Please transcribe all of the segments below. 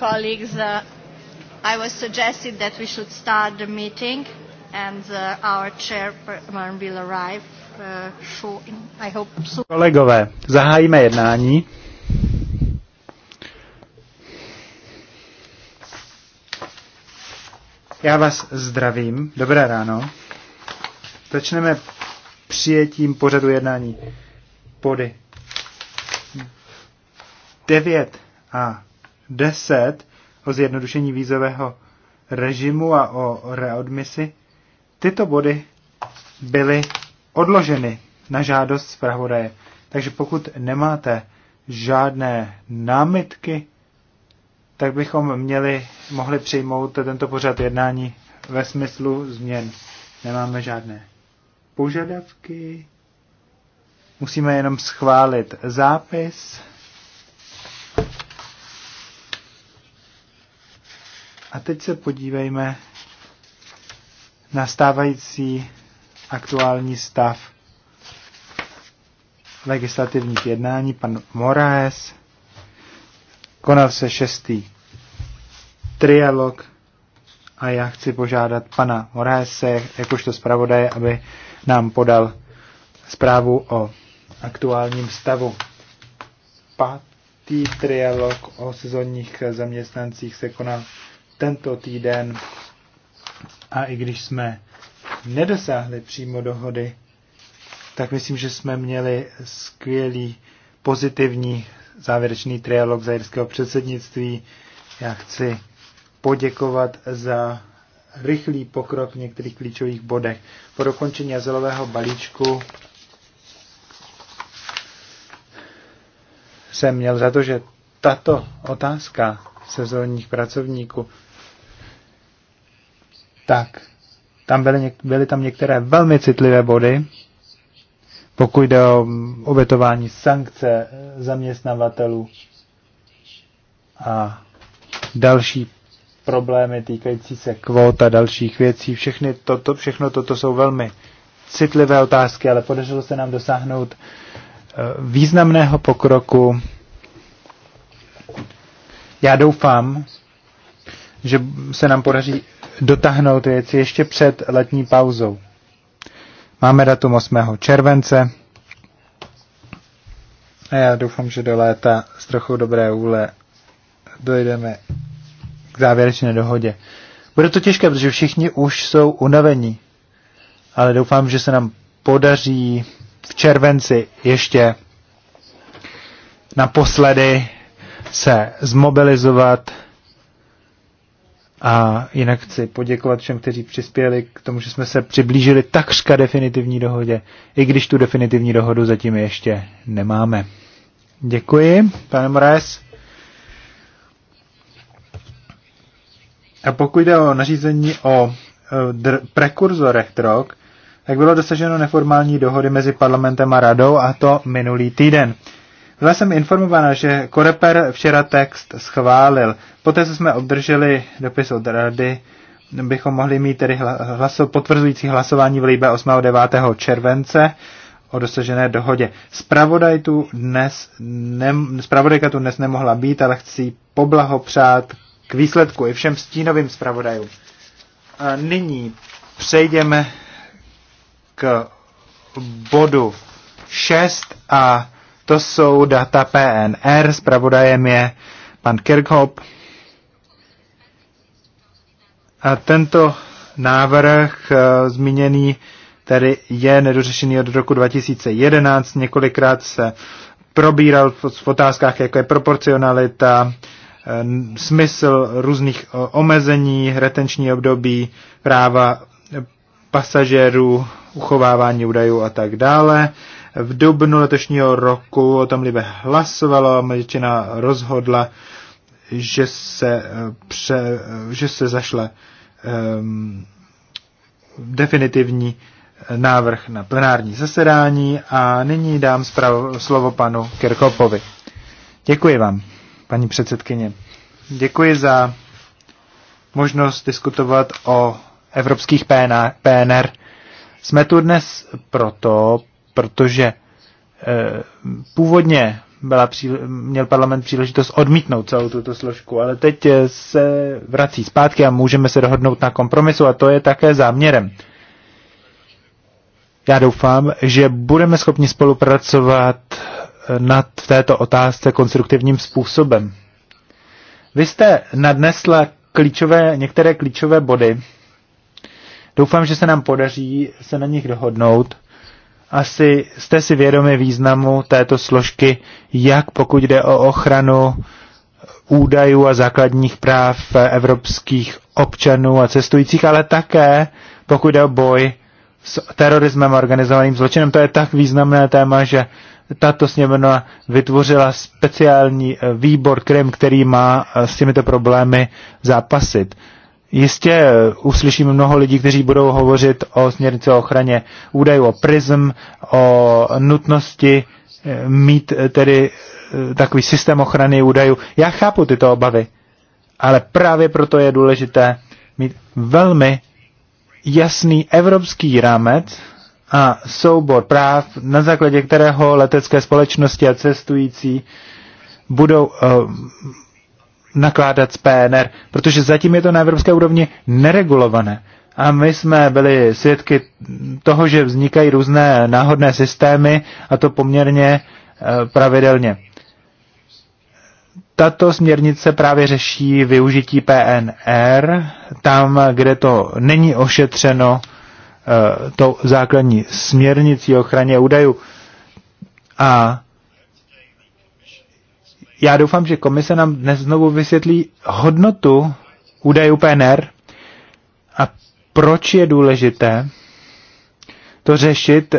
colleagues, uh, I was suggested that we should start the meeting and uh, our chairman will arrive uh, I hope Kolegové, zahájíme jednání. Já vás zdravím. Dobré ráno. Začneme přijetím pořadu jednání. pody 9 a 10 o zjednodušení vízového režimu a o readmisi, tyto body byly odloženy na žádost zpravodaje. Takže pokud nemáte žádné námitky, tak bychom měli, mohli přijmout tento pořad jednání ve smyslu změn. Nemáme žádné požadavky. Musíme jenom schválit zápis. A teď se podívejme na stávající aktuální stav legislativních jednání. Pan Moraes konal se šestý trialog a já chci požádat pana Moraese, jakožto zpravodaje, aby nám podal zprávu o aktuálním stavu. Pátý trialog o sezónních zaměstnancích se konal tento týden a i když jsme nedosáhli přímo dohody, tak myslím, že jsme měli skvělý pozitivní závěrečný trialog zajerského předsednictví. Já chci poděkovat za rychlý pokrok v některých klíčových bodech. Po dokončení azylového balíčku jsem měl za to, že tato otázka sezónních pracovníků tak tam byly, byly tam některé velmi citlivé body, pokud jde o mm, obětování sankce eh, zaměstnavatelů a další problémy týkající se kvót a dalších věcí. Všechny toto, všechno toto jsou velmi citlivé otázky, ale podařilo se nám dosáhnout eh, významného pokroku. Já doufám, že se nám podaří dotáhnout věci ještě před letní pauzou. Máme datum 8. července a já doufám, že do léta s trochou dobré úle dojdeme k závěrečné dohodě. Bude to těžké, protože všichni už jsou unavení, ale doufám, že se nám podaří v červenci ještě naposledy se zmobilizovat a jinak chci poděkovat všem, kteří přispěli k tomu, že jsme se přiblížili takřka definitivní dohodě, i když tu definitivní dohodu zatím ještě nemáme. Děkuji, pane Moraes. A pokud jde o nařízení o e, dr- prekurzorech drog, tak bylo dosaženo neformální dohody mezi parlamentem a radou a to minulý týden. Byla jsem informována, že Koreper včera text schválil. Poté, co jsme obdrželi dopis od rady, bychom mohli mít tedy hlaso, potvrzující hlasování v Líbe 8. a 9. července o dosažené dohodě. Spravodaj tu dnes ne, spravodajka tu dnes nemohla být, ale chci poblahopřát k výsledku i všem stínovým spravodajům. A nyní přejdeme k bodu 6 a to jsou data PNR, zpravodajem je pan Kirchhoff. A tento návrh e, zmíněný tedy je nedořešený od roku 2011. Několikrát se probíral v otázkách, jako je proporcionalita, eh, smysl různých omezení, retenční období, práva eh, pasažérů, uchovávání údajů a tak dále. V dubnu letošního roku o tom Libe hlasovalo, Američina rozhodla, že se, eh, pře, eh, že se zašle um, definitivní eh, návrh na plenární zasedání a nyní dám zpravo, slovo panu Kirkopovi. Děkuji vám, paní předsedkyně. Děkuji za možnost diskutovat o evropských PNR. Jsme tu dnes proto, protože eh, původně byla příle, měl parlament příležitost odmítnout celou tuto složku, ale teď eh, se vrací zpátky a můžeme se dohodnout na kompromisu a to je také záměrem. Já doufám, že budeme schopni spolupracovat eh, nad této otázce konstruktivním způsobem. Vy jste nadnesla klíčové, některé klíčové body. Doufám, že se nám podaří se na nich dohodnout asi jste si vědomi významu této složky, jak pokud jde o ochranu údajů a základních práv evropských občanů a cestujících, ale také pokud jde o boj s terorismem a organizovaným zločinem. To je tak významné téma, že tato sněmovna vytvořila speciální eh, výbor Krim, který má eh, s těmito problémy zápasit. Jistě uslyším mnoho lidí, kteří budou hovořit o směrnici o ochraně údajů, o prism, o nutnosti eh, mít eh, tedy eh, takový systém ochrany údajů. Já chápu tyto obavy, ale právě proto je důležité mít velmi jasný evropský rámec a soubor práv, na základě kterého letecké společnosti a cestující budou uh, nakládat s PNR, protože zatím je to na evropské úrovni neregulované. A my jsme byli svědky toho, že vznikají různé náhodné systémy a to poměrně eh, pravidelně. Tato směrnice právě řeší využití PNR tam, kde to není ošetřeno eh, tou základní směrnicí ochraně údajů. A já doufám, že komise nám dnes znovu vysvětlí hodnotu údajů PNR a proč je důležité to řešit,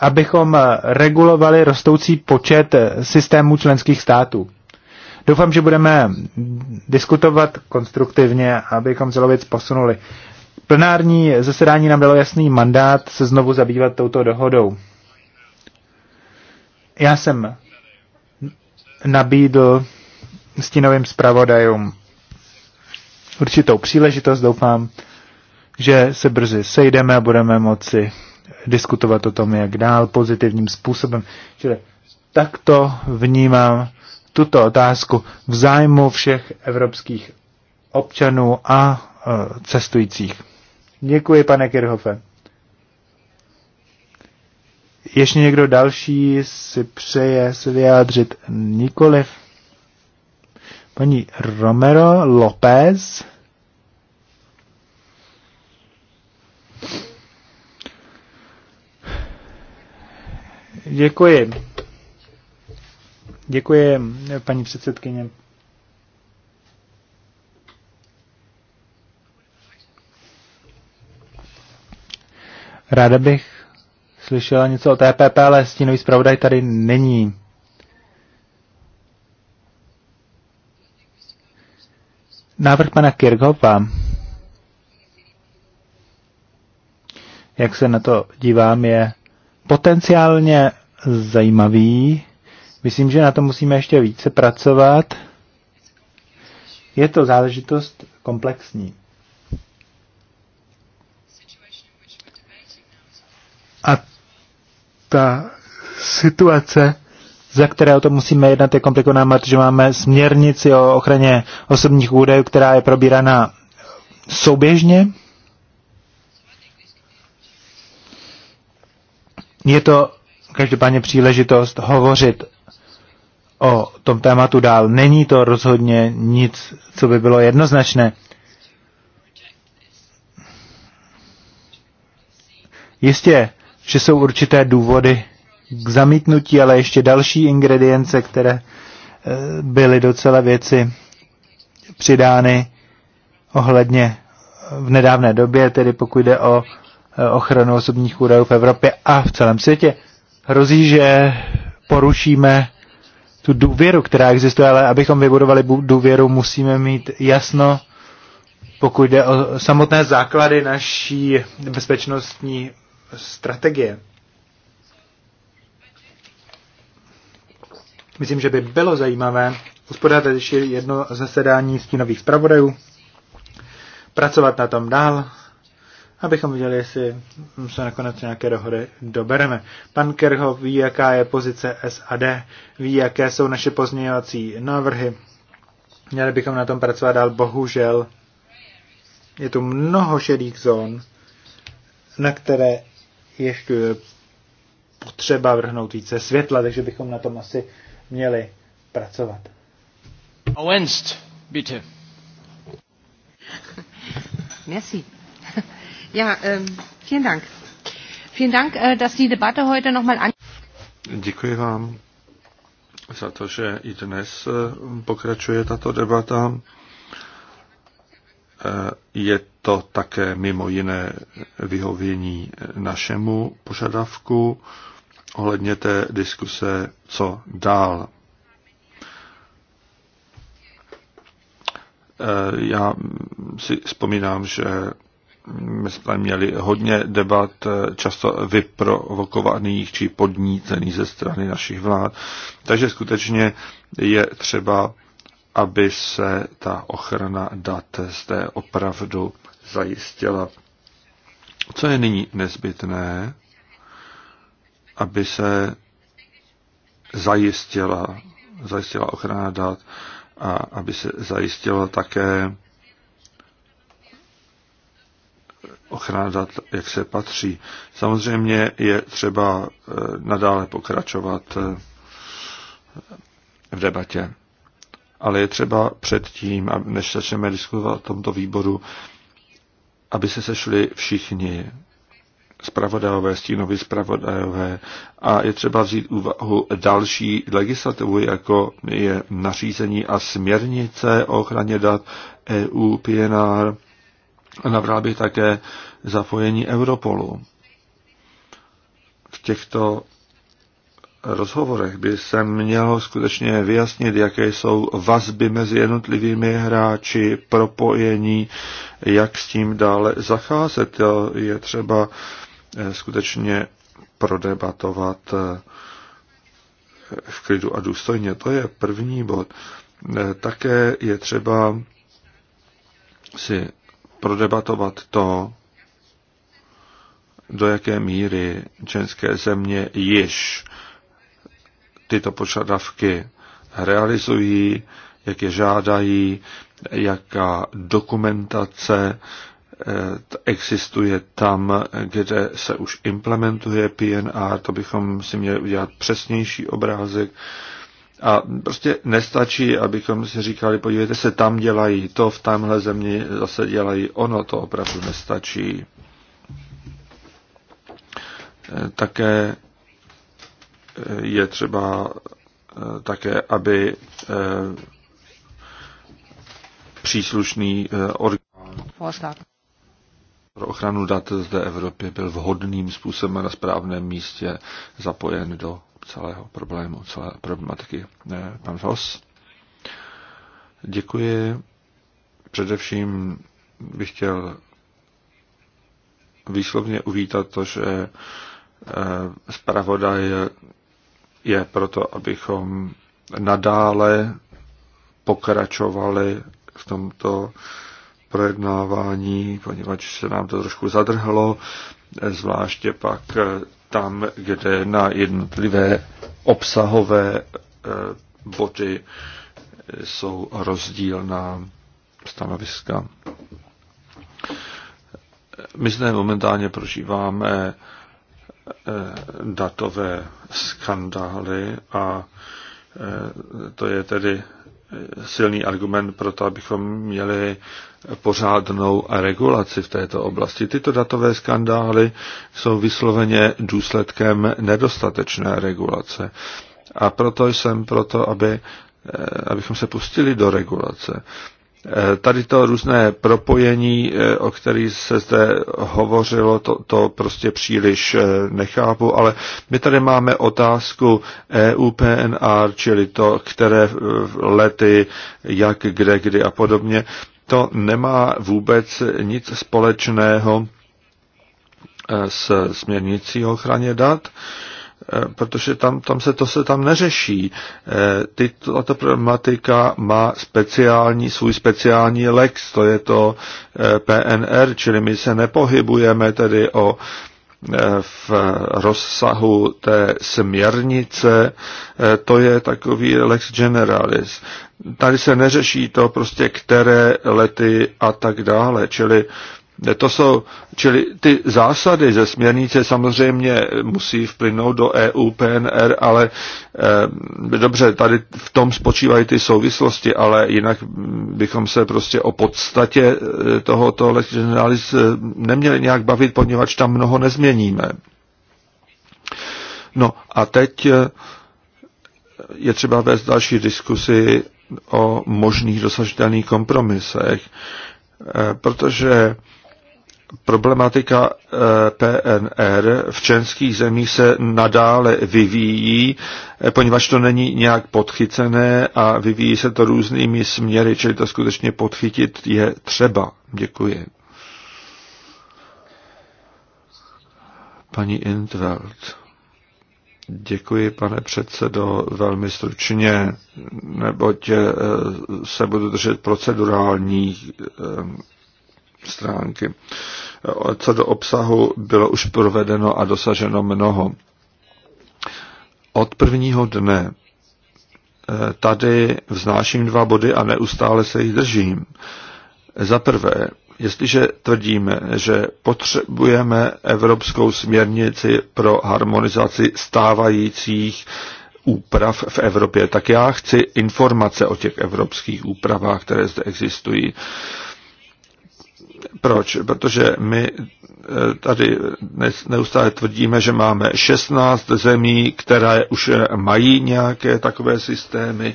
abychom regulovali rostoucí počet systémů členských států. Doufám, že budeme diskutovat konstruktivně, abychom celou věc posunuli. Plenární zasedání nám dalo jasný mandát se znovu zabývat touto dohodou. Já jsem nabídl stínovým zpravodajům určitou příležitost. Doufám, že se brzy sejdeme a budeme moci diskutovat o tom, jak dál pozitivním způsobem. Čili takto vnímám tuto otázku v zájmu všech evropských občanů a e, cestujících. Děkuji, pane Kirchhofe. Ještě někdo další si přeje se vyjádřit nikoliv. Paní Romero López. Děkuji. Děkuji, paní předsedkyně. Ráda bych slyšela něco o TPP, ale stínový zpravodaj tady není. Návrh pana Kirchhoffa. Jak se na to dívám, je potenciálně zajímavý. Myslím, že na to musíme ještě více pracovat. Je to záležitost komplexní. A ta situace, za které o tom musíme jednat, je komplikovaná, protože máme směrnici o ochraně osobních údajů, která je probíraná souběžně. Je to každopádně příležitost hovořit o tom tématu dál. Není to rozhodně nic, co by bylo jednoznačné. Jistě že jsou určité důvody k zamítnutí, ale ještě další ingredience, které eh, byly do celé věci přidány ohledně eh, v nedávné době, tedy pokud jde o eh, ochranu osobních údajů v Evropě a v celém světě. Hrozí, že porušíme tu důvěru, která existuje, ale abychom vybudovali důvěru, musíme mít jasno, pokud jde o samotné základy naší bezpečnostní strategie. Myslím, že by bylo zajímavé uspořádat ještě jedno zasedání stínových zpravodajů, pracovat na tom dál, abychom viděli, jestli se nakonec nějaké dohody dobereme. Pan Kerho ví, jaká je pozice SAD, ví, jaké jsou naše pozměňovací návrhy. Měli bychom na tom pracovat dál, bohužel. Je tu mnoho šedých zón, na které ještě potřeba vrhnout více světla, takže bychom na tom asi měli pracovat. Ernst, bitte. Merci. Ja, ähm, vielen Dank. Vielen Dank, äh, dass die Debatte heute nochmal an. Děkuji vám za to, že i dnes äh, pokračuje tato debata. Äh, je to také mimo jiné vyhovění našemu požadavku ohledně té diskuse, co dál. E, já si vzpomínám, že my jsme měli hodně debat, e, často vyprovokovaných či podnícených ze strany našich vlád. Takže skutečně je třeba, aby se ta ochrana dat zde opravdu zajistila. Co je nyní nezbytné, aby se zajistila, zajistila ochrana dat a aby se zajistila také ochrana dat, jak se patří. Samozřejmě je třeba eh, nadále pokračovat eh, v debatě. Ale je třeba předtím, než začneme diskutovat o tomto výboru, aby se sešli všichni spravodajové, stínoví spravodajové a je třeba vzít úvahu další legislativu, jako je nařízení a směrnice o ochraně dat EU, PNR a navrhl bych také zapojení Europolu v těchto rozhovorech by se mělo skutečně vyjasnit, jaké jsou vazby mezi jednotlivými hráči, propojení, jak s tím dále zacházet. Je třeba eh, skutečně prodebatovat eh, v klidu a důstojně. To je první bod. Eh, také je třeba si prodebatovat to, do jaké míry členské země již tyto požadavky realizují, jak je žádají, jaká dokumentace eh, existuje tam, kde se už implementuje PNR, to bychom si měli udělat přesnější obrázek. A prostě nestačí, abychom si říkali, podívejte se, tam dělají to, v tamhle zemi zase dělají ono, to opravdu nestačí. Eh, také je třeba eh, také, aby eh, příslušný eh, orgán pro ochranu dat zde Evropě byl vhodným způsobem na správném místě zapojen do celého problému, celé problematiky. pan Voss. Děkuji. Především bych chtěl výslovně uvítat to, že zpravodaj je proto, abychom nadále pokračovali v tomto projednávání, poněvadž se nám to trošku zadrhlo, zvláště pak tam, kde na jednotlivé obsahové eh, body jsou rozdílná stanoviska. My zde momentálně prožíváme Eh, datové skandály a eh, to je tedy eh, silný argument pro to, abychom měli pořádnou regulaci v této oblasti. Tyto datové skandály jsou vysloveně důsledkem nedostatečné regulace. A proto jsem proto, aby, abychom se pustili do regulace. Eh, tady to různé propojení, eh, o kterých se zde hovořilo, to, to prostě příliš eh, nechápu, ale my tady máme otázku EUPNR, čili to, které lety, jak, kde, kdy a podobně. To nemá vůbec nic společného s směrnicí ochraně dat. E, Eh, protože tam, tam se to se tam neřeší. Eh, tato problematika má speciální, svůj speciální lex, to je to eh, PNR, čili my se nepohybujeme tedy o v rozsahu té směrnice, to je takový lex generalis. Tady se neřeší to prostě, které lety a tak dále, čili to jsou, čili ty zásady ze směrnice samozřejmě musí vplynout do EU, PNR, ale eh, dobře, tady v tom spočívají ty souvislosti, ale jinak bychom se prostě o podstatě eh, tohoto legislativní eh, neměli nějak bavit, poněvadž tam mnoho nezměníme. No a teď eh, je třeba vést další diskusi o možných dosažitelných kompromisech, protože problematika eh, PNR v členských zemích se nadále vyvíjí, eh, poněvadž to není nějak podchycené a vyvíjí se to různými směry, čili to skutečně podchytit je třeba. Děkuji. Paní Intveld. Děkuji, pane předsedo, velmi stručně, neboť eh, se budu držet procedurálních stránky. E, co do obsahu bylo už provedeno a dosaženo mnoho. Od prvního dne e, tady vznáším dva body a neustále se jich držím. Za prvé, jestliže tvrdíme, že potřebujeme evropskou směrnici pro harmonizaci stávajících úprav v Evropě, tak já chci informace o těch evropských úpravách, které zde existují. Proč? Protože my eh, tady neustále tvrdíme, že máme 16 zemí, které už eh, mají nějaké takové systémy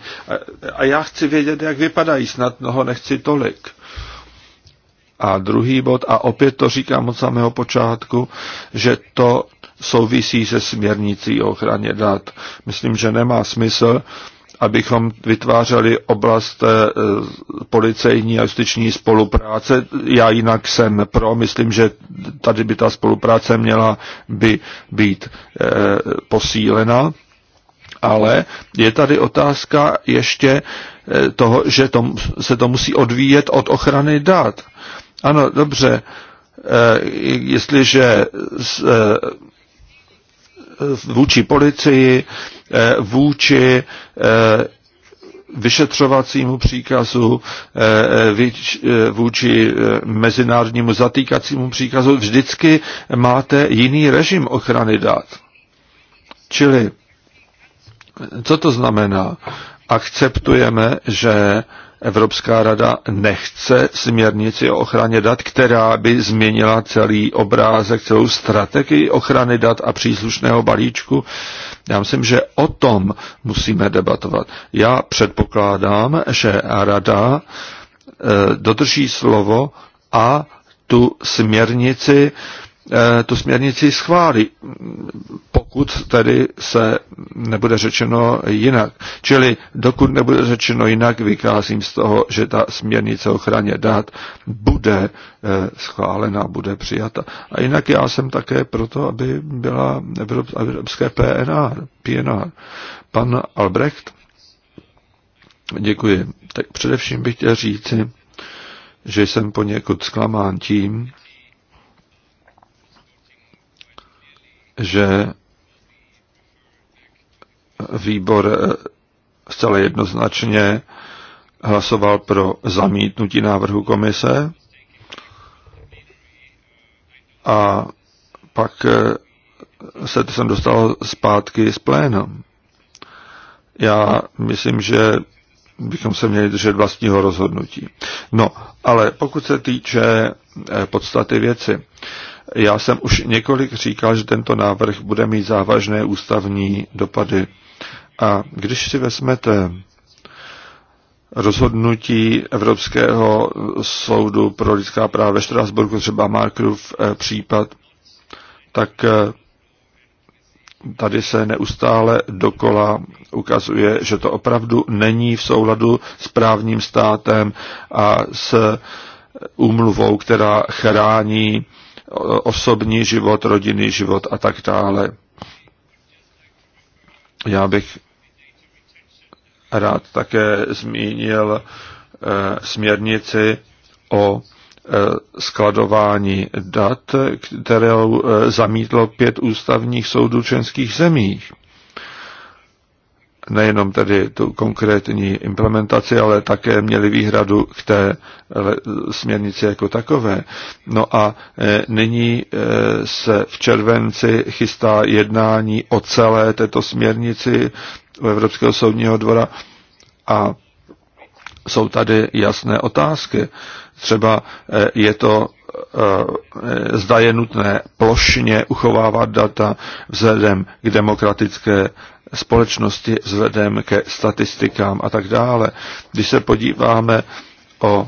a já chci vědět, jak vypadají, snad mnoho nechci tolik. A druhý bod, a opět to říkám od samého počátku, že to souvisí se směrnicí o ochraně dat. Myslím, že nemá smysl, abychom vytvářeli oblast eh, policejní a justiční spolupráce. Já jinak jsem pro, myslím, že tady by ta spolupráce měla by být eh, posílena. Ale je tady otázka ještě eh, toho, že to, se to musí odvíjet od ochrany dat. Ano, dobře, jestliže Eh, vůči policii, eh, vůči eh, vyšetřovacímu příkazu, vůči mezinárodnímu zatýkacímu příkazu, vždycky máte jiný režim ochrany dat. Čili, co to znamená? Akceptujeme, že Evropská rada nechce směrnici o ochraně dat, která by změnila celý obrázek, celou strategii ochrany dat a příslušného balíčku. Já myslím, že o tom musíme debatovat. Já předpokládám, že rada eh, dodrží slovo a tu směrnici Eh, tu směrnici schválí, pokud tedy se nebude řečeno jinak. Čili dokud nebude řečeno jinak, vycházím z toho, že ta směrnice ochraně dat bude eh, schválena, bude přijata. A jinak já jsem také proto, aby byla evropské PNR, PNR. Pan Albrecht? Děkuji. Tak především bych chtěl říci, že jsem poněkud zklamán tím, že výbor eh, zcela jednoznačně hlasoval pro zamítnutí návrhu komise a pak eh, se to jsem dostal zpátky z pléna. Já myslím, že bychom se měli držet vlastního rozhodnutí. No, ale pokud se týče eh, podstaty věci, já jsem už několik říkal, že tento návrh bude mít závažné ústavní dopady. A když si vezmete rozhodnutí Evropského soudu pro lidská práva ve Štrásburku, třeba Markrův eh, případ, tak eh, tady se neustále dokola ukazuje, že to opravdu není v souladu s právním státem a s eh, úmluvou, která chrání osobní život, rodinný život a tak dále. Já bych rád také zmínil eh, směrnici o eh, skladování dat, kterou eh, zamítlo pět ústavních soudů členských zemích nejenom tedy tu konkrétní implementaci, ale také měli výhradu k té směrnici jako takové. No a e, nyní e, se v červenci chystá jednání o celé této směrnici u Evropského soudního dvora a jsou tady jasné otázky. Třeba e, je to zda je nutné plošně uchovávat data vzhledem k demokratické společnosti vzhledem ke statistikám a tak dále. Když se podíváme o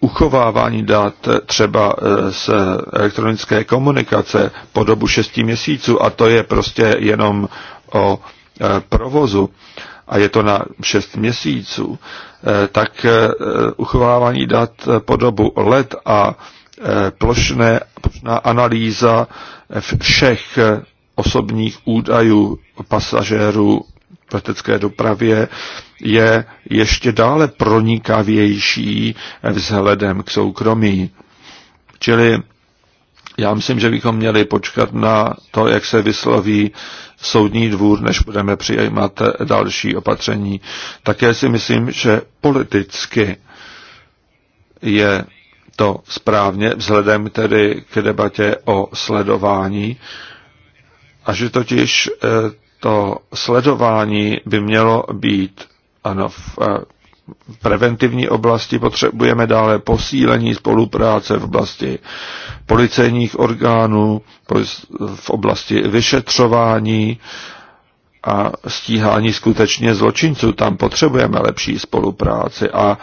uchovávání dat třeba e, z elektronické komunikace po dobu 6 měsíců a to je prostě jenom o e, provozu a je to na 6 měsíců, e, tak uchovávání dat po dobu let a plošné, plošná analýza všech osobních údajů pasažérů v letecké dopravě je ještě dále pronikavější vzhledem k soukromí. Čili já myslím, že bychom měli počkat na to, jak se vysloví soudní dvůr, než budeme přijímat další opatření. Také si myslím, že politicky je to správně, vzhledem tedy k debatě o sledování a že totiž eh, to sledování by mělo být ano, eh, v preventivní oblasti potřebujeme dále posílení spolupráce v oblasti policejních orgánů, v oblasti vyšetřování a stíhání skutečně zločinců. Tam potřebujeme lepší spolupráci a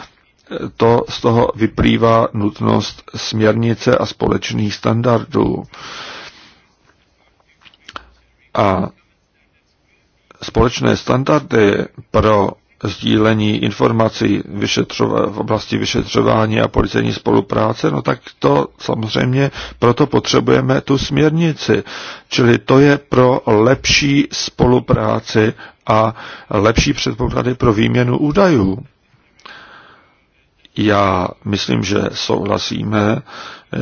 eh, to z toho vyplývá nutnost směrnice a společných standardů. A společné standardy pro sdílení informací v oblasti vyšetřování a policejní spolupráce, no tak to samozřejmě proto potřebujeme tu směrnici. Čili to je pro lepší spolupráci a lepší předpoklady pro výměnu údajů. Já myslím, že souhlasíme,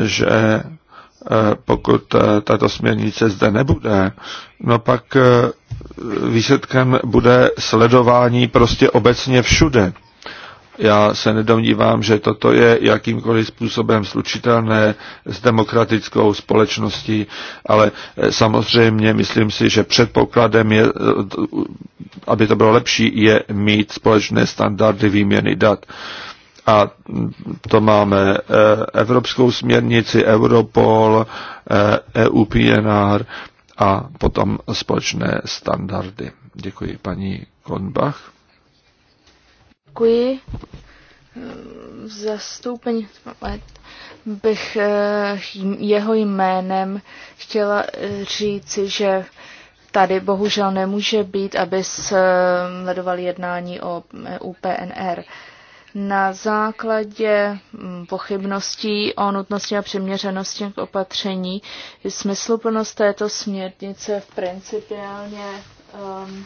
že Eh, pokud eh, tato směrnice zde nebude, no pak eh, výsledkem bude sledování prostě obecně všude. Já se nedomnívám, že toto je jakýmkoliv způsobem slučitelné s demokratickou společností, ale samozřejmě myslím si, že předpokladem je, aby to bylo lepší, je mít společné standardy výměny dat. A to máme eh, Evropskou směrnici, Europol, EU eh, e PNR a potom společné standardy. Děkuji paní Konbach. Děkuji. V zastoupení bych eh, jeho jménem chtěla říci, že tady bohužel nemůže být, aby sledoval jednání o e UPNR na základě mm, pochybností o nutnosti a přiměřenosti k opatření smysluplnost této směrnice v principiálně um,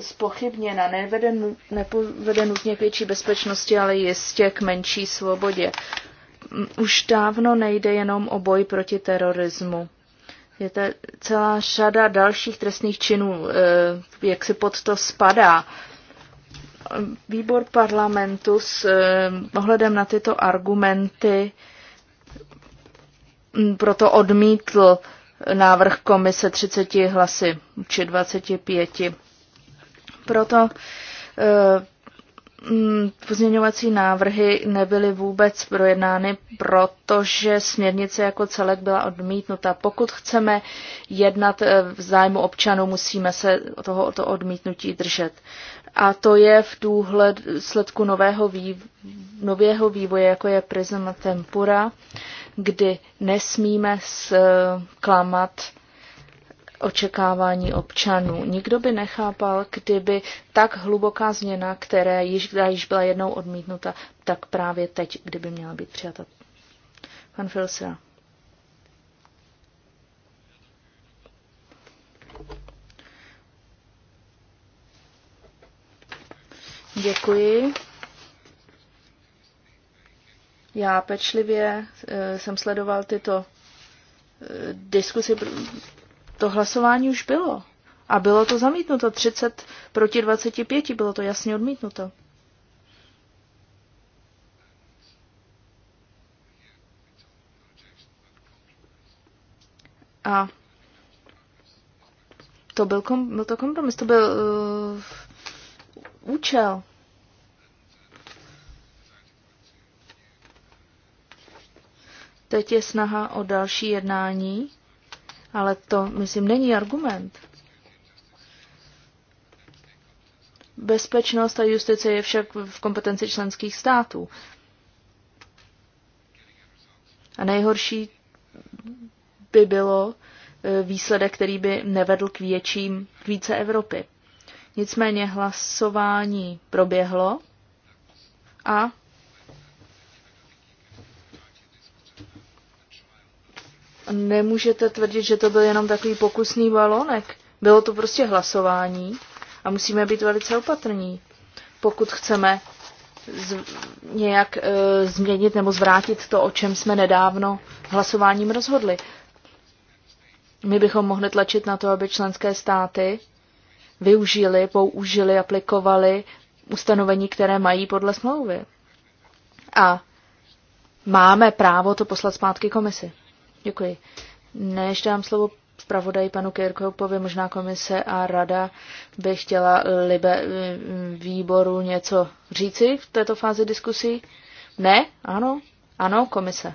spochybněna. Nevede, nepovede nutně k větší bezpečnosti, ale jistě k menší svobodě. Už dávno nejde jenom o boj proti terorismu. Je to celá řada dalších trestných činů, eh, jak si pod to spadá výbor parlamentu s eh, ohledem na tyto argumenty mm, proto odmítl návrh komise 30 hlasy či 25. Proto eh, mm, pozměňovací návrhy nebyly vůbec projednány, protože směrnice jako celek byla odmítnuta. Pokud chceme jednat eh, v zájmu občanů, musíme se toho odmítnutí držet. A to je v důsledku nového, výv- nového vývoje, jako je prism tempura, kdy nesmíme eh, klamat očekávání občanů. Nikdo by nechápal, kdyby tak hluboká změna, která již, která již byla jednou odmítnuta, tak právě teď, kdyby měla být přijata. Pan Filsera. Děkuji. Já pečlivě eh, jsem sledoval tyto eh, diskusy. To hlasování už bylo. A bylo to zamítnuto. 30 proti 25 bylo to jasně odmítnuto. A to byl, kom, byl to kompromis, to byl uh, účel. Teď je snaha o další jednání, ale to, myslím, není argument. Bezpečnost a justice je však v kompetenci členských států. A nejhorší by bylo e, výsledek, který by nevedl k, větším, k více Evropy. Nicméně hlasování proběhlo a nemůžete tvrdit, že to byl jenom takový pokusný balonek. Bylo to prostě hlasování a musíme být velice opatrní, pokud chceme z, nějak e, změnit nebo zvrátit to, o čem jsme nedávno hlasováním rozhodli. My bychom mohli tlačit na to, aby členské státy využili, použili, aplikovali ustanovení, které mají podle smlouvy. A máme právo to poslat zpátky komisi. Děkuji. Než dám slovo zpravodaji panu Kirkhopovi, možná komise a rada by chtěla libe, výboru něco říci v této fázi diskusí. Ne? Ano? Ano, komise.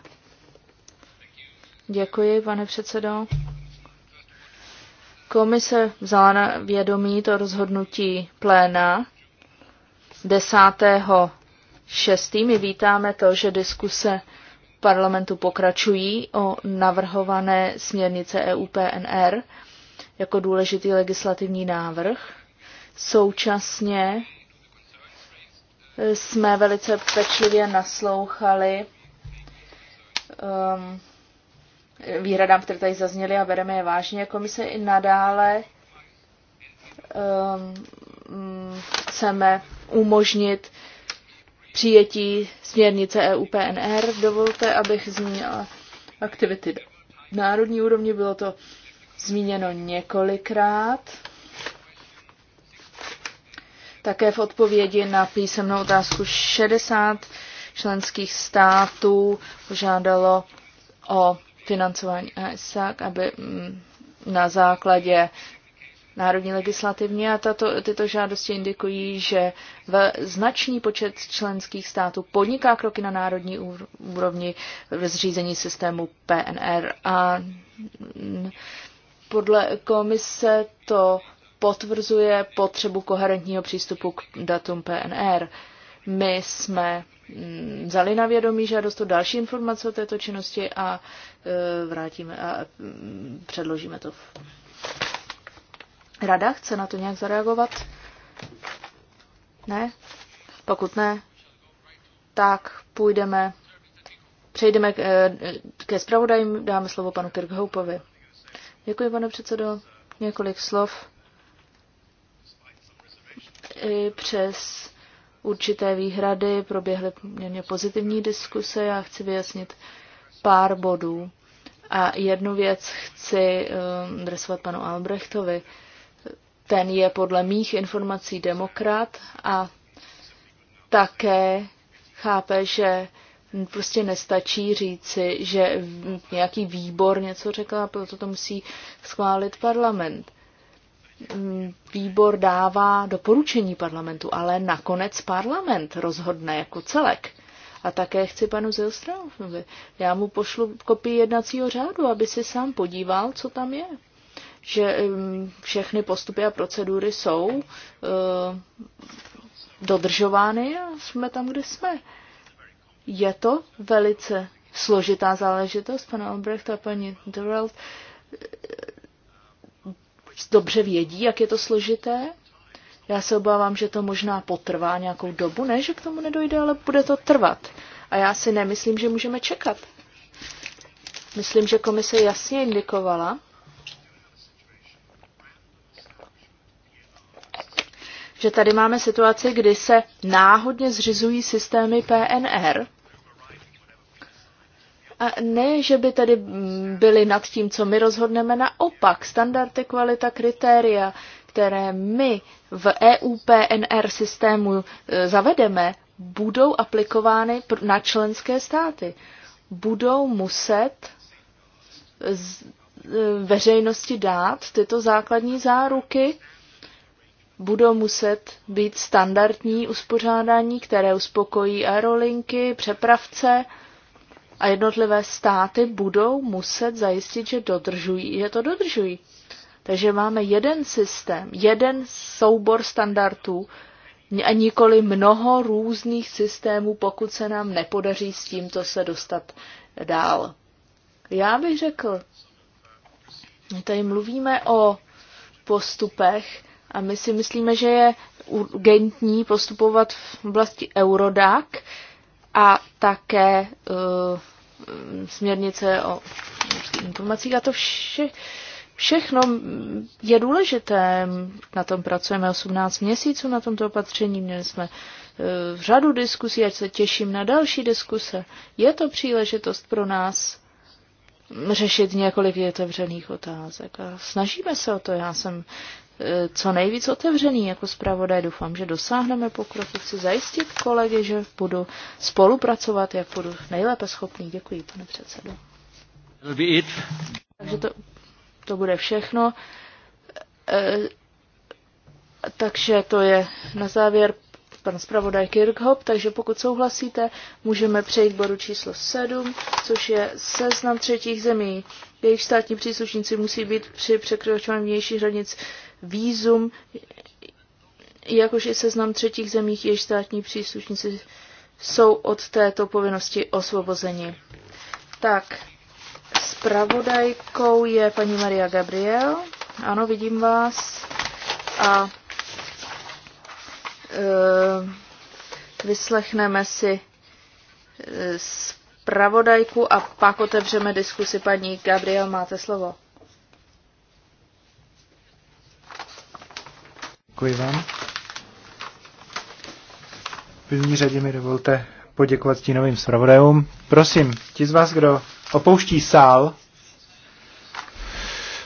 Děkuji, pane předsedo. Komise vzala na vědomí to rozhodnutí pléna 10. 6. My vítáme to, že diskuse parlamentu pokračují o navrhované směrnice EUPNR jako důležitý legislativní návrh. Současně eh, jsme velice pečlivě naslouchali um, výhradám, které tady zazněly a bereme je vážně. Komise i nadále um, chceme umožnit přijetí směrnice EU-PNR. Dovolte, abych zmínila aktivity národní úrovni. Bylo to zmíněno několikrát. Také v odpovědi na písemnou otázku 60 členských států požádalo o financování ESAC, aby mm, na základě národní legislativní a tato, tyto žádosti indikují, že v značný počet členských států podniká kroky na národní úrovni v zřízení systému PNR a mm, podle komise to potvrzuje potřebu koherentního přístupu k datům PNR. My jsme Mm, vzali na vědomí žádost o další informace o této činnosti a e, vrátíme a mm, předložíme to. Rada chce na to nějak zareagovat? Ne? Pokud ne, tak půjdeme, přejdeme e, ke zpravodajům, dáme slovo panu Kirkhoupovi. Děkuji, pane předsedo. Několik slov. I přes určité výhrady, proběhly poměrně pozitivní diskuse, já chci vyjasnit pár bodů. A jednu věc chci um, adresovat panu Albrechtovi. Ten je podle mých informací demokrat a také chápe, že prostě nestačí říci, že nějaký výbor něco řekl a proto to musí schválit parlament výbor dává doporučení parlamentu, ale nakonec parlament rozhodne jako celek. A také chci panu Zilstraufovi. Já mu pošlu kopii jednacího řádu, aby si sám podíval, co tam je. Že um, všechny postupy a procedury jsou uh, dodržovány a jsme tam, kde jsme. Je to velice složitá záležitost, pana Albrecht a paní Durrell dobře vědí, jak je to složité. Já se obávám, že to možná potrvá nějakou dobu, ne, že k tomu nedojde, ale bude to trvat. A já si nemyslím, že můžeme čekat. Myslím, že komise jasně indikovala, že tady máme situaci, kdy se náhodně zřizují systémy PNR a ne, že by tady byly nad tím, co my rozhodneme, naopak standardy, kvalita, kritéria, které my v EUPNR systému e, zavedeme, budou aplikovány na členské státy. Budou muset z e, veřejnosti dát tyto základní záruky, budou muset být standardní uspořádání, které uspokojí aerolinky, přepravce, a jednotlivé státy budou muset zajistit, že dodržují, že to dodržují. Takže máme jeden systém, jeden soubor standardů a nikoli mnoho různých systémů, pokud se nám nepodaří s tímto se dostat dál. Já bych řekl, tady mluvíme o postupech a my si myslíme, že je urgentní postupovat v oblasti Eurodac, a také uh, směrnice o informacích a to vše, všechno je důležité. Na tom pracujeme 18 měsíců, na tomto opatření měli jsme uh, řadu diskusí, ať se těším na další diskuse. Je to příležitost pro nás řešit několik otevřených otázek a snažíme se o to. Já jsem co nejvíc otevřený jako zpravodaj. Doufám, že dosáhneme pokroku. Chci zajistit kolegy, že budu spolupracovat, jak budu nejlépe schopný. Děkuji, pane předsedo. Takže to, to bude všechno. E, takže to je na závěr pan zpravodaj Kirkhop, takže pokud souhlasíte, můžeme přejít k bodu číslo 7, což je seznam třetích zemí. Jejich státní příslušníci musí být při překročování vnějších hranic vízum, jakož i seznam třetích zemích, jejichž státní příslušníci jsou od této povinnosti osvobozeni. Tak, spravodajkou je paní Maria Gabriel. Ano, vidím vás. A e, vyslechneme si spravodajku eh, a pak otevřeme diskusi. Paní Gabriel, máte slovo. Děkuji vám. V první řadě mi dovolte poděkovat stínovým zpravodajům. Prosím, ti z vás, kdo opouští sál,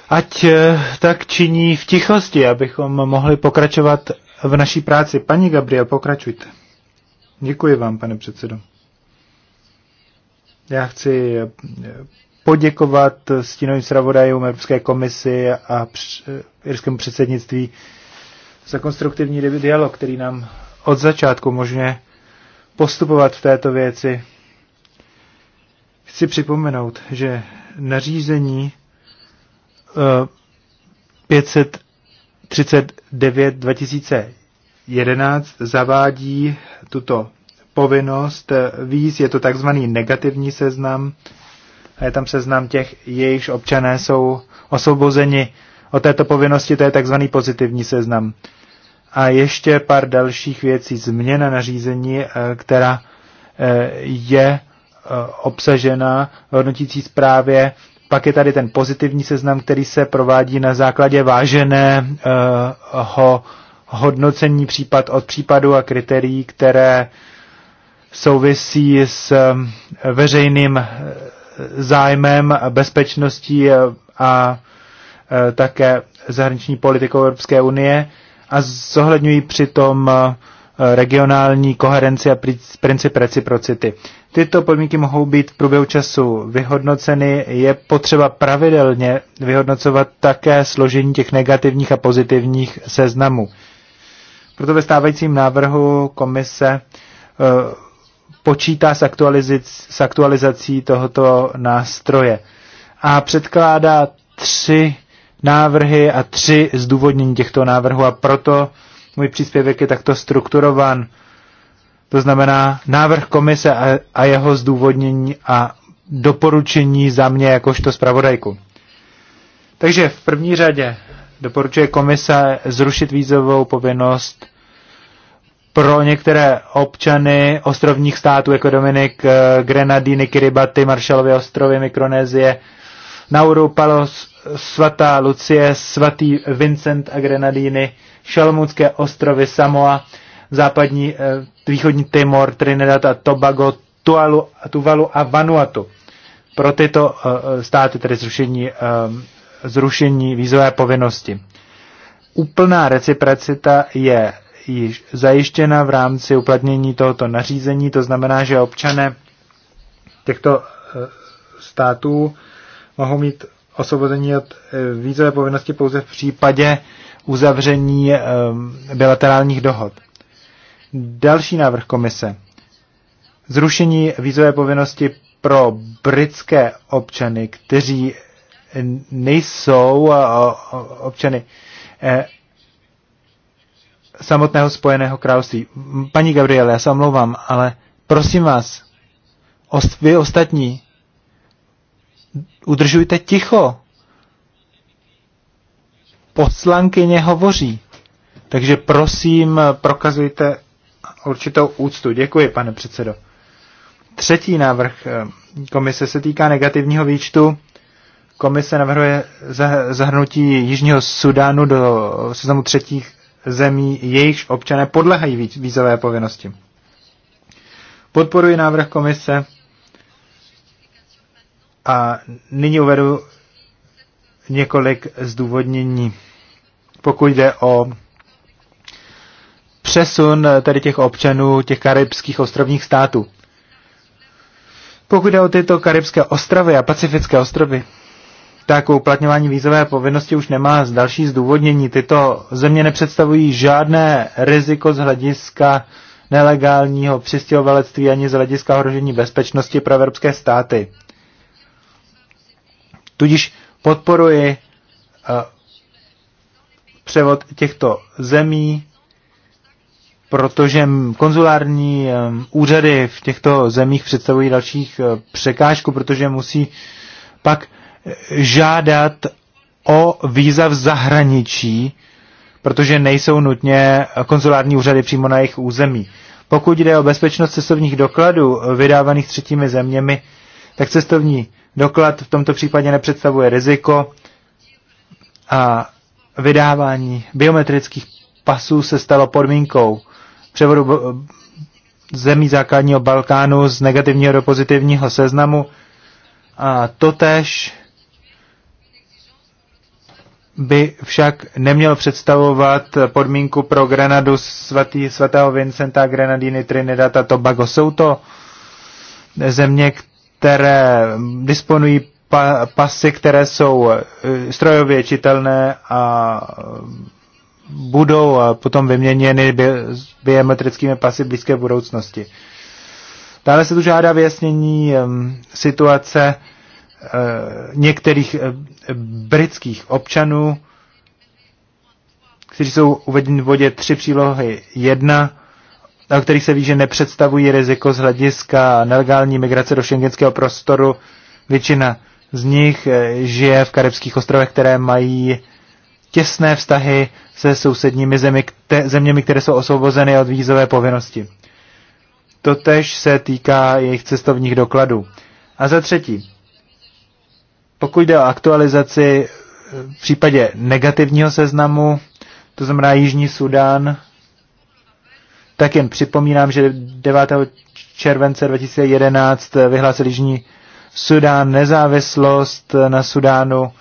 ať eh, tak činí v tichosti, abychom mohli pokračovat v naší práci. Paní Gabriel, pokračujte. Děkuji vám, pane předsedo. Já chci eh, poděkovat stínovým zpravodajům Evropské komisi a eh, irskému předsednictví za konstruktivní dialog, který nám od začátku možně postupovat v této věci. Chci připomenout, že nařízení 539 eh, 2011 zavádí tuto povinnost víc, je to takzvaný negativní seznam, A je tam seznam těch, jejichž občané jsou osvobozeni o této povinnosti, to je takzvaný pozitivní seznam. A ještě pár dalších věcí. Změna nařízení, eh, která eh, je eh, obsažena v hodnotící zprávě. Pak je tady ten pozitivní seznam, který se provádí na základě váženého hodnocení případ od případu a kritérií, které souvisí s veřejným zájmem, bezpečností a Eh, také zahraniční politikou Evropské unie a zohledňují přitom eh, regionální koherenci a princip reciprocity. Tyto podmínky mohou být v průběhu času vyhodnoceny. Je potřeba pravidelně vyhodnocovat také složení těch negativních a pozitivních seznamů. Proto ve stávajícím návrhu komise eh, počítá s, s aktualizací tohoto nástroje a předkládá tři návrhy a tři zdůvodnění těchto návrhů a proto můj příspěvek je takto strukturovan. To znamená návrh komise a, a jeho zdůvodnění a doporučení za mě jakožto zpravodajku. Takže v první řadě doporučuje komise zrušit vízovou povinnost pro některé občany ostrovních států jako Dominik, eh, Grenadiny, Kiribati, Marshallovy ostrovy, Mikronézie, Nauru, Palos, svatá Lucie, svatý Vincent a Grenadíny, Šalmůcké ostrovy Samoa, západní, eh, východní Timor, Trinidad a Tobago, Tualu, Tuvalu a Vanuatu. Pro tyto eh, eh, státy tedy zrušení, zrušení vízové povinnosti. Úplná reciprocita je již zajištěna v rámci uplatnění tohoto nařízení, to znamená, že občané těchto států mohou mít osvobození od eh, vízové povinnosti pouze v případě uzavření eh, bilaterálních dohod. Další návrh komise. Zrušení vízové povinnosti pro britské občany, kteří nejsou eh, občany samotného spojeného království. Paní Gabriele, já se omlouvám, ale prosím vás, vy ostatní, udržujte ticho. Poslankyně hovoří. Takže prosím, prokazujte určitou úctu. Děkuji, pane předsedo. Třetí návrh eh, komise se týká negativního výčtu. Komise navrhuje zahrnutí Jižního Sudánu do seznamu třetích zemí, jejichž občané podlehají vízové povinnosti. Podporuji návrh komise a nyní uvedu několik zdůvodnění. Pokud jde o přesun tedy těch občanů těch karibských ostrovních států. Pokud jde o tyto karibské ostrovy a pacifické ostrovy, tak uplatňování vízové povinnosti už nemá z další zdůvodnění. Tyto země nepředstavují žádné riziko z hlediska nelegálního přistěhovalectví ani z hlediska ohrožení bezpečnosti pro evropské státy. Tudíž podporuji eh, převod těchto zemí, protože konzulární úřady v těchto zemích představují dalších eh, překážku, protože musí pak eh, žádat o víza v zahraničí, protože nejsou nutně konzulární úřady přímo na jejich území. Pokud jde o bezpečnost cestovních dokladů vydávaných třetími zeměmi, tak cestovní Doklad v tomto případě nepředstavuje riziko a vydávání biometrických pasů se stalo podmínkou převodu zemí základního Balkánu z negativního do pozitivního seznamu. A totež by však neměl představovat podmínku pro Grenadu svatý, svatého Vincenta Grenadiny Trinidad a Tobago. Jsou to země, které disponují pa, pasy, které jsou eh, strojově čitelné a eh, budou potom vyměněny biometrickými pasy v blízké budoucnosti. Dále se tu žádá vyjasnění situace eh, některých britských občanů, kteří jsou uvedeni v bodě 3 přílohy 1 o kterých se ví, že nepředstavují riziko z hlediska nelegální migrace do šengenského prostoru. Většina z nich eh, žije v karibských ostrovech, které mají těsné vztahy se sousedními zemi, kte, zeměmi, které jsou osvobozeny od vízové povinnosti. Totež se týká jejich cestovních dokladů. A za třetí, pokud jde o aktualizaci eh, v případě negativního seznamu, to znamená Jižní Sudán, tak jen připomínám, že 9. července 2011 vyhlásil Jižní Sudán nezávislost na Sudánu.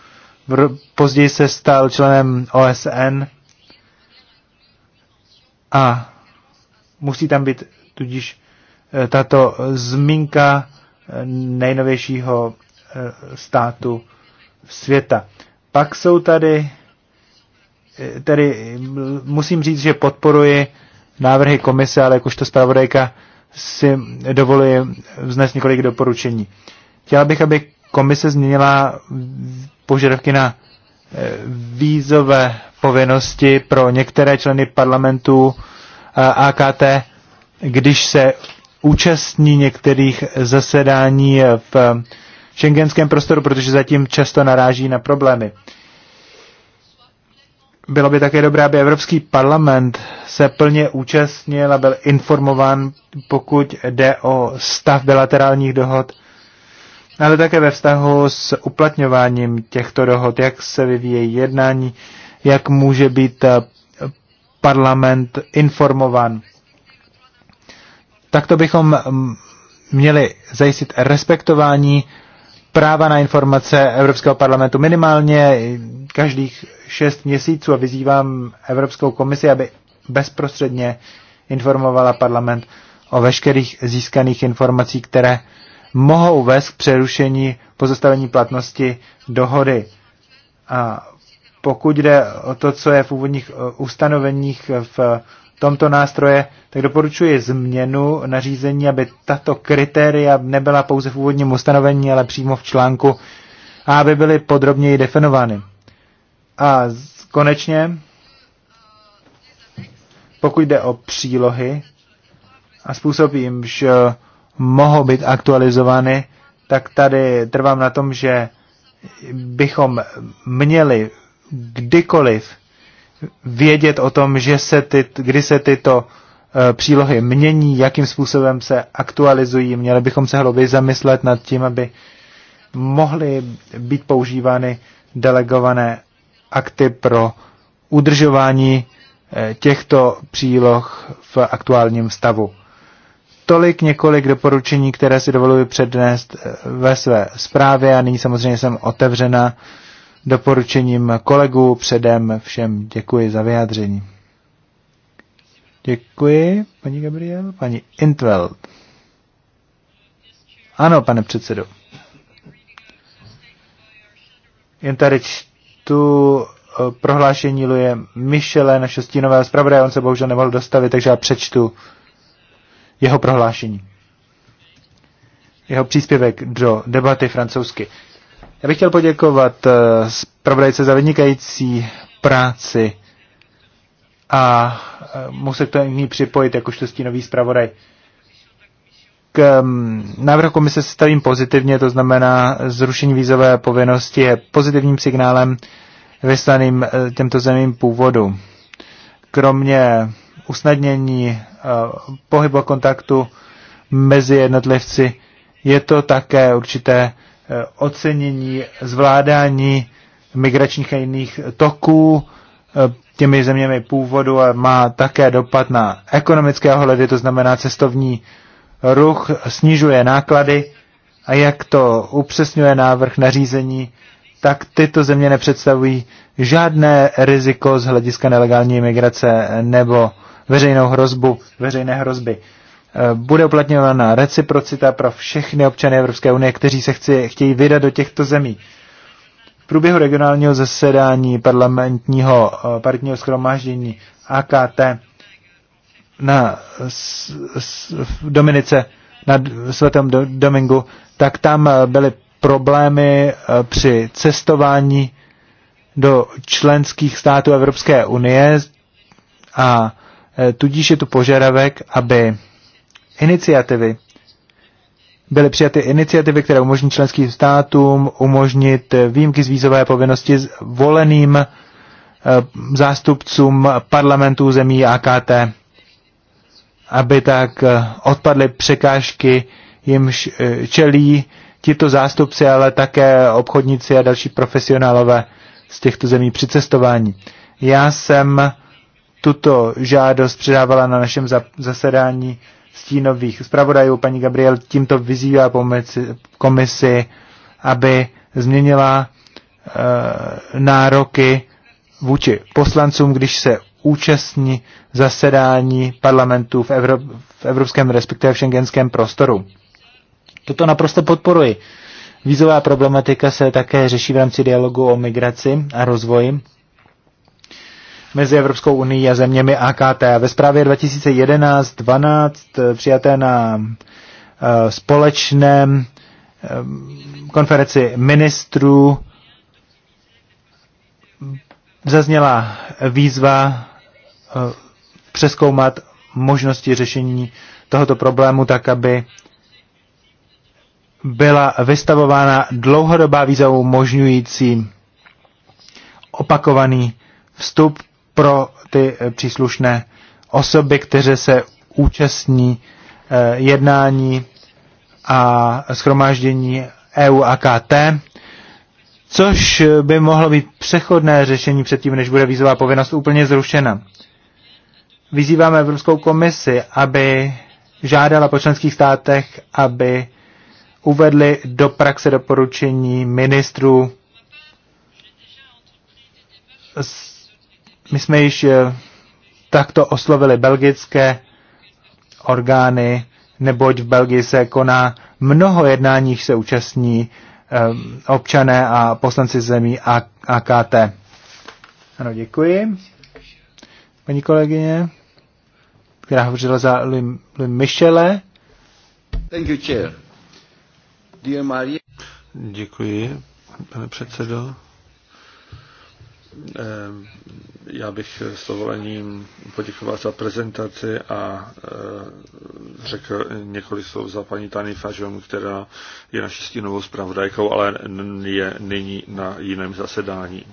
Později se stal členem OSN a musí tam být tudíž eh, tato zmínka eh, nejnovějšího eh, státu světa. Pak jsou tady, tedy musím říct, že podporuji návrhy komise, ale jakožto zpravodajka si dovoluji vznést několik doporučení. Chtěla bych, aby komise změnila požadavky na eh, vízové povinnosti pro některé členy parlamentu eh, AKT, když se účastní některých zasedání v šengenském eh, prostoru, protože zatím často naráží na problémy bylo by také dobré, aby Evropský parlament se plně účastnil a byl informován, pokud jde o stav bilaterálních dohod, ale také ve vztahu s uplatňováním těchto dohod, jak se vyvíjejí jednání, jak může být eh, parlament informován. Takto bychom mm, měli zajistit respektování práva na informace Evropského parlamentu minimálně každých šest měsíců a vyzývám Evropskou komisi, aby bezprostředně informovala parlament o veškerých získaných informací, které mohou vést k přerušení pozastavení platnosti dohody. A pokud jde o to, co je v úvodních eh, ustanoveních v tomto nástroje, tak doporučuji změnu nařízení, aby tato kritéria nebyla pouze v úvodním ustanovení, ale přímo v článku a aby byly podrobněji definovány. A konečně, pokud jde o přílohy a způsob jimž eh, mohou být aktualizovány, tak tady trvám na tom, že bychom měli kdykoliv vědět o tom, že se ty, kdy se tyto eh, přílohy mění, jakým způsobem se aktualizují. Měli bychom se hlouběji zamyslet nad tím, aby mohly být používány delegované akty pro udržování eh, těchto příloh v aktuálním stavu. Tolik několik doporučení, které si dovoluji přednést eh, ve své zprávě a nyní samozřejmě jsem otevřena doporučením kolegů. Předem všem děkuji za vyjádření. Děkuji, paní Gabriel, paní Intveld. Ano, pane předsedo. Jen tady tu eh, prohlášení Luje Michele, na stínového zpravodaje, on se bohužel nemohl dostavit, takže já přečtu jeho prohlášení. Jeho příspěvek do debaty francouzsky. Já bych chtěl poděkovat eh, zpravodajce za vynikající práci a eh, musím to k připojit jakožto stínový zpravodaj k um, návrhu komise se stavím pozitivně, to znamená zrušení vízové povinnosti je pozitivním signálem vyslaným eh, těmto zemím původu. Kromě usnadnění eh, pohybu a kontaktu mezi jednotlivci je to také určité eh, ocenění, zvládání migračních a jiných toků těmi zeměmi původu a má také dopad na ekonomické ohledy, to znamená cestovní ruch snižuje náklady a jak to upřesňuje návrh nařízení, tak tyto země nepředstavují žádné riziko z hlediska nelegální migrace nebo veřejnou hrozbu, veřejné hrozby. Eh, bude uplatňována reciprocita pro všechny občany Evropské unie, kteří se chci, chtějí vydat do těchto zemí. V průběhu regionálního zasedání parlamentního eh, partního schromáždění AKT na Dominice, na svatém Domingu, tak tam eh, byly problémy eh, při cestování do členských států Evropské unie a eh, tudíž je tu požadavek, aby iniciativy byly přijaty iniciativy, které umožní členským státům umožnit výjimky z vízové povinnosti voleným zástupcům parlamentů zemí AKT aby tak eh, odpadly překážky, jimž eh, čelí tito zástupci, ale také obchodníci a další profesionálové z těchto zemí při cestování. Já jsem tuto žádost předávala na našem zasedání stínových zpravodajů. Paní Gabriel tímto vyzývá komisi, aby změnila e, nároky vůči poslancům, když se účastní zasedání parlamentů v, Evro- v evropském, respektive v šengenském prostoru. Toto naprosto podporuji. Vízová problematika se také řeší v rámci dialogu o migraci a rozvoji mezi Evropskou unii a zeměmi AKT. Ve zprávě 2011-12 eh, přijaté na eh, společném eh, konferenci ministrů zazněla výzva Eh, přeskoumat možnosti řešení tohoto problému tak, aby byla vystavována dlouhodobá víza umožňující opakovaný vstup pro ty eh, příslušné osoby, které se účastní eh, jednání a schromáždění EU a KT, což by mohlo být přechodné řešení předtím, než bude vízová povinnost úplně zrušena vyzýváme Evropskou komisi, aby žádala po členských státech, aby uvedli do praxe doporučení ministrů. My jsme již eh, takto oslovili belgické orgány, neboť v Belgii se koná mnoho jednání, se účastní eh, občané a poslanci zemí AKT. Ano, děkuji. Paní kolegyně která hovořila za Louis Michele. Thank you, chair. Dear Marie. Děkuji, pane předsedo. Ehm, já bych s dovolením poděkoval za prezentaci a eh, řekl několik slov za paní Tany Fažom, která je naší stínovou zpravodajkou, ale je nyní na jiném zasedání.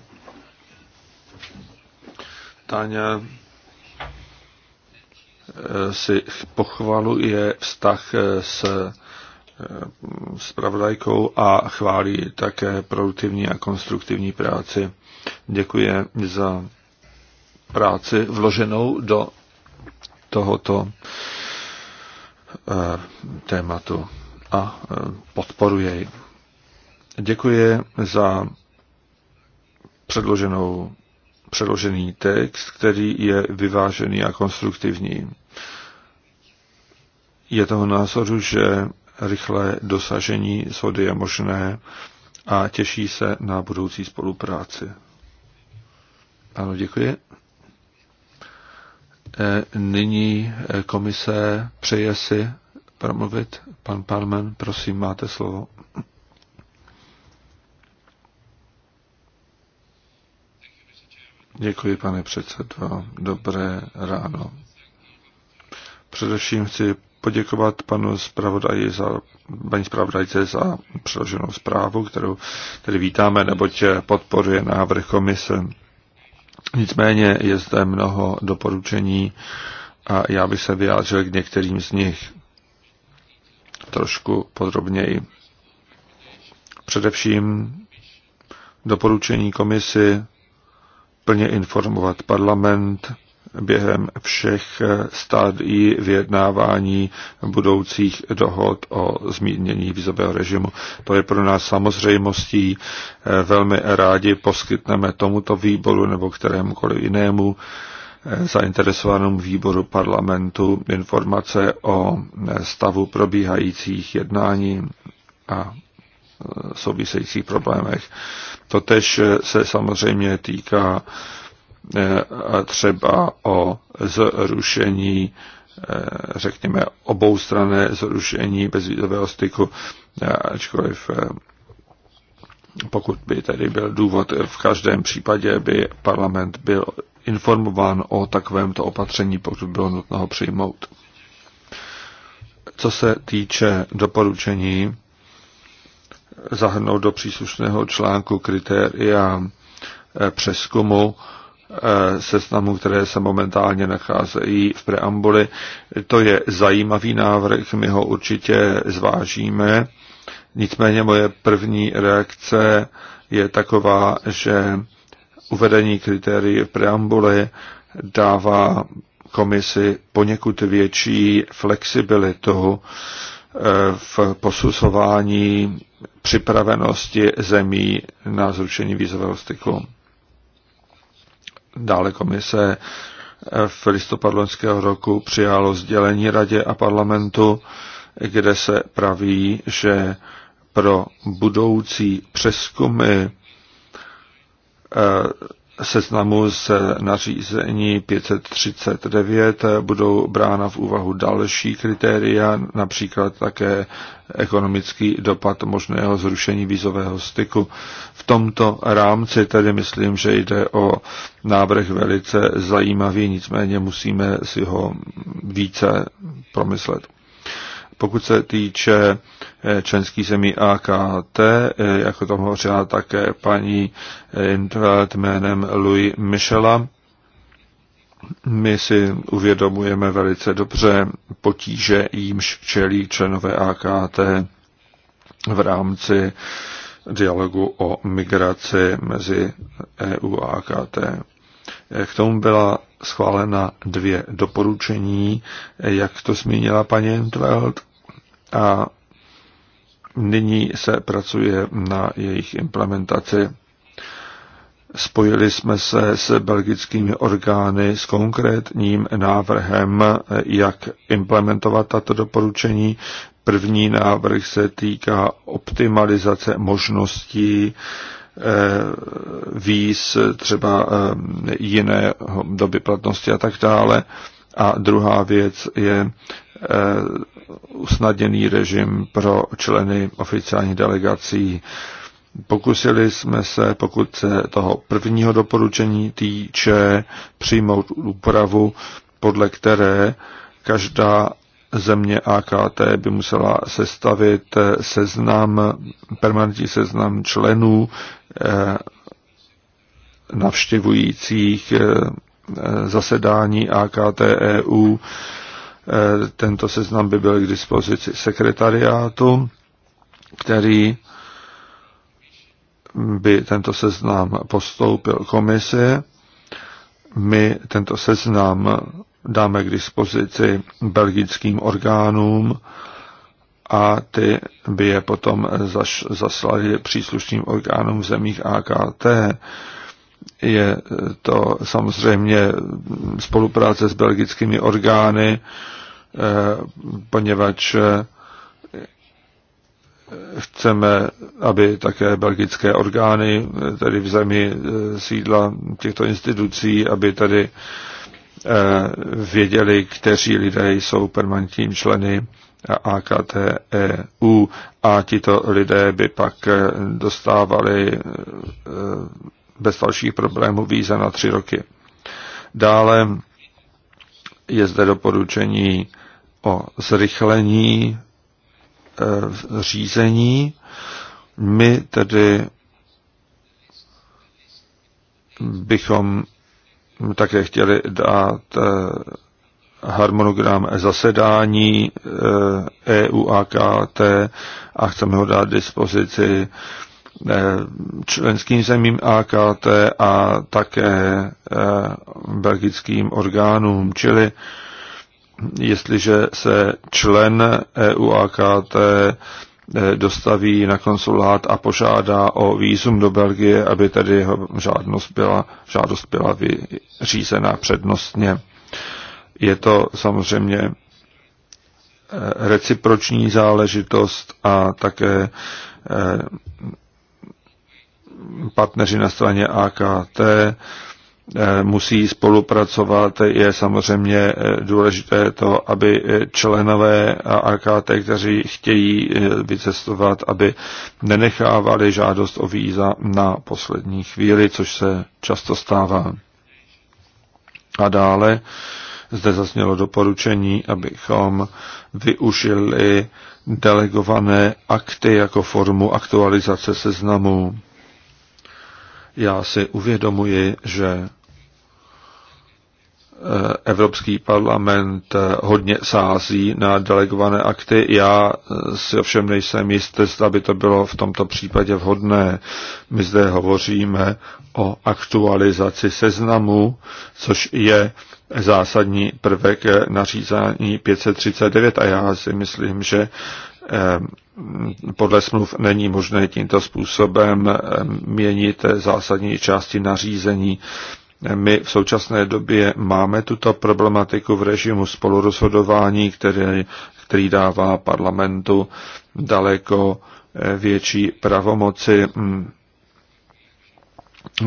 Táňa si pochvalu je vztah s eh, spravodajkou a chválí také produktivní a konstruktivní práci. Děkuji za práci vloženou do tohoto eh, tématu a eh, podporuje ji. Děkuji za předloženou, předložený text, který je vyvážený a konstruktivní je toho názoru, že rychlé dosažení shody je možné a těší se na budoucí spolupráci. Ano, děkuji. E, nyní e, komise přeje si promluvit. Pan Palmen, prosím, máte slovo. Děkuji, pane předsedo. Dobré ráno. Především chci poděkovat panu zpravodaji za, paní zpravodajce za přeloženou zprávu, kterou tedy vítáme, neboť podporuje návrh komise. Nicméně je zde mnoho doporučení a já bych se vyjádřil k některým z nich trošku podrobněji. Především doporučení komisi plně informovat parlament během všech stádií vyjednávání budoucích dohod o zmínění vízového režimu. To je pro nás samozřejmostí. Velmi rádi poskytneme tomuto výboru nebo kterémukoliv jinému eh, zainteresovanému výboru parlamentu informace o eh, stavu probíhajících jednání a eh, souvisejících problémech. Totež se samozřejmě týká Eh, třeba o zrušení, eh, řekněme, oboustrané zrušení bezvízového styku, eh, ačkoliv pokud by tedy byl důvod, v každém případě by parlament byl informován o takovémto opatření, pokud bylo nutno ho přijmout. Co se týče doporučení zahrnout do příslušného článku kritéria přeskumu Eh, seznamu, které se momentálně nacházejí v preambuli. To je zajímavý návrh, my ho určitě zvážíme. Nicméně moje první reakce je taková, že uvedení kritérií v preambuli dává komisi poněkud větší flexibilitu eh, v posuzování připravenosti zemí na zrušení vízového styku. Dále komise v listopadu loňského roku přijalo sdělení radě a parlamentu, kde se praví, že pro budoucí přeskumy eh, seznamu z nařízení 539 budou brána v úvahu další kritéria, například také ekonomický dopad možného zrušení vízového styku. V tomto rámci tedy myslím, že jde o návrh velice zajímavý, nicméně musíme si ho více promyslet. Pokud se týče eh, členský zemí AKT, eh, jako tam hovořila také paní eh, Intveld jménem Louis Michela, my si uvědomujeme velice dobře potíže, jímž čelí členové AKT v rámci dialogu o migraci mezi EU a AKT. K tomu byla schválena dvě doporučení, jak to zmínila paní Entveld, a nyní se pracuje na jejich implementaci. Spojili jsme se s belgickými orgány s konkrétním návrhem, jak implementovat tato doporučení. První návrh se týká optimalizace možností Eh, víz, třeba eh, jiné doby platnosti a tak dále. A druhá věc je eh, usnadněný režim pro členy oficiálních delegací. Pokusili jsme se, pokud se toho prvního doporučení týče, přijmout úpravu, podle které každá země AKT by musela sestavit seznam, permanentní seznam členů Eh, navštěvujících eh, eh, zasedání AKTEU. Tento seznam by byl k dispozici sekretariátu, který by tento seznam postoupil komisi. My tento seznam dáme k dispozici belgickým orgánům a ty by je potom zaslali příslušným orgánům v zemích AKT. Je to samozřejmě spolupráce s belgickými orgány, eh, poněvadž eh, chceme, aby také belgické orgány, eh, tedy v zemi sídla těchto institucí, aby tady věděli, kteří lidé jsou permanentní členy AKT EU a tito lidé by pak eh, dostávali eh, bez dalších problémů víza na tři roky. Dále je zde doporučení o zrychlení eh, řízení. My tedy bychom také chtěli dát harmonogram zasedání EUAKT eh, e a chceme ho dát dispozici eh, členským zemím AKT a také eh, belgickým orgánům, čili jestliže se člen EU AKT dostaví na konsulát a požádá o výzum do Belgie, aby tedy jeho žádnost byla, žádost byla vyřízená přednostně je to samozřejmě eh, reciproční záležitost a také eh, partneři na straně AKT eh, musí spolupracovat. Je samozřejmě důležité to, aby členové AKT, kteří chtějí vycestovat, aby nenechávali žádost o víza na poslední chvíli, což se často stává. A dále zde zaznělo doporučení, abychom využili delegované akty jako formu aktualizace seznamu. Já si uvědomuji, že eh, Evropský parlament eh, hodně sází na delegované akty. Já eh, si ovšem nejsem jistý, zda by to bylo v tomto případě vhodné. My zde hovoříme o aktualizaci seznamu, což je zásadní prvek nařízení 539 a já si myslím, že podle smluv není možné tímto způsobem měnit zásadní části nařízení. My v současné době máme tuto problematiku v režimu spolurozhodování, který, který dává parlamentu daleko eh, větší pravomoci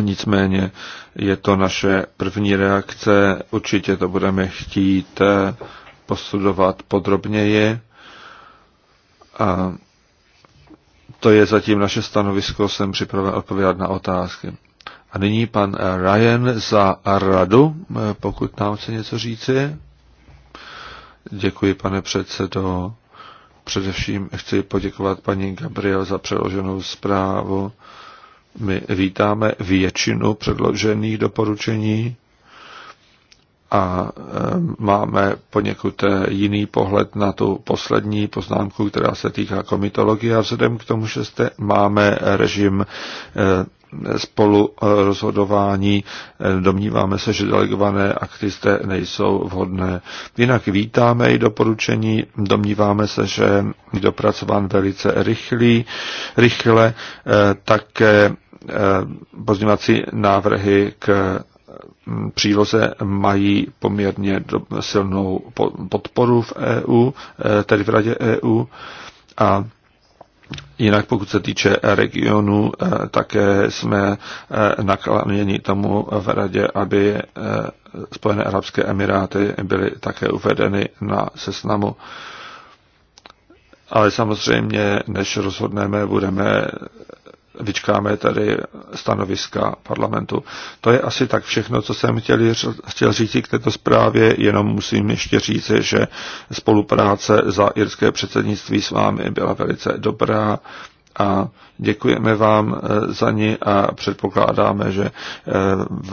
Nicméně je to naše první reakce, určitě to budeme chtít eh, posudovat podrobněji. A to je zatím naše stanovisko, jsem připraven odpovědět na otázky. A nyní pan Ryan za radu, eh, pokud nám chce něco říci. Děkuji, pane předsedo. Především chci poděkovat paní Gabriel za přeloženou zprávu my vítáme většinu předložených doporučení a máme poněkud eh, jiný pohled na tu poslední poznámku, která se týká komitologie a vzhledem k tomu, že zde máme režim eh, spolu rozhodování. Domníváme se, že delegované akty zde nejsou vhodné. Jinak vítáme i doporučení. Domníváme se, že je dopracován velice rychlý, rychle. Eh, také eh, pozměňovací návrhy k hm, příloze mají poměrně silnou podporu v EU, eh, tedy v Radě EU a Jinak pokud se týče regionu, eh, také jsme eh, nakláněni tomu v radě, aby eh, Spojené arabské emiráty byly také uvedeny na seznamu. Ale samozřejmě, než rozhodneme, budeme vyčkáme tady stanoviska parlamentu. To je asi tak všechno, co jsem chtěl, chtěl říct k této zprávě, jenom musím ještě říct, že spolupráce za irské předsednictví s vámi byla velice dobrá a děkujeme vám eh, za ní a předpokládáme, že eh,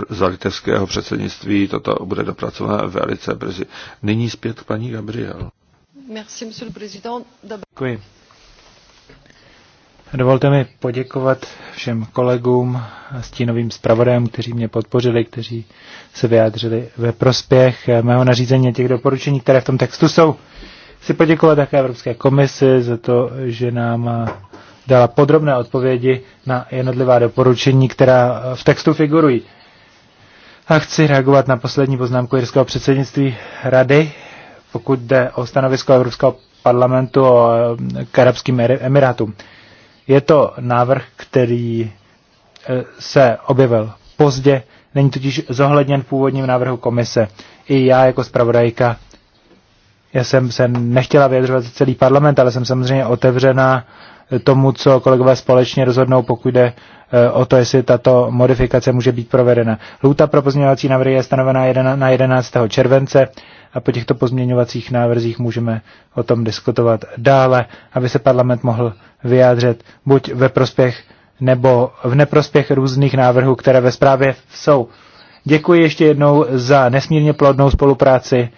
za litevského předsednictví toto bude dopracované velice brzy. Nyní zpět k paní Gabriel. Merci, Děkuji. Dovolte mi poděkovat všem kolegům a stínovým zpravodajům, kteří mě podpořili, kteří se vyjádřili ve prospěch mého nařízení a těch doporučení, které v tom textu jsou. Chci poděkovat také Evropské komisi za to, že nám dala podrobné odpovědi na jednotlivá doporučení, která v textu figurují. A chci reagovat na poslední poznámku jirského předsednictví rady, pokud jde o stanovisko Evropského parlamentu k Arabským Emirátům. Je to návrh, který eh, se objevil pozdě, není totiž zohledněn v původním návrhu komise. I já jako zpravodajka, já jsem se nechtěla vyjadřovat celý parlament, ale jsem samozřejmě otevřená eh, tomu, co kolegové společně rozhodnou, pokud jde eh, o to, jestli tato modifikace může být provedena. Lhůta pro pozměňovací návrhy je stanovená na 11. července a po těchto pozměňovacích návrzích můžeme o tom diskutovat dále, aby se parlament mohl vyjádřit buď ve prospěch nebo v neprospěch různých návrhů, které ve zprávě jsou. Děkuji ještě jednou za nesmírně plodnou spolupráci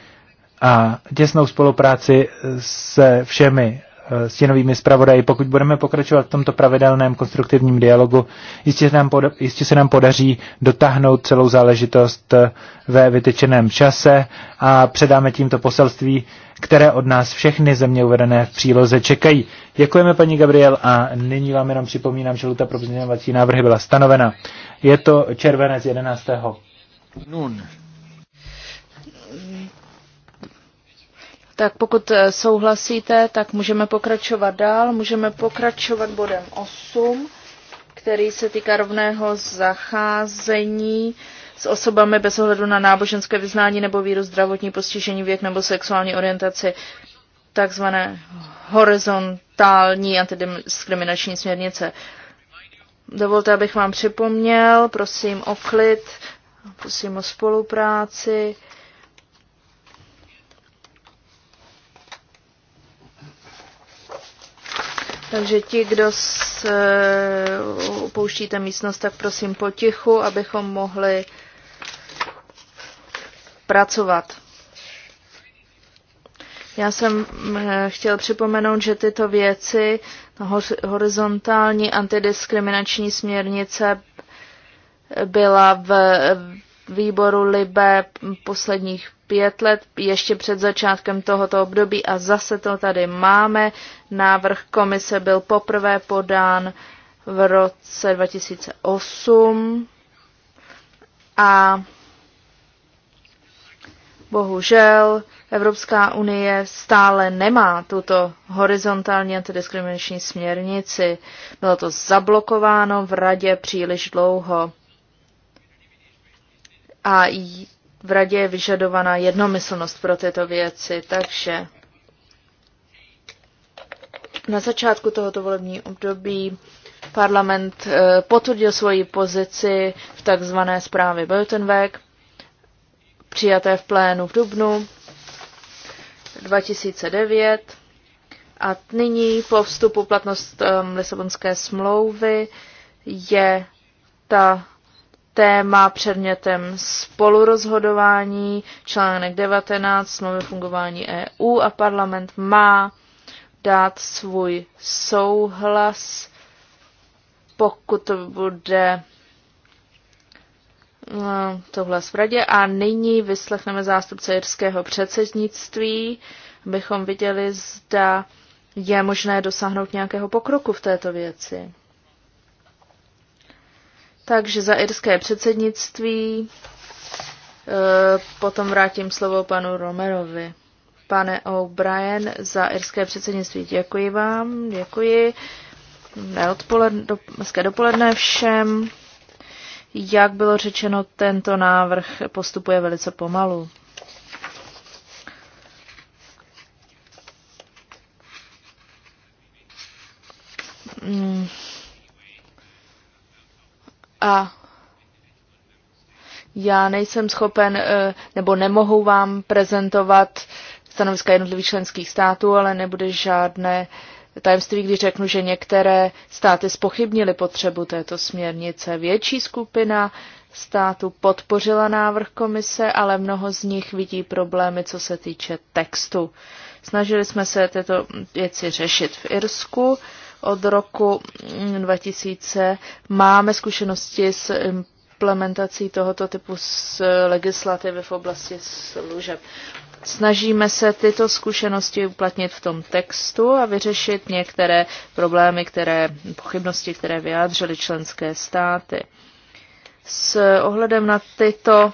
a těsnou spolupráci se všemi stěnovými zpravodaji. Pokud budeme pokračovat v tomto pravidelném konstruktivním dialogu, jistě se nám, poda- jistě se nám podaří dotáhnout celou záležitost eh, ve vytyčeném čase a předáme tímto poselství, které od nás všechny země uvedené v příloze čekají. Děkujeme paní Gabriel a nyní vám jenom připomínám, že luta pro návrhy byla stanovena. Je to červenec 11. Nun. Tak pokud eh, souhlasíte, tak můžeme pokračovat dál. Můžeme pokračovat bodem 8, který se týká rovného zacházení s osobami bez ohledu na náboženské vyznání nebo víru, zdravotní postižení, věk nebo sexuální orientaci, takzvané horizontální antidiskriminační směrnice. Dovolte, abych vám připomněl, prosím o klid, prosím o spolupráci. Takže ti, kdo se eh, opouštíte místnost, tak prosím potichu, abychom mohli pracovat. Já jsem eh, chtěl připomenout, že tyto věci, horizontální antidiskriminační směrnice byla v výboru Libe posledních pět let ještě před začátkem tohoto období a zase to tady máme. Návrh komise byl poprvé podán v roce 2008 a bohužel Evropská unie stále nemá tuto horizontální antidiskriminační směrnici. Bylo to zablokováno v radě příliš dlouho. A v radě je vyžadovaná jednomyslnost pro tyto věci, takže na začátku tohoto volební období parlament eh, potvrdil svoji pozici v takzvané zprávě Beutenweg, přijaté v plénu v Dubnu 2009. A nyní po vstupu platnost um, Lisabonské smlouvy je ta téma předmětem spolurozhodování, článek 19 smlouvy fungování EU a parlament má dát svůj souhlas, pokud to bude no, tohle v radě. A nyní vyslechneme zástupce jirského předsednictví, abychom viděli, zda je možné dosáhnout nějakého pokroku v této věci. Takže za irské předsednictví eh, potom vrátím slovo panu Romerovi. Pane O'Brien, za irské předsednictví děkuji vám, děkuji. Neodpoledne, dopoledne všem. Jak bylo řečeno, tento návrh postupuje velice pomalu. Mm a já nejsem schopen eh, nebo nemohu vám prezentovat stanoviska jednotlivých členských států, ale nebude žádné tajemství, když řeknu, že některé státy spochybnily potřebu této směrnice. Větší skupina států podpořila návrh komise, ale mnoho z nich vidí problémy, co se týče textu. Snažili jsme se tyto věci řešit v Irsku od roku 2000 máme zkušenosti s implementací tohoto typu z legislativy v oblasti služeb. Snažíme se tyto zkušenosti uplatnit v tom textu a vyřešit některé problémy, které, pochybnosti, které vyjádřily členské státy. S ohledem na tyto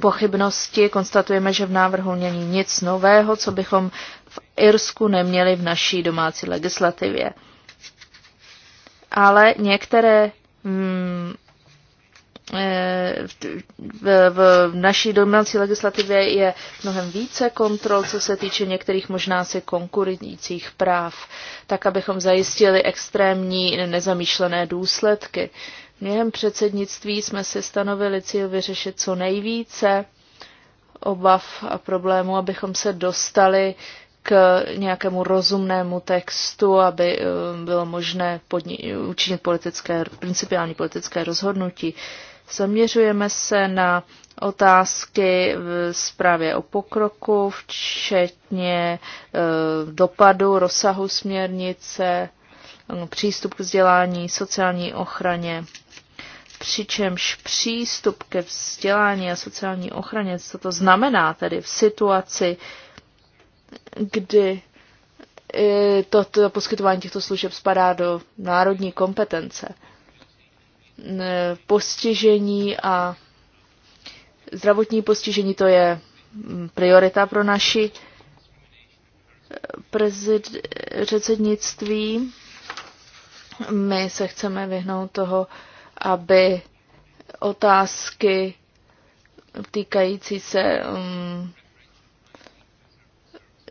pochybnosti. Konstatujeme, že v návrhu není nic nového, co bychom v Irsku neměli v naší domácí legislativě. Ale některé hmm, v, v naší domácí legislativě je mnohem více kontrol, co se týče některých možná si konkurujících práv, tak abychom zajistili extrémní nezamýšlené důsledky. Uh, Měrem předsednictví jsme si stanovili cíl vyřešit co nejvíce obav a problémů, abychom se dostali k nějakému rozumnému textu, aby eh, bylo možné podni- učinit politické, principiální politické rozhodnutí. Zaměřujeme se na otázky v zprávě o pokroku, včetně eh, dopadu, rozsahu směrnice, přístup k vzdělání, sociální ochraně, přičemž přístup ke vzdělání a sociální ochraně, co to znamená tedy v situaci, kdy eh, to, to poskytování těchto služeb spadá do národní kompetence. Eh, postižení a zdravotní postižení to je mm, priorita pro naši eh, předsednictví. My se chceme vyhnout toho, aby otázky týkající se um,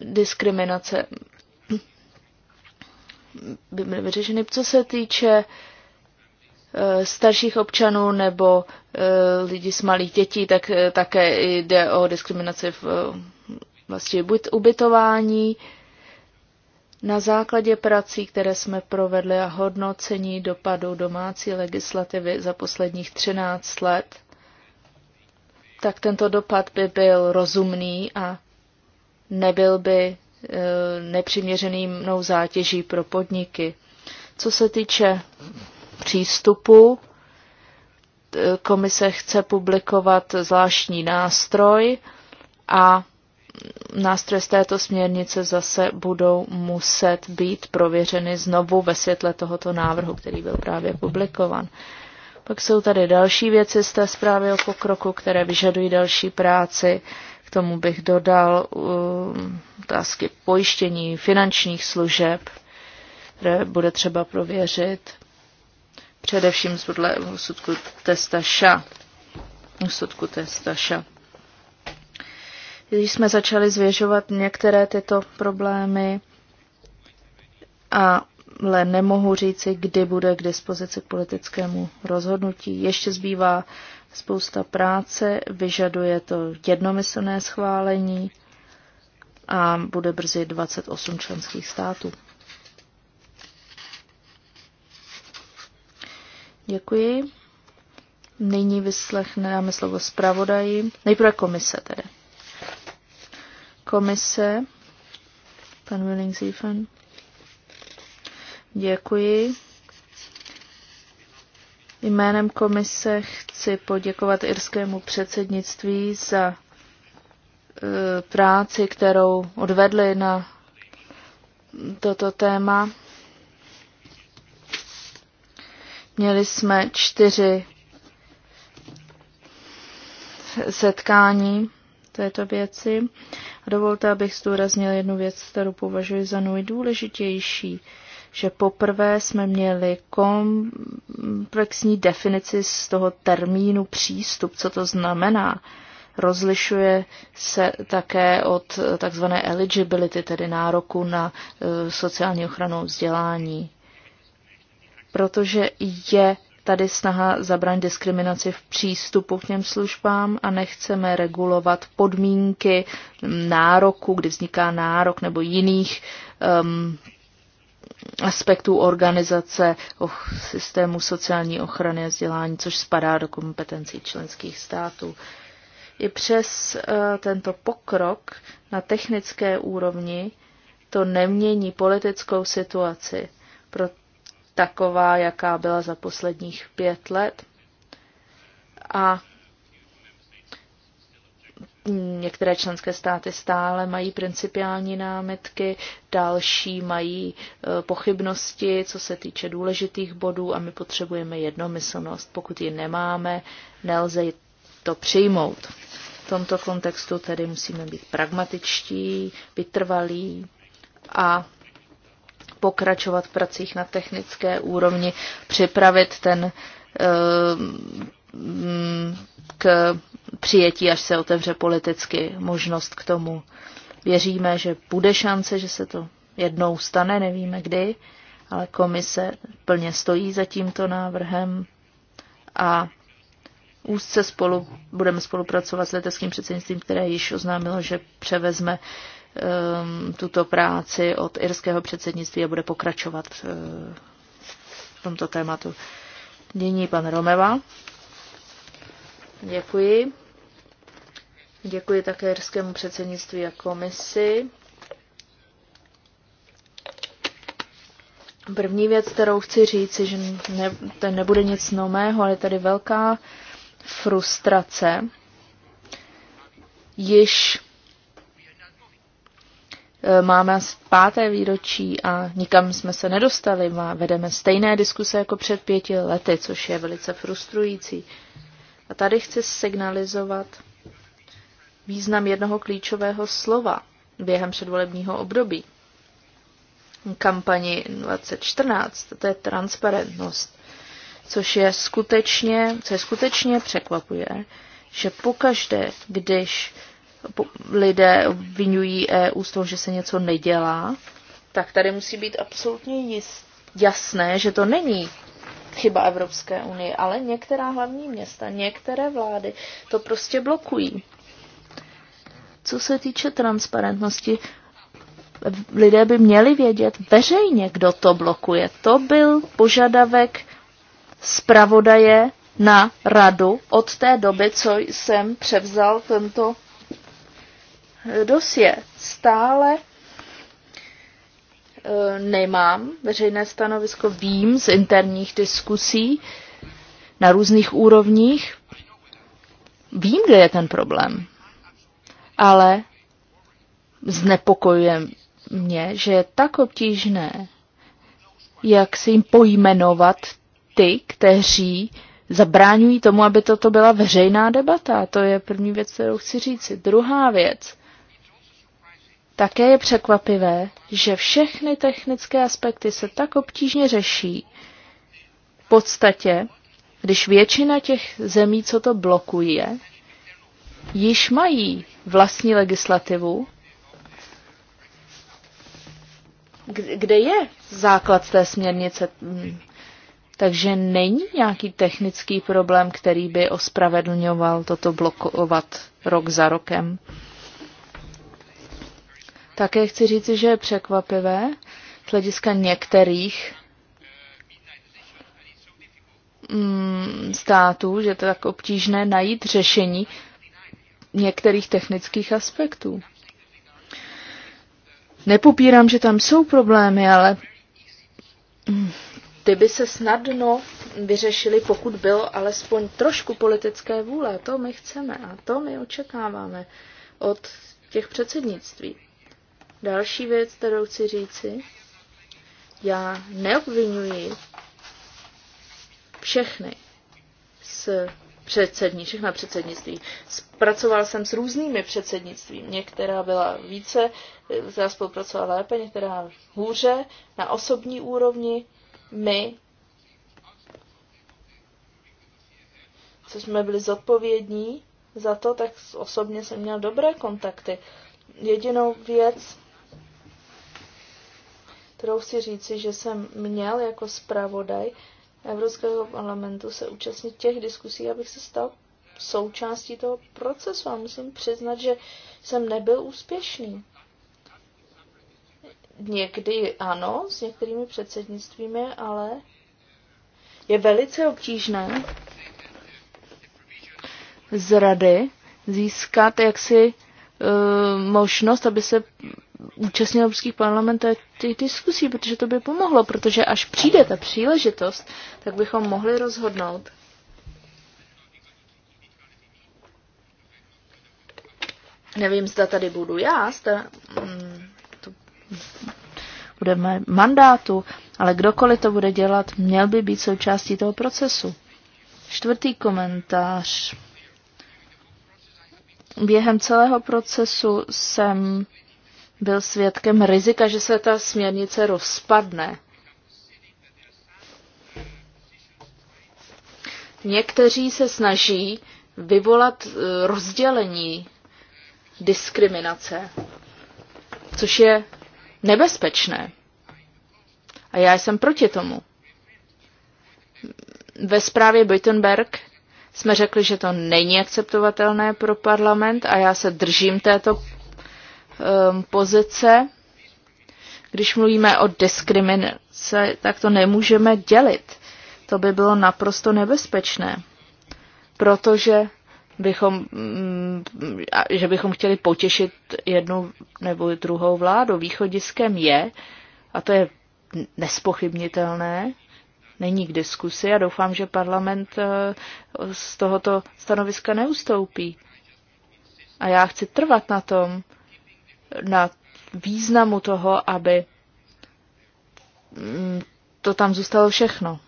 diskriminace by byly vyřešeny. Co se týče uh, starších občanů nebo uh, lidí s malých dětí, tak uh, také jde o diskriminaci v uh, vlastně buď ubytování, uh, na základě prací, které jsme provedli a hodnocení dopadů domácí legislativy za posledních 13 let, tak tento dopad by byl rozumný a nebyl by e, nepřiměřeným zátěží pro podniky. Co se týče přístupu, e, komise chce publikovat zvláštní nástroj a nástroje z této směrnice zase budou muset být prověřeny znovu ve světle tohoto návrhu, který byl právě publikovan. Pak jsou tady další věci z té zprávy o pokroku, které vyžadují další práci. K tomu bych dodal um, otázky pojištění finančních služeb, které bude třeba prověřit. Především z podle usudku testa ŠA. Usudku testa ŠA. Když jsme začali zvěžovat některé tyto problémy, ale nemohu říci, kdy bude k dispozici k politickému rozhodnutí. Ještě zbývá spousta práce, vyžaduje to jednomyslné schválení a bude brzy 28 členských států. Děkuji. Nyní vyslechneme slovo zpravodaji, nejprve komise tedy komise, pan Willing Ziefen. Děkuji. Jménem komise chci poděkovat irskému předsednictví za e, práci, kterou odvedli na toto téma. Měli jsme čtyři setkání této věci. A dovolte, abych zdůraznil jednu věc, kterou považuji za nejdůležitější, že poprvé jsme měli komplexní definici z toho termínu přístup, co to znamená. Rozlišuje se také od takzvané eligibility, tedy nároku na e, sociální ochranu vzdělání protože je tady snaha zabránit diskriminaci v přístupu k těm službám a nechceme regulovat podmínky nároku, kdy vzniká nárok nebo jiných um, aspektů organizace och, systému sociální ochrany a vzdělání, což spadá do kompetencí členských států. I přes uh, tento pokrok na technické úrovni to nemění politickou situaci, proto taková, jaká byla za posledních pět let. A některé členské státy stále mají principiální námitky, další mají e, pochybnosti, co se týče důležitých bodů a my potřebujeme jednomyslnost. Pokud ji nemáme, nelze to přijmout. V tomto kontextu tedy musíme být pragmatičtí, vytrvalí a pokračovat v pracích na technické úrovni, připravit ten eh, k přijetí, až se otevře politicky možnost k tomu. Věříme, že bude šance, že se to jednou stane, nevíme kdy, ale komise plně stojí za tímto návrhem a úzce spolu, budeme spolupracovat s leteckým předsednictvím, které již oznámilo, že převezme Ehm, tuto práci od irského předsednictví a bude pokračovat v tomto tématu. Nyní pan Romeva. Děkuji. Děkuji také irskému předsednictví a komisi. První věc, kterou chci říct, je, že ne, to nebude nic nového, ale je tady velká frustrace. Již Eh, máme páté výročí a nikam jsme se nedostali. Vedeme stejné diskuse jako před pěti lety, což je velice frustrující. A tady chci signalizovat význam jednoho klíčového slova během předvolebního období. Kampani 2014, to je transparentnost, což je skutečně, co je skutečně překvapuje, že pokaždé, když lidé obvinují EU z toho, že se něco nedělá, tak tady musí být absolutně jasné, že to není chyba Evropské unie, ale některá hlavní města, některé vlády to prostě blokují. Co se týče transparentnosti, lidé by měli vědět veřejně, kdo to blokuje. To byl požadavek zpravodaje na radu od té doby, co jsem převzal tento je stále eh, nemám veřejné stanovisko, vím z interních diskusí na různých úrovních, vím, kde je ten problém, ale znepokojuje mě, že je tak obtížné, jak si jim pojmenovat ty, kteří zabráňují tomu, aby toto byla veřejná debata. A to je první věc, kterou chci říct. Druhá věc. Také je překvapivé, že všechny technické aspekty se tak obtížně řeší. V podstatě, když většina těch zemí, co to blokuje, již mají vlastní legislativu, kde je základ té směrnice. Mm, takže není nějaký technický problém, který by ospravedlňoval toto blokovat rok za rokem. Také chci říci, že je překvapivé z hlediska některých mm, států, že je to tak obtížné najít řešení některých technických aspektů. Nepopírám, že tam jsou problémy, ale mm, ty by se snadno vyřešily, pokud bylo alespoň trošku politické vůle. To my chceme a to my očekáváme od těch předsednictví. Další věc, kterou chci říci, já neobvinuji všechny z předsední, všechna předsednictví. Pracoval jsem s různými předsednictvími. Některá byla více, která spolupracovala lépe, některá hůře, na osobní úrovni. My, co jsme byli zodpovědní za to, tak osobně jsem měl dobré kontakty. Jedinou věc, kterou si říci, že jsem měl jako zpravodaj Evropského parlamentu se účastnit těch diskusí, abych se stal součástí toho procesu. A musím přiznat, že jsem nebyl úspěšný. Někdy ano, s některými předsednictvími, ale je velice obtížné z rady získat jaksi uh, možnost, aby se účastní Evropských parlamentů těch diskusí, protože to by pomohlo, protože až přijde ta příležitost, tak bychom mohli rozhodnout. Nevím, zda tady budu já, zda mm, to bude mandátu, ale kdokoliv to bude dělat, měl by být součástí toho procesu. Čtvrtý komentář. Během celého procesu jsem byl svědkem rizika, že se ta směrnice rozpadne. Někteří se snaží vyvolat eh, rozdělení diskriminace, což je nebezpečné. A já jsem proti tomu. Ve zprávě Bittenberg jsme řekli, že to není akceptovatelné pro parlament a já se držím této Um, pozice. Když mluvíme o diskriminaci, tak to nemůžeme dělit. To by bylo naprosto nebezpečné, protože bychom, mm, že bychom chtěli potěšit jednu nebo druhou vládu. Východiskem je, a to je nespochybnitelné, není k diskusi a doufám, že parlament eh, z tohoto stanoviska neustoupí. A já chci trvat na tom, na významu toho, aby mm, to tam zůstalo všechno.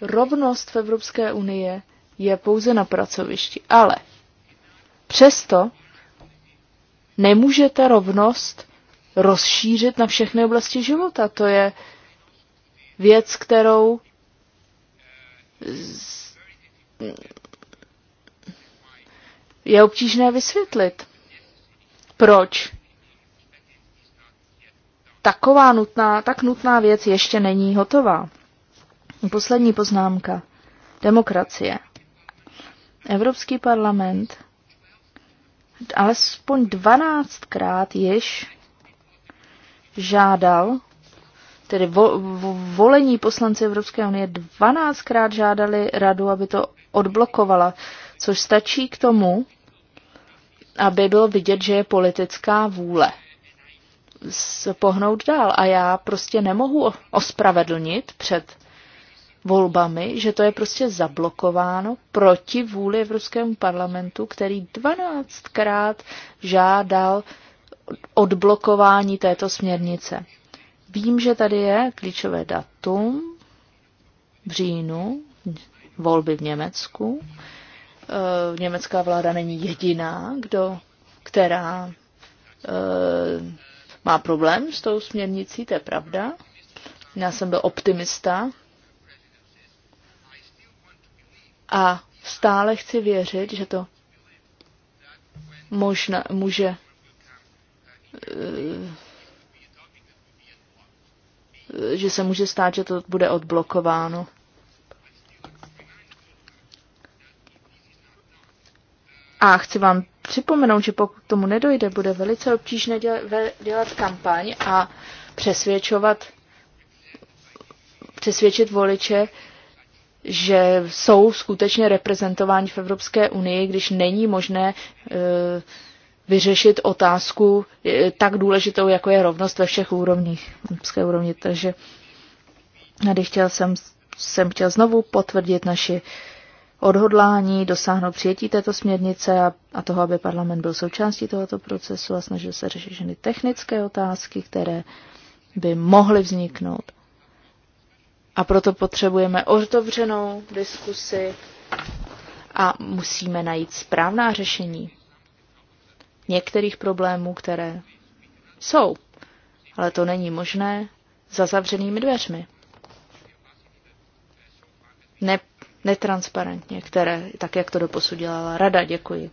Rovnost v Evropské unii je pouze na pracovišti, ale přesto nemůžete rovnost rozšířit na všechny oblasti života. To je věc, kterou je obtížné vysvětlit, proč taková nutná, tak nutná věc ještě není hotová. Poslední poznámka. Demokracie. Evropský parlament alespoň 12krát již žádal, tedy vo, vo, volení poslanci Evropské unie 12krát žádali radu, aby to odblokovala, což stačí k tomu, aby bylo vidět, že je politická vůle pohnout dál. A já prostě nemohu ospravedlnit před volbami, že to je prostě zablokováno proti vůli Evropskému parlamentu, který 12krát žádal odblokování této směrnice. Vím, že tady je klíčové datum v říjnu, volby v Německu, Eh, německá vláda není jediná, kdo, která eh, má problém s tou směrnicí, to je pravda. Já jsem byl optimista a stále chci věřit, že to možná může eh, že se může stát, že to bude odblokováno. A chci vám připomenout, že pokud tomu nedojde, bude velice obtížné dělat, dělat kampaň a přesvědčovat, přesvědčit voliče, že jsou skutečně reprezentováni v Evropské unii, když není možné e, vyřešit otázku e, tak důležitou, jako je rovnost ve všech úrovních, evropské úrovni. Takže tady chtěl jsem, jsem chtěl znovu potvrdit naši odhodlání dosáhnout přijetí této směrnice a, a toho, aby parlament byl součástí tohoto procesu a snažil se řešit všechny technické otázky, které by mohly vzniknout. A proto potřebujeme otevřenou diskusi a musíme najít správná řešení některých problémů, které jsou. Ale to není možné za zavřenými dveřmi. Ne, netransparentně, které, tak jak to doposud dělala rada. Děkuji.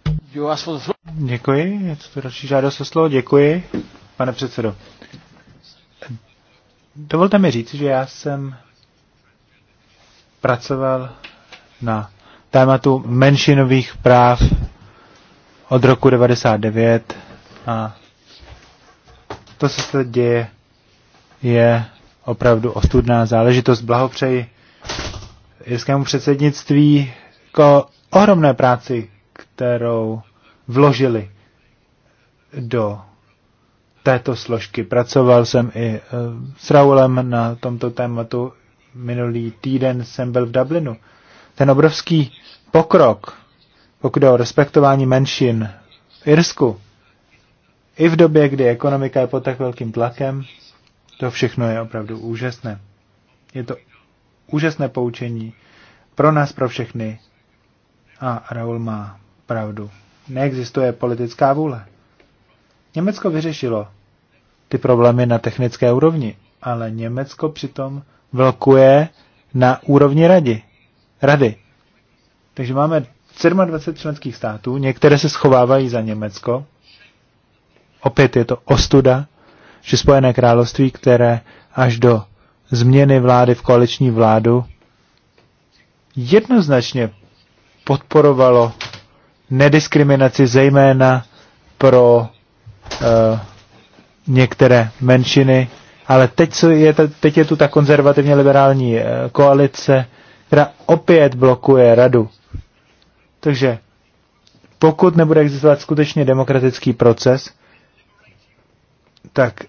Děkuji, je to další žádost o slovo. Děkuji, pane předsedo. Dovolte mi říct, že já jsem pracoval na tématu menšinových práv od roku 99 a to, co se děje, je opravdu ostudná záležitost. Blahopřeji irskému předsednictví k ohromné práci, kterou vložili do této složky. Pracoval jsem i eh, s Raulem na tomto tématu. Minulý týden jsem byl v Dublinu. Ten obrovský pokrok, pokud o respektování menšin v Irsku, i v době, kdy ekonomika je pod tak velkým tlakem, to všechno je opravdu úžasné. Je to úžasné poučení pro nás, pro všechny. A Raul má pravdu. Neexistuje politická vůle. Německo vyřešilo ty problémy na technické úrovni, ale Německo přitom vlkuje na úrovni rady. rady. Takže máme 27 členských států, některé se schovávají za Německo. Opět je to ostuda, že Spojené království, které až do změny vlády v koaliční vládu jednoznačně podporovalo nediskriminaci zejména pro e, některé menšiny, ale teď, co je, teď je tu ta konzervativně liberální eh, koalice, která opět blokuje radu. Takže pokud nebude existovat skutečně demokratický proces, tak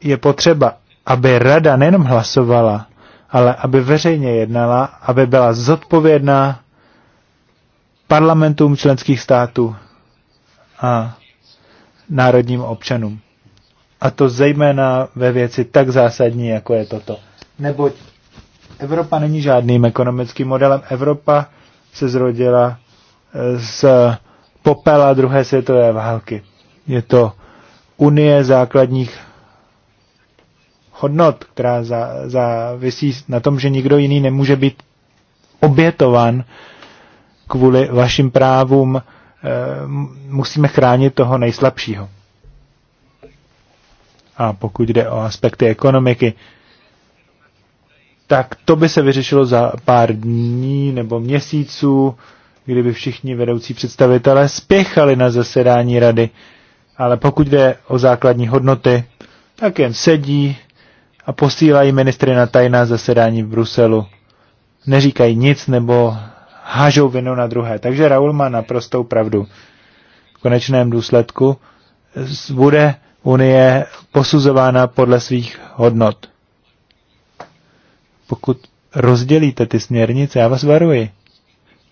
je potřeba aby rada nejenom hlasovala, ale aby veřejně jednala, aby byla zodpovědná parlamentům členských států a národním občanům. A to zejména ve věci tak zásadní, jako je toto. Neboť Evropa není žádným ekonomickým modelem. Evropa se zrodila eh, z popela druhé světové války. Je to unie základních hodnot, která závisí na tom, že nikdo jiný nemůže být obětovan kvůli vašim právům, eh, musíme chránit toho nejslabšího. A pokud jde o aspekty ekonomiky, tak to by se vyřešilo za pár dní nebo měsíců, kdyby všichni vedoucí představitelé spěchali na zasedání rady. Ale pokud jde o základní hodnoty, tak jen sedí a posílají ministry na tajná zasedání v Bruselu. Neříkají nic nebo hážou vinu na druhé. Takže Raul má naprostou pravdu. V konečném důsledku bude Unie posuzována podle svých hodnot. Pokud rozdělíte ty směrnice, já vás varuji.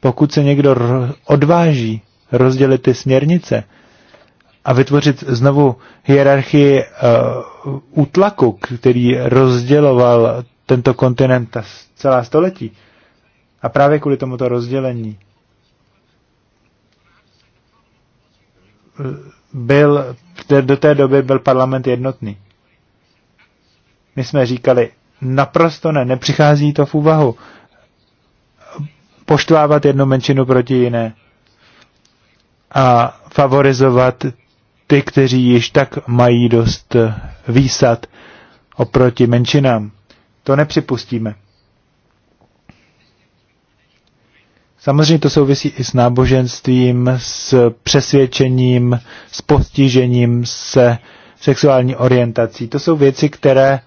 Pokud se někdo odváží rozdělit ty směrnice, a vytvořit znovu hierarchii uh, útlaku, který rozděloval tento kontinent ta celá století. A právě kvůli tomuto rozdělení eh, byl, do té doby byl parlament jednotný. My jsme říkali, naprosto ne, nepřichází to v úvahu. Poštvávat jednu menšinu proti jiné a favorizovat ty, kteří již tak mají dost eh, výsad oproti menšinám. To nepřipustíme. Samozřejmě to souvisí i s náboženstvím, s přesvědčením, s postižením, se sexuální orientací. To jsou věci, které eh,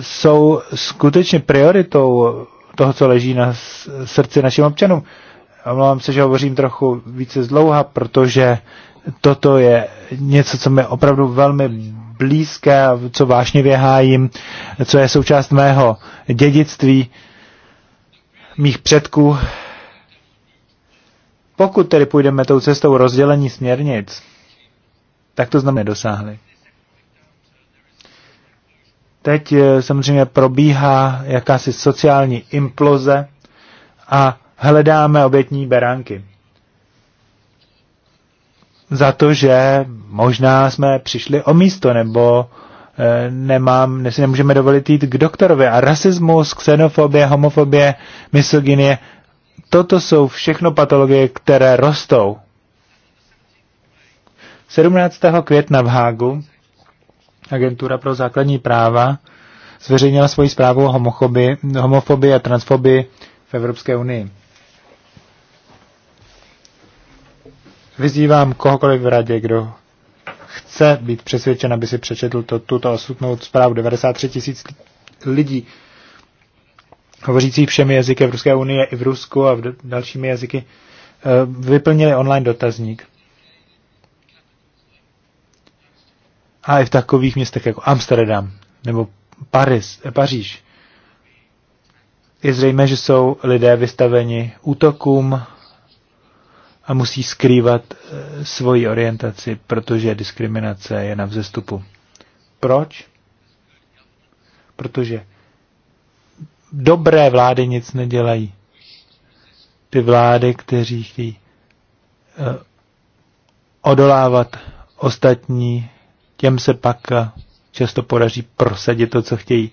jsou skutečně prioritou toho, co leží na srdci našim občanům. Omlouvám se, že hovořím trochu více zdlouha, protože toto je něco, co mi opravdu velmi blízké, co vážně věhájím, co je součást mého dědictví, mých předků. Pokud tedy půjdeme tou cestou rozdělení směrnic, tak to znamená dosáhli. Teď eh, samozřejmě probíhá jakási sociální imploze a hledáme obětní beránky za to, že možná jsme přišli o místo, nebo eh, nemám, ne, si nemůžeme dovolit jít k doktorovi. A rasismus, xenofobie, homofobie, misogynie, toto jsou všechno patologie, které rostou. 17. května v Hágu Agentura pro základní práva zveřejnila svoji zprávu o homofobii a transfobii v Evropské unii. Vyzývám kohokoliv v radě, kdo chce být přesvědčen, aby si přečetl to, tuto osudnou zprávu 93 tisíc lidí, hovořících všemi jazyky v Ruské unie i v Rusku a v dalšími jazyky, eh, vyplnili online dotazník. A i v takových městech jako Amsterdam nebo Paris, eh, Paříž je zřejmé, že jsou lidé vystaveni útokům, a musí skrývat eh, svoji orientaci, protože diskriminace je na vzestupu. Proč? Protože dobré vlády nic nedělají. Ty vlády, kteří chtějí eh, odolávat ostatní, těm se pak eh, často podaří prosadit to, co chtějí.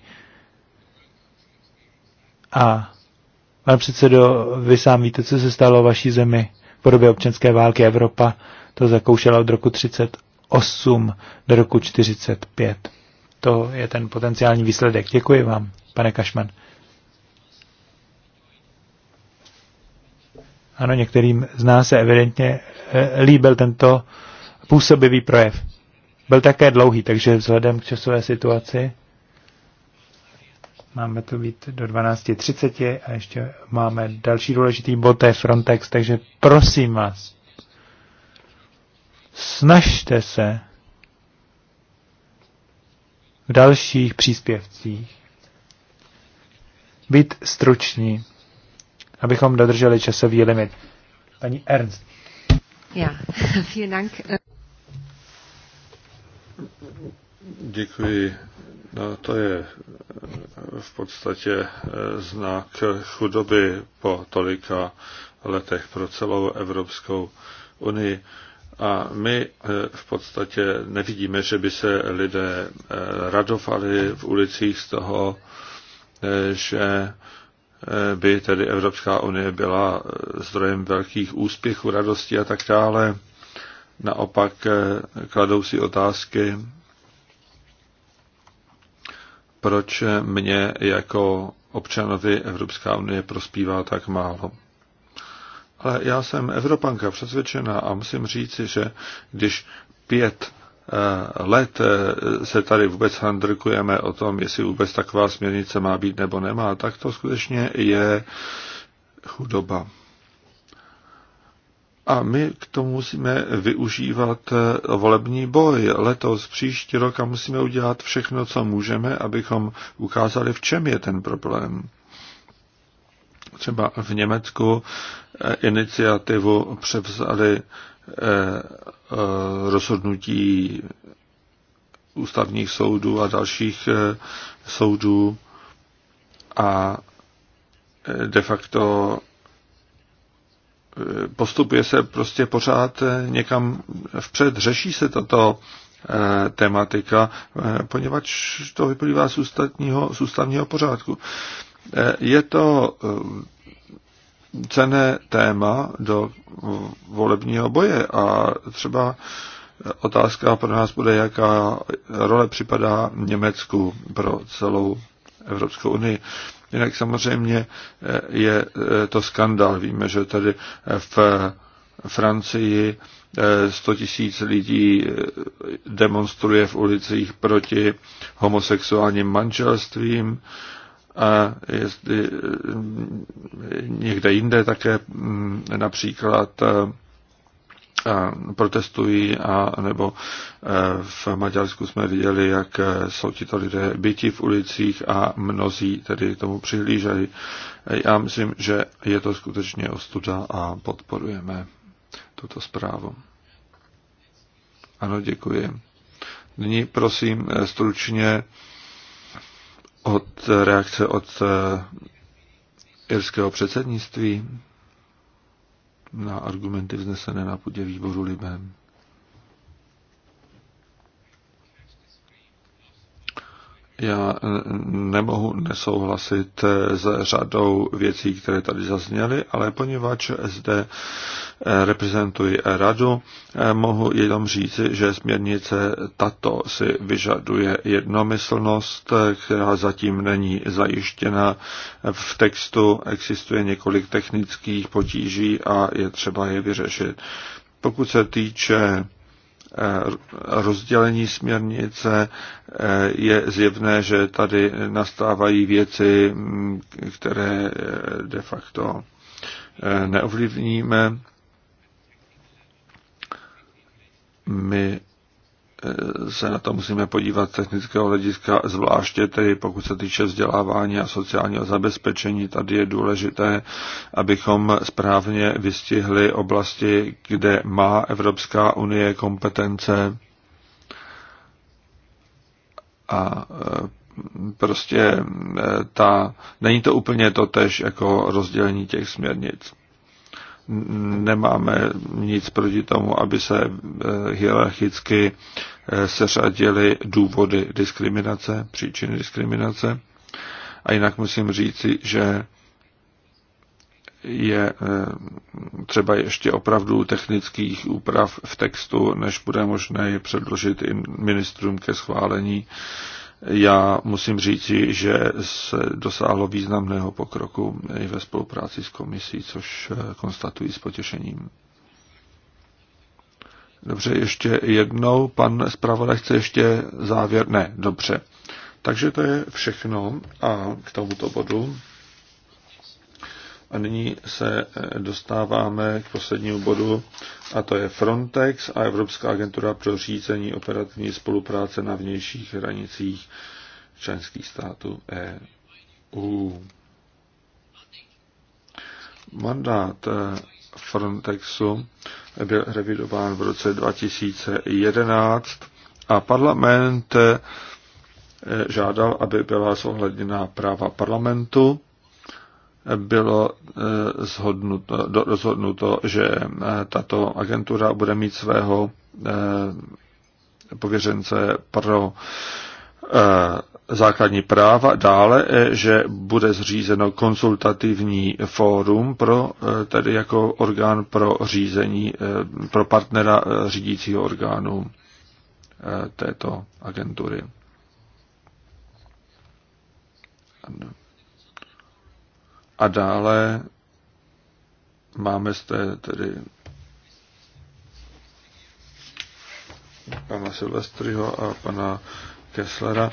A pane předsedo, vy sám víte, co se stalo vaší zemi podobě občanské války Evropa to zakoušela od roku 1938 do roku 1945. To je ten potenciální výsledek. Děkuji vám, pane Kašman. Ano, některým z nás se evidentně eh, líbil tento působivý projev. Byl také dlouhý, takže vzhledem k časové situaci Máme to být do 12.30 a ještě máme další důležitý bod, to je Frontex, takže prosím vás, snažte se v dalších příspěvcích být struční, abychom dodrželi časový limit. Paní Ernst. Já, vielen Dank. Děkuji No, to je eh, v podstatě eh, znak chudoby po tolika letech pro celou Evropskou unii. A my eh, v podstatě nevidíme, že by se lidé radovali v ulicích z toho, že by tedy Evropská unie byla zdrojem velkých úspěchů, radosti a tak dále. Naopak kladou si otázky, proč mě jako občanovi Evropská unie prospívá tak málo. Ale já jsem Evropanka přesvědčená a musím říci, že když pět eh, let eh, se tady vůbec handrkujeme o tom, jestli vůbec taková směrnice má být nebo nemá, tak to skutečně je chudoba. A my k tomu musíme využívat eh, volební boj letos, příští rok a musíme udělat všechno, co můžeme, abychom ukázali, v čem je ten problém. Třeba v Německu eh, iniciativu převzali eh, rozhodnutí ústavních soudů a dalších soudů a de facto postupuje se prostě pořád někam vpřed, řeší se tato eh, tematika, eh, poněvadž to vyplývá z, ústavního, z ústavního pořádku. Eh, je to cené téma do volebního boje a třeba otázka pro nás bude, jaká role připadá Německu pro celou Evropskou unii. Jinak samozřejmě eh, je eh, to skandál. Víme, že tady v eh, Francii 100 tisíc lidí demonstruje v ulicích proti homosexuálním manželstvím a jestli někde jinde také mm, například protestují a nebo e, v Maďarsku jsme viděli, jak e, jsou tito lidé byti v ulicích a mnozí tedy tomu přihlíželi. Já myslím, že je to skutečně ostuda a podporujeme tuto zprávu. Ano, děkuji. Nyní prosím e, stručně od reakce od irského předsednictví na argumenty vznesené na půdě výboru Libem. Já eh, nemohu nesouhlasit eh, s řadou věcí, které tady zazněly, ale poněvadž zde eh, reprezentuji radu, mohu jenom říci, že směrnice tato si vyžaduje jednomyslnost, která zatím není zajištěna. V textu existuje několik technických potíží a je třeba je vyřešit. Pokud se týče Eh, rozdělení směrnice eh, je zjevné, že tady nastávají věci, mm, které eh, de facto neovlivníme. My se na to musíme podívat z technického hlediska, zvláště tedy pokud se týče vzdělávání a sociálního zabezpečení. Tady je důležité, abychom správně vystihli oblasti, kde má Evropská unie kompetence a e, prostě e, ta, není to úplně to tež jako rozdělení těch směrnic nemáme nic proti tomu, aby se eh, hierarchicky eh, seřadily důvody diskriminace, příčiny diskriminace. A jinak musím říci, že je eh, třeba ještě opravdu technických úprav v textu, než bude možné je předložit i ministrům ke schválení. Já musím říci, že se dosáhlo významného pokroku i ve spolupráci s komisí, což eh, konstatuji s potěšením. Dobře, ještě jednou. Pan zpravodaj chce ještě závěr? Ne, dobře. Takže to je všechno a k tomuto bodu. A nyní se eh, dostáváme k poslednímu bodu, a to je Frontex a Evropská agentura pro řízení operativní spolupráce na vnějších hranicích členských států EU. Mandát eh, Frontexu byl revidován v roce 2011 a parlament eh, žádal, aby byla zohledněna práva parlamentu bylo eh, zhodnuto, rozhodnuto, že eh, tato agentura bude mít svého eh, pověřence pro základní práva, dále, že bude zřízeno konsultativní fórum pro, tedy jako orgán pro řízení, pro partnera řídícího orgánu této agentury. A dále máme zde tedy pana Silvestriho a pana Kesslera.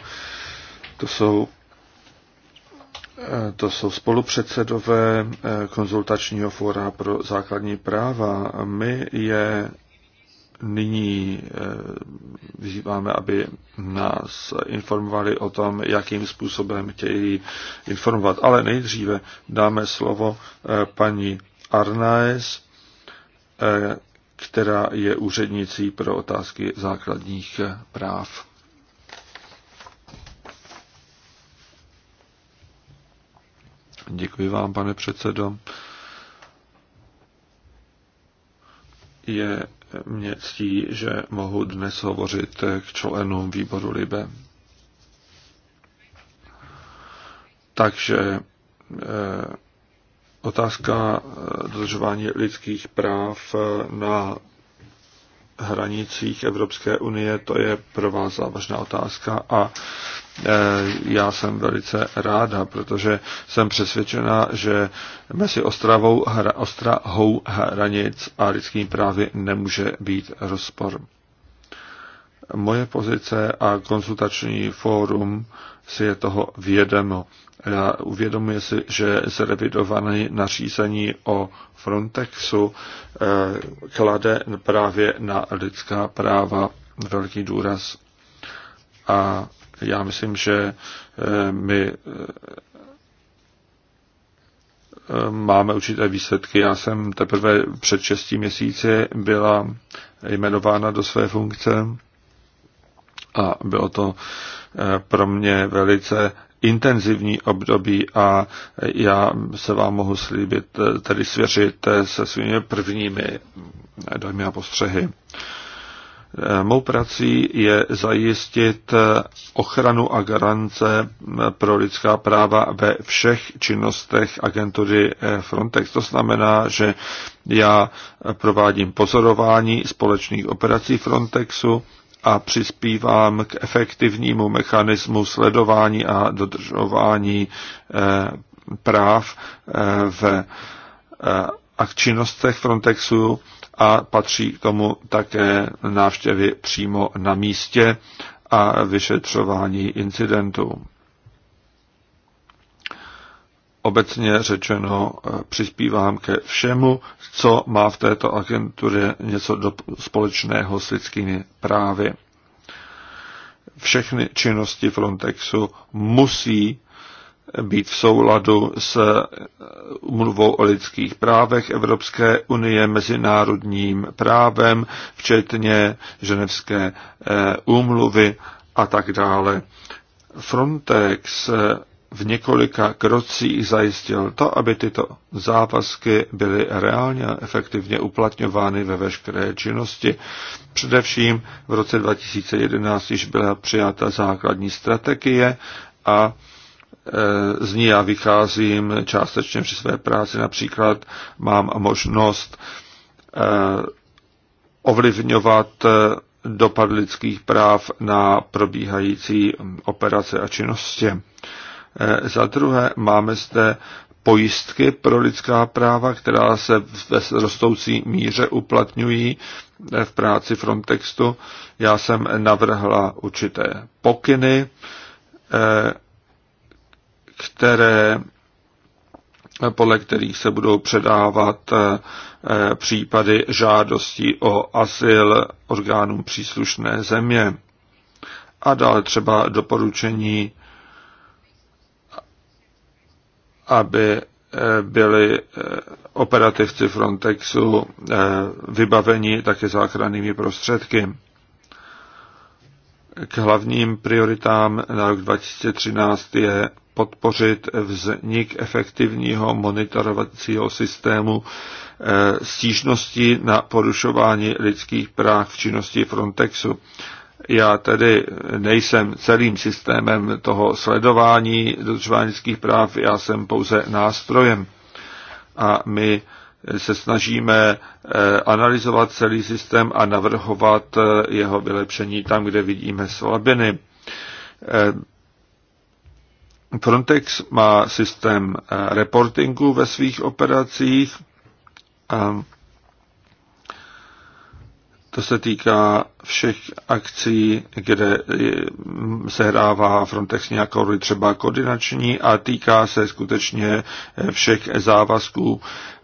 To jsou, eh, to jsou spolupředsedové eh, konzultačního fóra pro základní práva. My je nyní eh, vyzýváme, aby nás informovali o tom, jakým způsobem chtějí informovat. Ale nejdříve dáme slovo eh, paní Arnaes, eh, která je úřednicí pro otázky základních práv. Děkuji vám, pane předsedo. Je mě ctí, že mohu dnes hovořit k členům výboru LIBE. Takže eh, otázka eh, dodržování lidských práv eh, na hranicích Evropské unie, to je pro vás závažná otázka a e, já jsem velice ráda, protože jsem přesvědčena, že mezi Ostravou, hra, Ostrahou hranic a lidskými právy nemůže být rozpor. Moje pozice a konzultační fórum si je toho vědomo uvědomuje si, že zrevidované nařízení o Frontexu eh, klade právě na lidská práva velký důraz. A já myslím, že eh, my eh, máme určité výsledky. Já jsem teprve před 6 měsíci byla jmenována do své funkce a bylo to pro mě velice intenzivní období a já se vám mohu slíbit, tedy svěřit se svými prvními dojmy a postřehy. Mou prací je zajistit ochranu a garance pro lidská práva ve všech činnostech agentury Frontex. To znamená, že já provádím pozorování společných operací Frontexu, a přispívám k efektivnímu mechanismu sledování a dodržování eh, práv eh, v eh, a k činnostech Frontexu a patří k tomu také návštěvy přímo na místě a vyšetřování incidentů obecně řečeno eh, přispívám ke všemu, co má v této agentuře něco do, společného s lidskými právy. Všechny činnosti Frontexu musí být v souladu s umluvou eh, o lidských právech Evropské unie, mezinárodním právem, včetně ženevské eh, úmluvy a tak dále. Frontex v několika krocích zajistil to, aby tyto závazky byly reálně a efektivně uplatňovány ve veškeré činnosti. Především v roce 2011 již byla přijata základní strategie a e, z ní já vycházím částečně při své práci. Například mám možnost e, ovlivňovat e, dopad lidských práv na probíhající operace a činnosti. Eh, za druhé máme zde pojistky pro lidská práva, která se ve rostoucí míře uplatňují eh, v práci Frontextu. Já jsem navrhla určité pokyny, eh, které, podle kterých se budou předávat případy žádostí o asyl orgánům příslušné země. A dále třeba doporučení aby eh, byli eh, operativci Frontexu eh, vybaveni také záchrannými prostředky. K hlavním prioritám na rok 2013 je podpořit vznik efektivního monitorovacího systému stížnosti na porušování lidských práv v činnosti Frontexu. Já tedy nejsem celým systémem toho sledování dodržování lidských práv, já jsem pouze nástrojem. A my se snažíme eh, analyzovat celý systém a navrhovat eh, jeho vylepšení tam, kde vidíme slabiny. Eh, Frontex má systém reportingu ve svých operacích. A to se týká všech akcí, kde eh, hrává Frontex nějakou roli třeba koordinační a týká se skutečně eh, všech závazků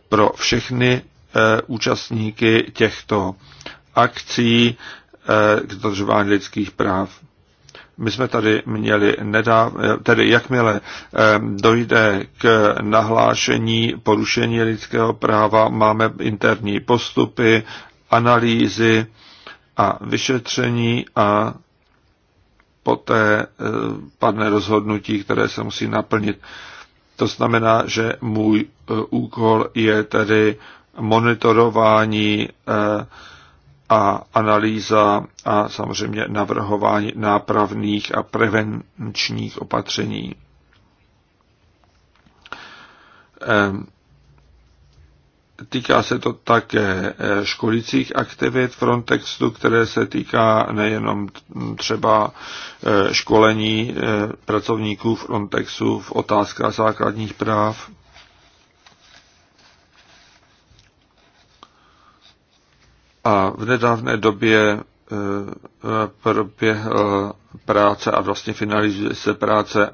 pro všechny eh, účastníky těchto akcí k dodržování lidských práv. My jsme tady měli nedáv, tedy jakmile dojde k nahlášení porušení lidského práva, máme interní postupy analýzy a vyšetření a poté eh, padne rozhodnutí, které se musí naplnit. To znamená, že můj eh, úkol je tedy monitorování eh, a analýza a samozřejmě navrhování nápravných a prevenčních opatření. Týká se to také eh, školicích aktivit Frontexu, které se týká nejenom třeba eh, školení eh, pracovníků Frontexu v otázkách základních práv. A v nedávné době Eh, proběhl práce a vlastně finalizuje se práce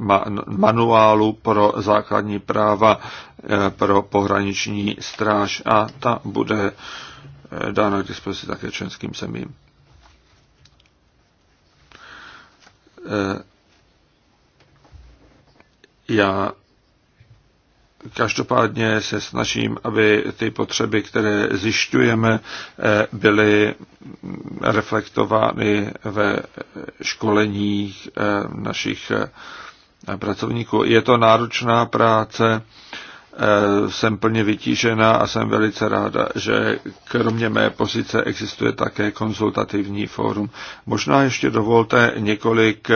manuálu pro základní práva eh, pro pohraniční stráž a ta bude eh, dána k dispozici také členským zemím. Já Každopádně se snažím, aby ty potřeby, které zjišťujeme, eh, byly reflektovány ve školeních eh, našich eh, pracovníků. Je to náročná práce, jsem plně vytížena a jsem velice ráda, že kromě mé pozice existuje také konzultativní fórum. Možná ještě dovolte několik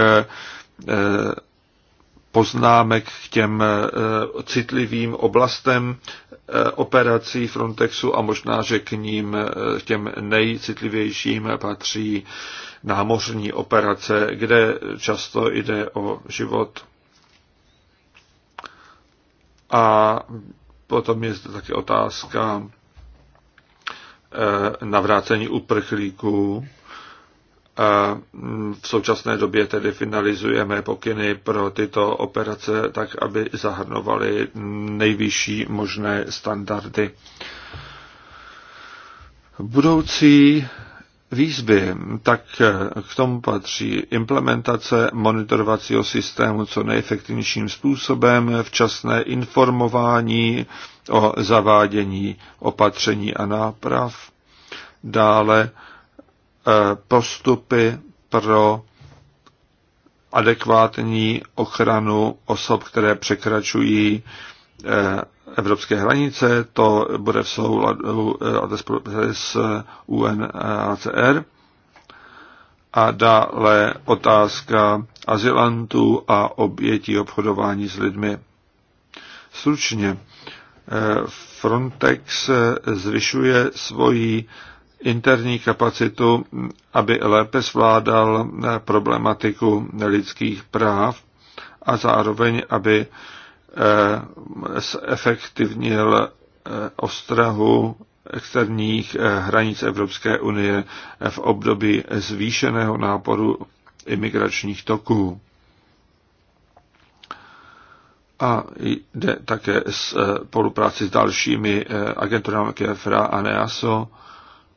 poznámek k těm eh, citlivým oblastem eh, operací Frontexu a možná, že k ním, eh, k těm nejcitlivějším patří námořní operace, kde často jde o život. A potom je zde také otázka navrácení uprchlíků a mm, v současné době tedy finalizujeme pokyny pro tyto operace tak, aby zahrnovaly nejvyšší možné standardy. Budoucí výzvy, tak k tomu patří implementace monitorovacího systému co nejefektivnějším způsobem, včasné informování o zavádění opatření a náprav, dále Eh, postupy pro adekvátní ochranu osob, které překračují eh, evropské hranice. To bude v souladu eh, s UNHCR. A dále otázka azylantů a obětí obchodování s lidmi. Stručně, Frontex zvyšuje svoji interní kapacitu, aby lépe zvládal eh, problematiku lidských práv a zároveň, aby zefektivnil eh, eh, ostrahu externích hranic Evropské unie v období zvýšeného náporu imigračních toků. A jde také spolupráci s dalšími agenturami KFRA jako a NEASO,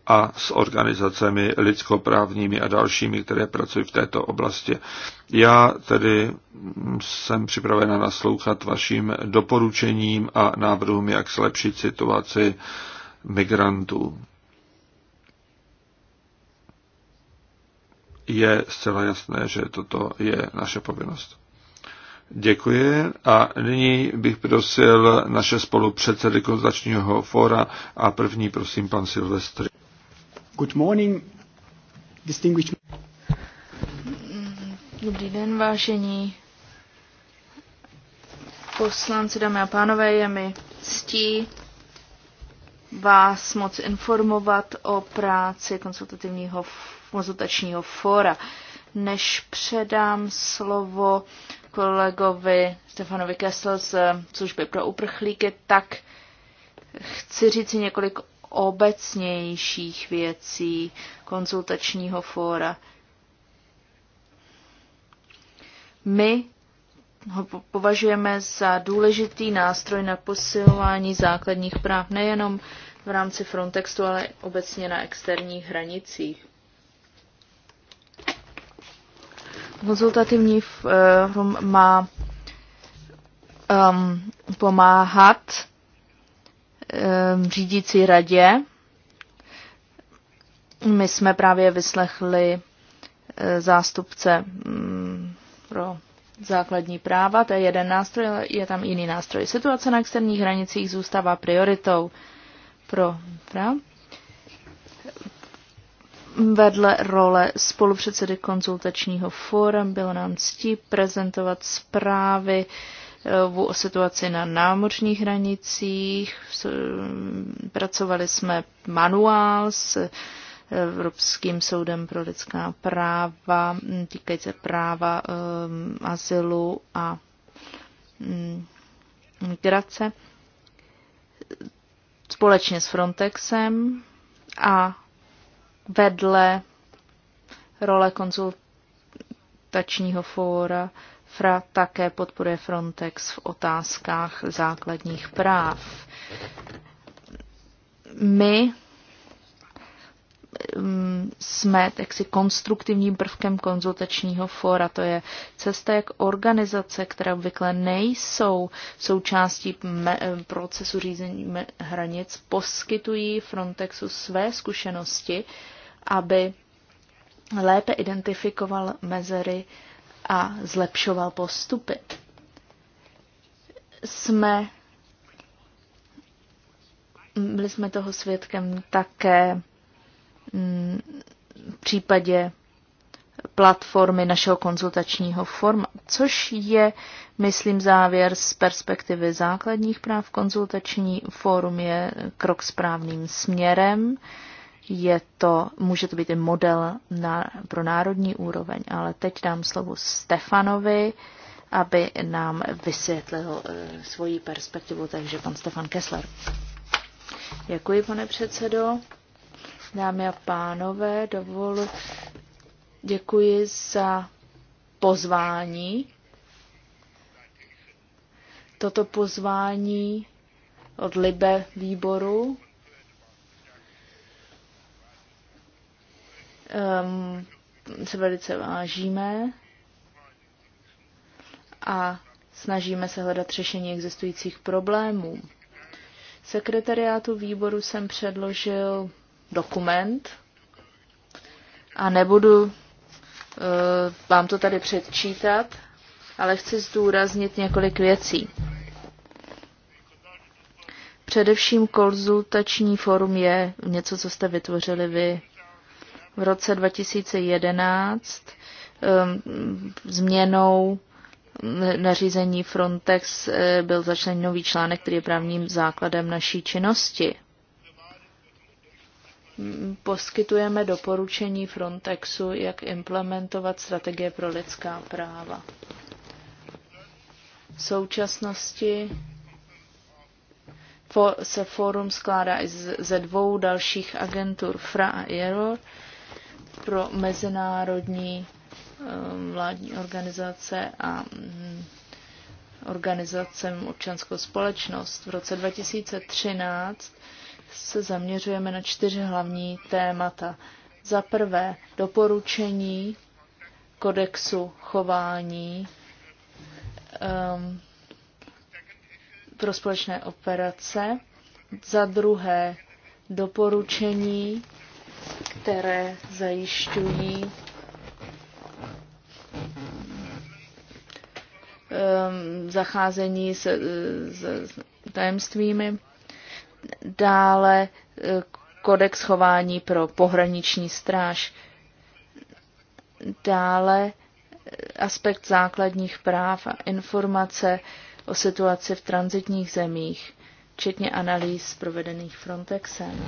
a s organizacemi lidskoprávními a dalšími, které pracují v této oblasti. Já tedy jsem připravena naslouchat vašim doporučením a návrhům, jak zlepšit situaci migrantů. Je zcela jasné, že toto je naše povinnost. Děkuji a nyní bych prosil naše spolupředsedy konzačního fóra a první prosím pan Silvestr. Good morning, distinguished... Mm, dobrý den, vážení poslanci, dámy a pánové, je mi ctí vás moc informovat o práci konsultativního konzultačního fóra. Než předám slovo kolegovi Stefanovi Kessel z služby pro uprchlíky, tak chci říct několik obecnějších věcí, konzultačního fóra. My ho považujeme za důležitý nástroj na posilování základních práv nejenom v rámci Frontextu, ale obecně na externích hranicích. Konzultativní eh, má um, pomáhat Ehm, řídící radě. My jsme právě vyslechli eh, zástupce mm, pro základní práva, to je jeden nástroj, ale je tam jiný nástroj. Situace na externích hranicích zůstává prioritou pro pra? Vedle role spolupředsedy konzultačního fóra bylo nám ctí prezentovat zprávy uh, o situaci na námořních hranicích. Pracovali jsme manuál s eh, Evropským soudem pro lidská práva, mm, týkající se práva um, azylu a um, migrace společně s Frontexem a vedle role konzultačního fóra uh, Fra také podporuje Frontex v otázkách základních práv. My mm, jsme taksi konstruktivním prvkem konzultačního fóra. To je cesta, jak organizace, které obvykle nejsou součástí procesu řízení hranic, poskytují Frontexu své zkušenosti, aby lépe identifikoval mezery a zlepšoval postupy. Jsme, byli jsme toho svědkem také mm, v případě platformy našeho konzultačního forma, což je, myslím, závěr z perspektivy základních práv. Konzultační fórum je krok správným směrem je to, může to být i model na, pro národní úroveň, ale teď dám slovo Stefanovi, aby nám vysvětlil uh, svoji perspektivu, takže pan Stefan Kessler. Děkuji, pane předsedo. Dámy a pánové, dovol, děkuji za pozvání. Toto pozvání od Libe výboru um, se velice vážíme a snažíme se hledat řešení existujících problémů. Sekretariátu výboru jsem předložil dokument a nebudu uh, vám to tady předčítat, ale chci zdůraznit několik věcí. Především konzultační forum je něco, co jste vytvořili vy v roce 2011 um, změnou nařízení Frontex eh, byl začleněn nový článek, který je právním základem naší činnosti. Poskytujeme doporučení Frontexu, jak implementovat strategie pro lidská práva. V současnosti se fórum skládá i ze dvou dalších agentur FRA a IROR pro mezinárodní eh, vládní organizace a mm, organizace občanskou společnost. V roce 2013 se zaměřujeme na čtyři hlavní témata. Za prvé doporučení kodexu chování um, pro společné operace. Za druhé doporučení které zajišťují ehm, zacházení s, s, s tajemstvími. Dále e, kodex chování pro pohraniční stráž. Dále e, aspekt základních práv a informace o situaci v transitních zemích, včetně analýz provedených Frontexem.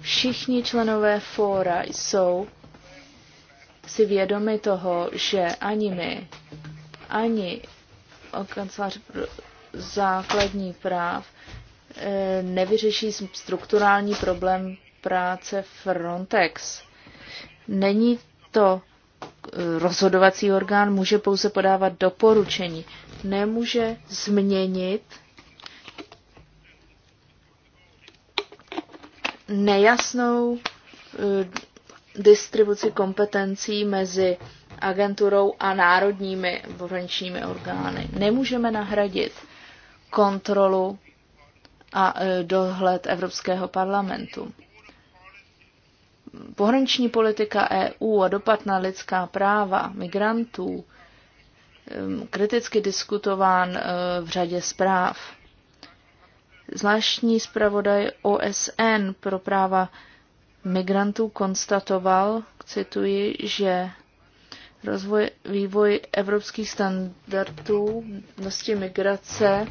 Všichni členové fóra jsou si vědomi toho, že ani my, ani kancelář základní práv eh, nevyřeší strukturální problém práce Frontex. Není to eh, rozhodovací orgán, může pouze podávat doporučení. Nemůže změnit nejasnou eh, distribuci kompetencí mezi agenturou a národními pohraničními orgány. Nemůžeme nahradit kontrolu a eh, dohled Evropského parlamentu. Pohraniční politika EU a dopad na lidská práva migrantů eh, kriticky diskutován v řadě zpráv. Zvláštní zpravodaj OSN pro práva migrantů konstatoval, cituji, že rozvoj, vývoj evropských standardů vlastně migrace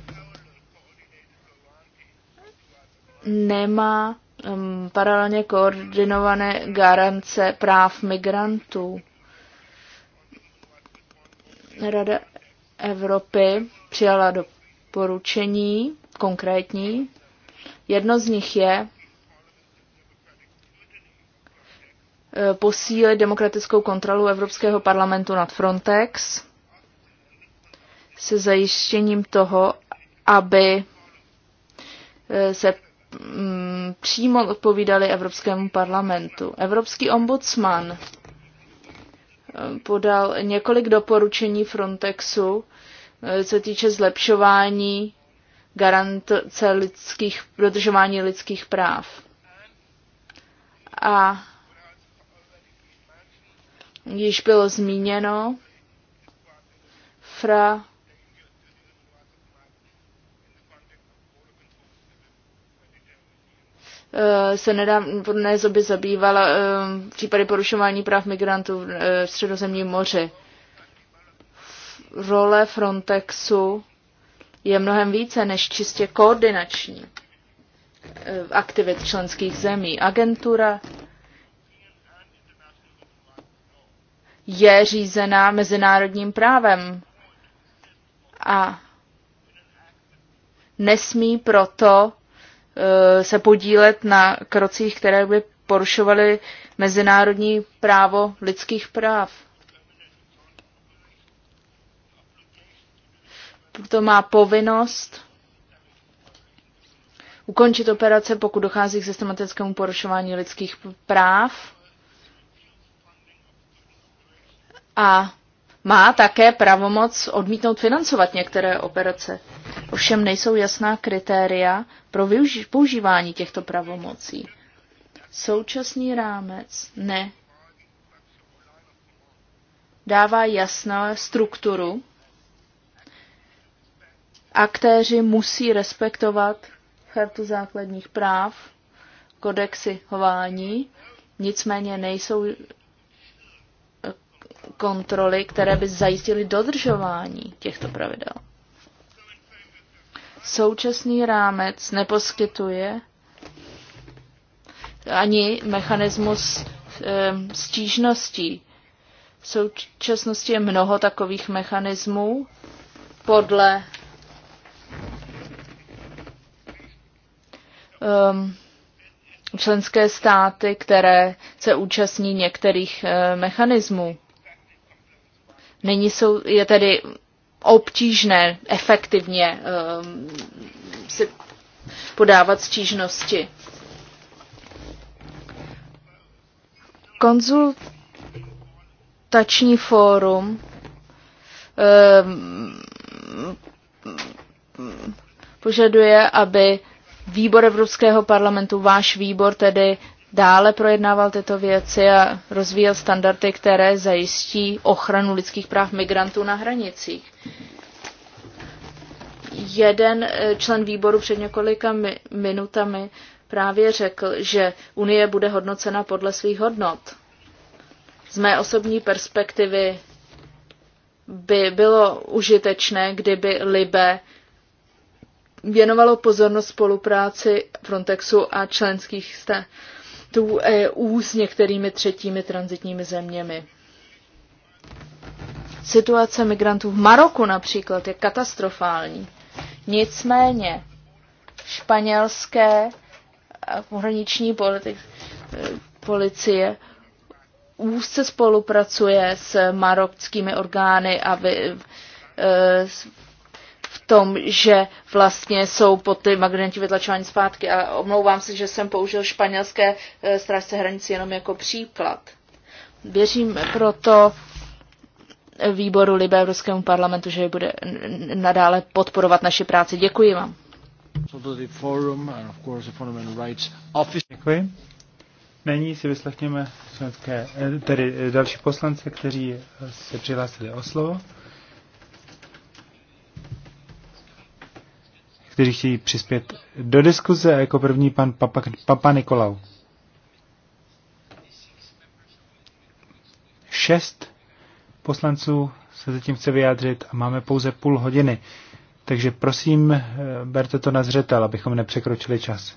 nemá um, paralelně koordinované garance práv migrantů. Rada Evropy přijala doporučení konkrétní. Jedno z nich je e, posílit demokratickou kontrolu Evropského parlamentu nad Frontex se zajištěním toho, aby e, se mm, přímo odpovídali Evropskému parlamentu. Evropský ombudsman e, podal několik doporučení Frontexu, co týče zlepšování garantce lidských, dodržování lidských práv. A již bylo zmíněno, Fra eh, se nedávné zoby zabývala eh, v případy porušování práv migrantů eh, v středozemním moři. Role Frontexu je mnohem více než čistě koordinační eh, aktivit členských zemí. Agentura je řízená mezinárodním právem a nesmí proto eh, se podílet na krocích, které by porušovaly mezinárodní právo lidských práv. to má povinnost ukončit operace, pokud dochází k systematickému porušování lidských práv. A má také pravomoc odmítnout financovat některé operace. Ovšem nejsou jasná kritéria pro využi- používání těchto pravomocí. Současný rámec ne dává jasnou strukturu aktéři musí respektovat chartu základních práv, kodexy hování, nicméně nejsou eh, kontroly, které by zajistily dodržování těchto pravidel. Současný rámec neposkytuje ani mechanismus e, stížností. V současnosti je mnoho takových mechanismů podle um, členské státy, které se účastní některých uh, mechanismů. není jsou, je tedy obtížné efektivně um, si podávat stížnosti. Konzultační fórum um, požaduje, aby výbor Evropského parlamentu, váš výbor tedy dále projednával tyto věci a rozvíjel standardy, které zajistí ochranu lidských práv migrantů na hranicích. Jeden eh, člen výboru před několika minutami právě řekl, že Unie bude hodnocena podle svých hodnot. Z mé osobní perspektivy by bylo užitečné, kdyby Libe věnovalo pozornost spolupráci Frontexu a členských států EU s některými třetími transitními zeměmi. Situace migrantů v Maroku například je katastrofální. Nicméně španělské pohraniční policie úzce spolupracuje s marockými orgány a vy, e, tom, že vlastně jsou pod ty magneti vytlačováni zpátky. A omlouvám se, že jsem použil španělské eh, strážce hranice jenom jako příklad. Věřím proto výboru Libe Evropskému parlamentu, že bude nadále podporovat naši práci. Děkuji vám. Děkuji. Není si vyslechněme eh, tedy eh, další poslance, kteří se přihlásili o slovo. kteří chtějí přispět do diskuze, jako první pan Papa, Papa Nikolau. Šest poslanců se zatím chce vyjádřit a máme pouze půl hodiny. Takže prosím, eh, berte to na zřetel, abychom nepřekročili čas.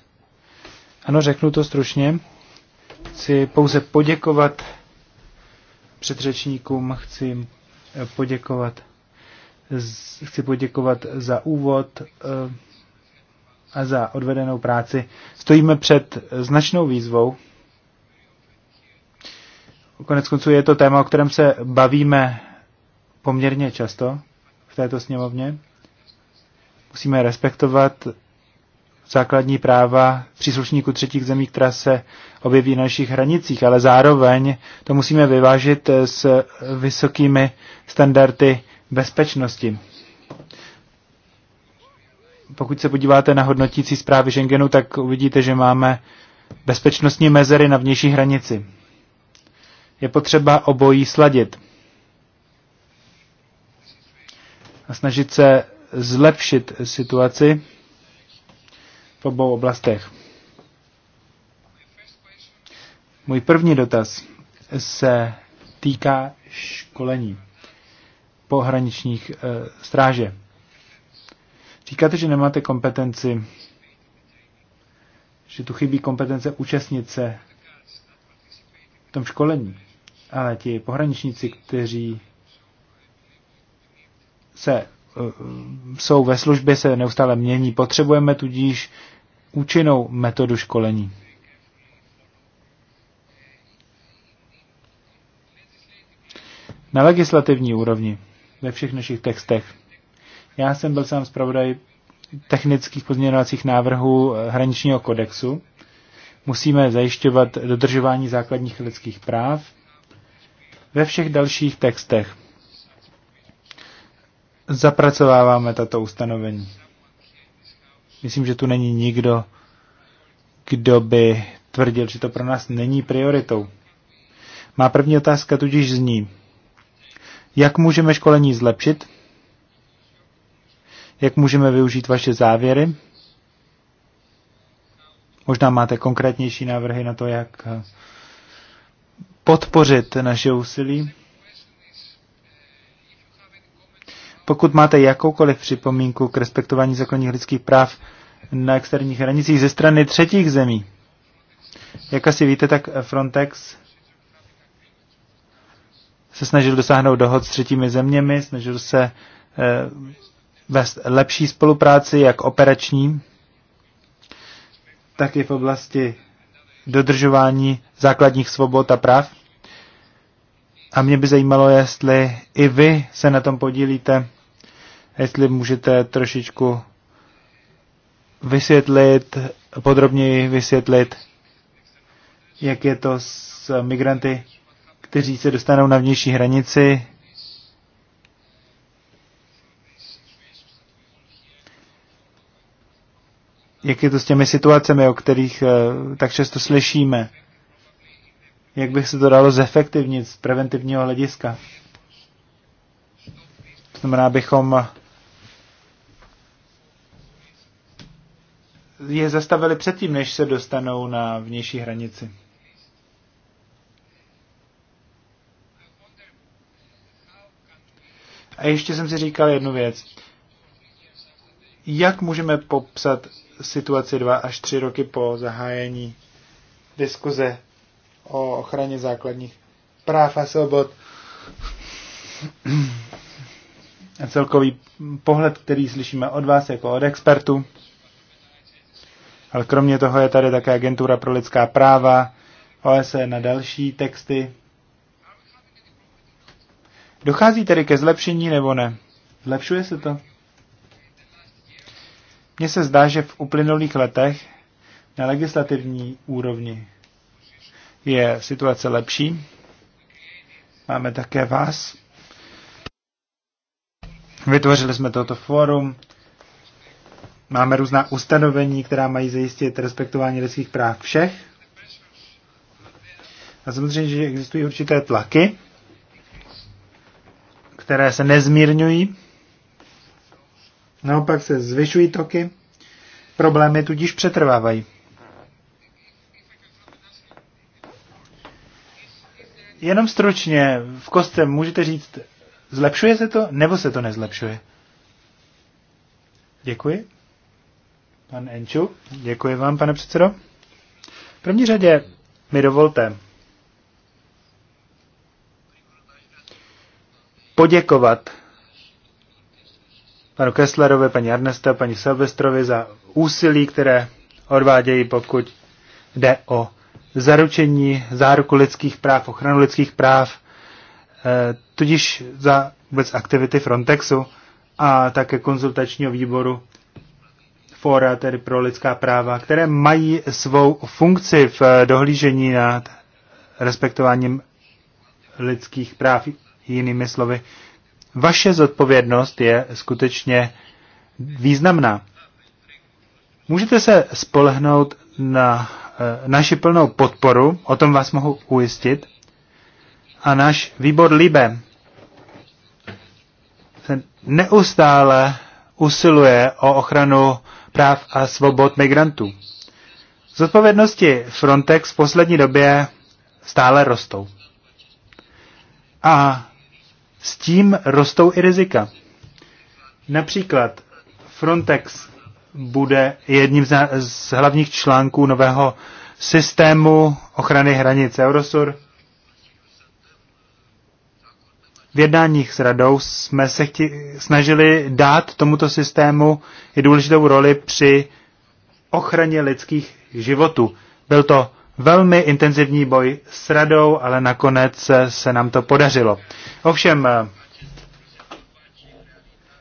Ano, řeknu to stručně. Chci pouze poděkovat předřečníkům, chci jim eh, poděkovat chci poděkovat za úvod eh, a za odvedenou práci. Stojíme před značnou výzvou. Konec konců je to téma, o kterém se bavíme poměrně často v této sněmovně. Musíme respektovat základní práva příslušníků třetích zemí, která se objeví na našich hranicích, ale zároveň to musíme vyvážit s vysokými standardy bezpečnosti. Pokud se podíváte na hodnotící zprávy Schengenu, tak uvidíte, že máme bezpečnostní mezery na vnější hranici. Je potřeba obojí sladit a snažit se zlepšit situaci v obou oblastech. Můj první dotaz se týká školení pohraničních e, stráže. Říkáte, že nemáte kompetenci, že tu chybí kompetence účastnit se v tom školení, ale ti pohraničníci, kteří se, eh, jsou ve službě, se neustále mění. Potřebujeme tudíž účinnou metodu školení. Na legislativní úrovni ve všech našich textech. Já jsem byl sám zpravodaj technických pozměňovacích návrhů eh, hraničního kodexu. Musíme zajišťovat dodržování základních lidských práv ve všech dalších textech. Zapracováváme tato ustanovení. Myslím, že tu není nikdo, kdo by tvrdil, že to pro nás není prioritou. Má první otázka tudíž zní, jak můžeme školení zlepšit? Jak můžeme využít vaše závěry? Možná máte konkrétnější návrhy na to, jak eh, podpořit naše úsilí. Pokud máte jakoukoliv připomínku k respektování zákonních lidských práv na externích hranicích ze strany třetích zemí, jak asi víte, tak Frontex se snažil dosáhnout dohod s třetími zeměmi, snažil se eh, vést lepší spolupráci, jak operační, tak i v oblasti dodržování základních svobod a práv. A mě by zajímalo, jestli i vy se na tom podílíte, jestli můžete trošičku vysvětlit, podrobněji vysvětlit, jak je to s migranty kteří se dostanou na vnější hranici. Jak je to s těmi situacemi, o kterých eh, tak často slyšíme? Jak bych se to dalo zefektivnit z preventivního hlediska? To znamená, abychom je zastavili předtím, než se dostanou na vnější hranici. A ještě jsem si říkal jednu věc. Jak můžeme popsat situaci dva až tři roky po zahájení diskuze o ochraně základních práv a svobod a celkový pohled, který slyšíme od vás jako od expertů. Ale kromě toho je tady také Agentura pro lidská práva, OSN e na další texty, Dochází tedy ke zlepšení nebo ne? Zlepšuje se to? Mně se zdá, že v uplynulých letech na legislativní úrovni je situace lepší. Máme také vás. Vytvořili jsme toto fórum. Máme různá ustanovení, která mají zajistit respektování lidských práv všech. A samozřejmě, že existují určité tlaky které se nezmírňují, naopak se zvyšují toky, problémy tudíž přetrvávají. Jenom stručně, v kostce můžete říct, zlepšuje se to, nebo se to nezlepšuje? Děkuji. Pan Enču, děkuji vám, pane předsedo. V první řadě mi dovolte poděkovat panu Kesslerovi, paní Arnesta, paní Silvestrovi za úsilí, které odvádějí, pokud jde o zaručení záruku lidských práv, ochranu lidských práv, eh, tudíž za vůbec aktivity Frontexu a také konzultačního výboru fora tedy pro lidská práva, které mají svou funkci v eh, dohlížení nad respektováním lidských práv. Jinými slovy, vaše zodpovědnost je skutečně významná. Můžete se spolehnout na eh, naši plnou podporu, o tom vás mohu ujistit, a náš výbor Libe se neustále usiluje o ochranu práv a svobod migrantů. Zodpovědnosti Frontex v poslední době stále rostou. A s tím rostou i rizika. Například Frontex bude jedním z hlavních článků nového systému ochrany hranic Eurosur. V jednáních s radou jsme se chtěli, snažili dát tomuto systému i důležitou roli při ochraně lidských životů. Byl to velmi intenzivní boj s radou, ale nakonec eh, se nám to podařilo. Ovšem, eh,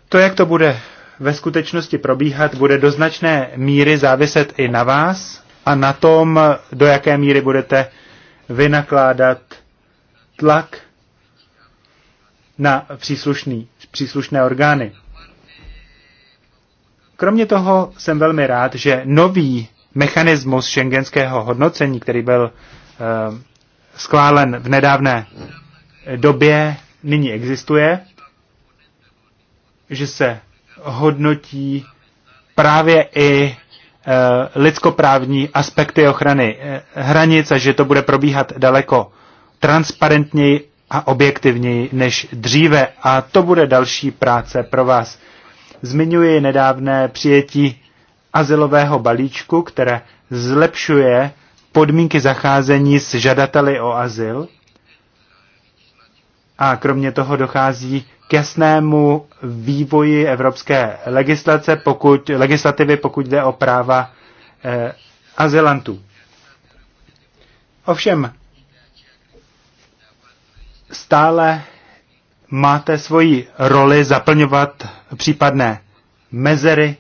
to, jak to bude ve skutečnosti probíhat, bude do značné míry záviset i na vás a na tom, eh, do jaké míry budete vynakládat tlak na příslušný, příslušné orgány. Kromě toho jsem velmi rád, že nový mechanismus šengenského hodnocení, který byl eh, schválen v nedávné době, nyní existuje, že se hodnotí právě i eh, lidskoprávní aspekty ochrany eh, hranic a že to bude probíhat daleko transparentněji a objektivněji než dříve. A to bude další práce pro vás. Zmiňuji nedávné přijetí azylového balíčku, které zlepšuje podmínky zacházení s žadateli o azyl. A kromě toho dochází k jasnému vývoji evropské legislace, pokud, legislativy, pokud jde o práva eh, azylantů. Ovšem, stále máte svoji roli zaplňovat případné mezery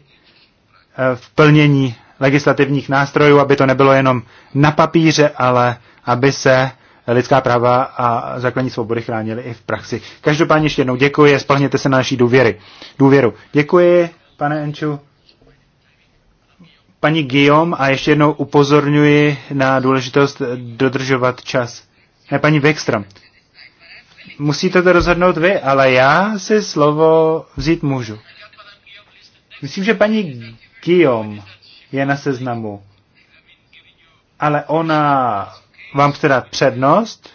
Eh, v plnění legislativních nástrojů, aby to nebylo jenom na papíře, ale aby se lidská práva a základní svobody chránily i v praxi. Každopádně ještě jednou děkuji a spolněte se na naší důvěry. důvěru. Děkuji, pane Enču. Paní Guillaume a ještě jednou upozorňuji na důležitost dodržovat čas. Ne, paní Wikström. Musíte to rozhodnout vy, ale já si slovo vzít můžu. Myslím, že paní Kijom je na seznamu, ale ona vám chce dát přednost.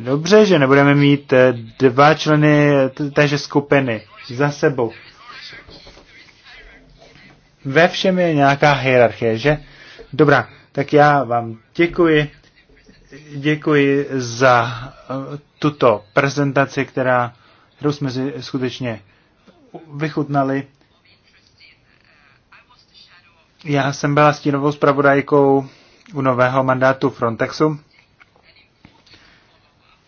Dobře, že nebudeme mít eh, dva členy téže skupiny za sebou. Ve všem je nějaká hierarchie, že? Dobrá, tak já vám děkuji. Děkuji za eh, tuto prezentaci, která, kterou jsme skutečně vychutnali. Já jsem byla stínovou zpravodajkou u nového mandátu Frontexu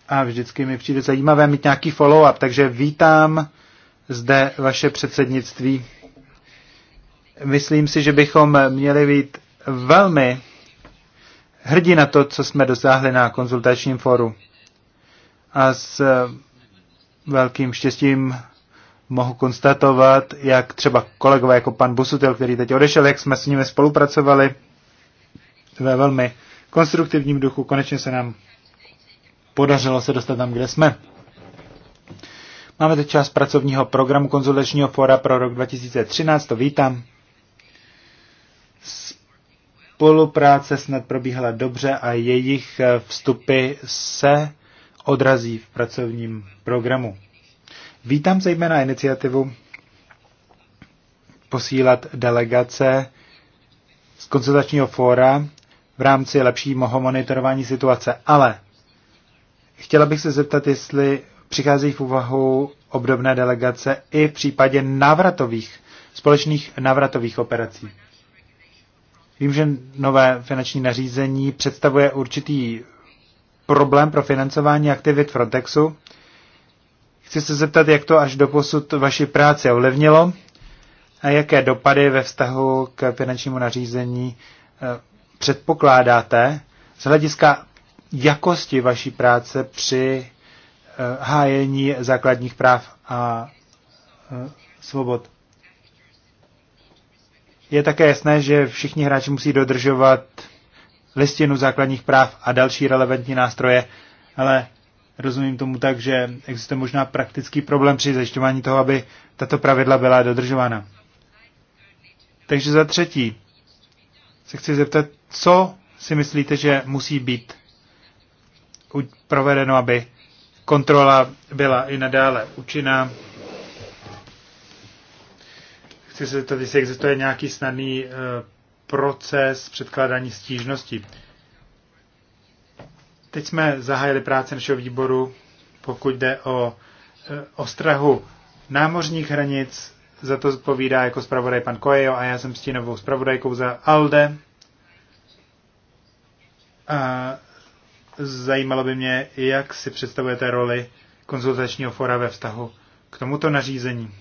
a vždycky mi přijde zajímavé mít nějaký follow-up, takže vítám zde vaše předsednictví. Myslím si, že bychom měli být velmi hrdí na to, co jsme dosáhli na konzultačním foru. A s velkým štěstím mohu konstatovat, jak třeba kolegové jako pan Busutil, který teď odešel, jak jsme s nimi spolupracovali ve velmi konstruktivním duchu. Konečně se nám podařilo se dostat tam, kde jsme. Máme teď část pracovního programu konzultačního fora pro rok 2013, to vítám. Spolupráce snad probíhala dobře a jejich vstupy se odrazí v pracovním programu. Vítám zejména iniciativu posílat delegace z konzultačního fóra v rámci lepšího monitorování situace. Ale chtěla bych se zeptat, jestli přichází v úvahu obdobné delegace i v případě návratových, společných návratových operací. Vím, že nové finanční nařízení představuje určitý problém pro financování aktivit Frontexu, Chci se zeptat, jak to až do posud vaši práci ovlivnilo a jaké dopady ve vztahu k finančnímu nařízení eh, předpokládáte z hlediska jakosti vaší práce při eh, hájení základních práv a eh, svobod. Je také jasné, že všichni hráči musí dodržovat listinu základních práv a další relevantní nástroje, ale rozumím tomu tak, že existuje možná praktický problém při zajišťování toho, aby tato pravidla byla dodržována. Takže za třetí se chci zeptat, co si myslíte, že musí být provedeno, aby kontrola byla i nadále účinná. Chci se zeptat, jestli existuje nějaký snadný eh, proces předkládání stížností. Teď jsme zahájili práci našeho výboru, pokud jde o eh, ostrahu námořních hranic. Za to zpovídá jako zpravodaj pan Kojo a já jsem stínovou zpravodajkou za ALDE. A zajímalo by mě, jak si představujete roli konzultačního fora ve vztahu k tomuto nařízení.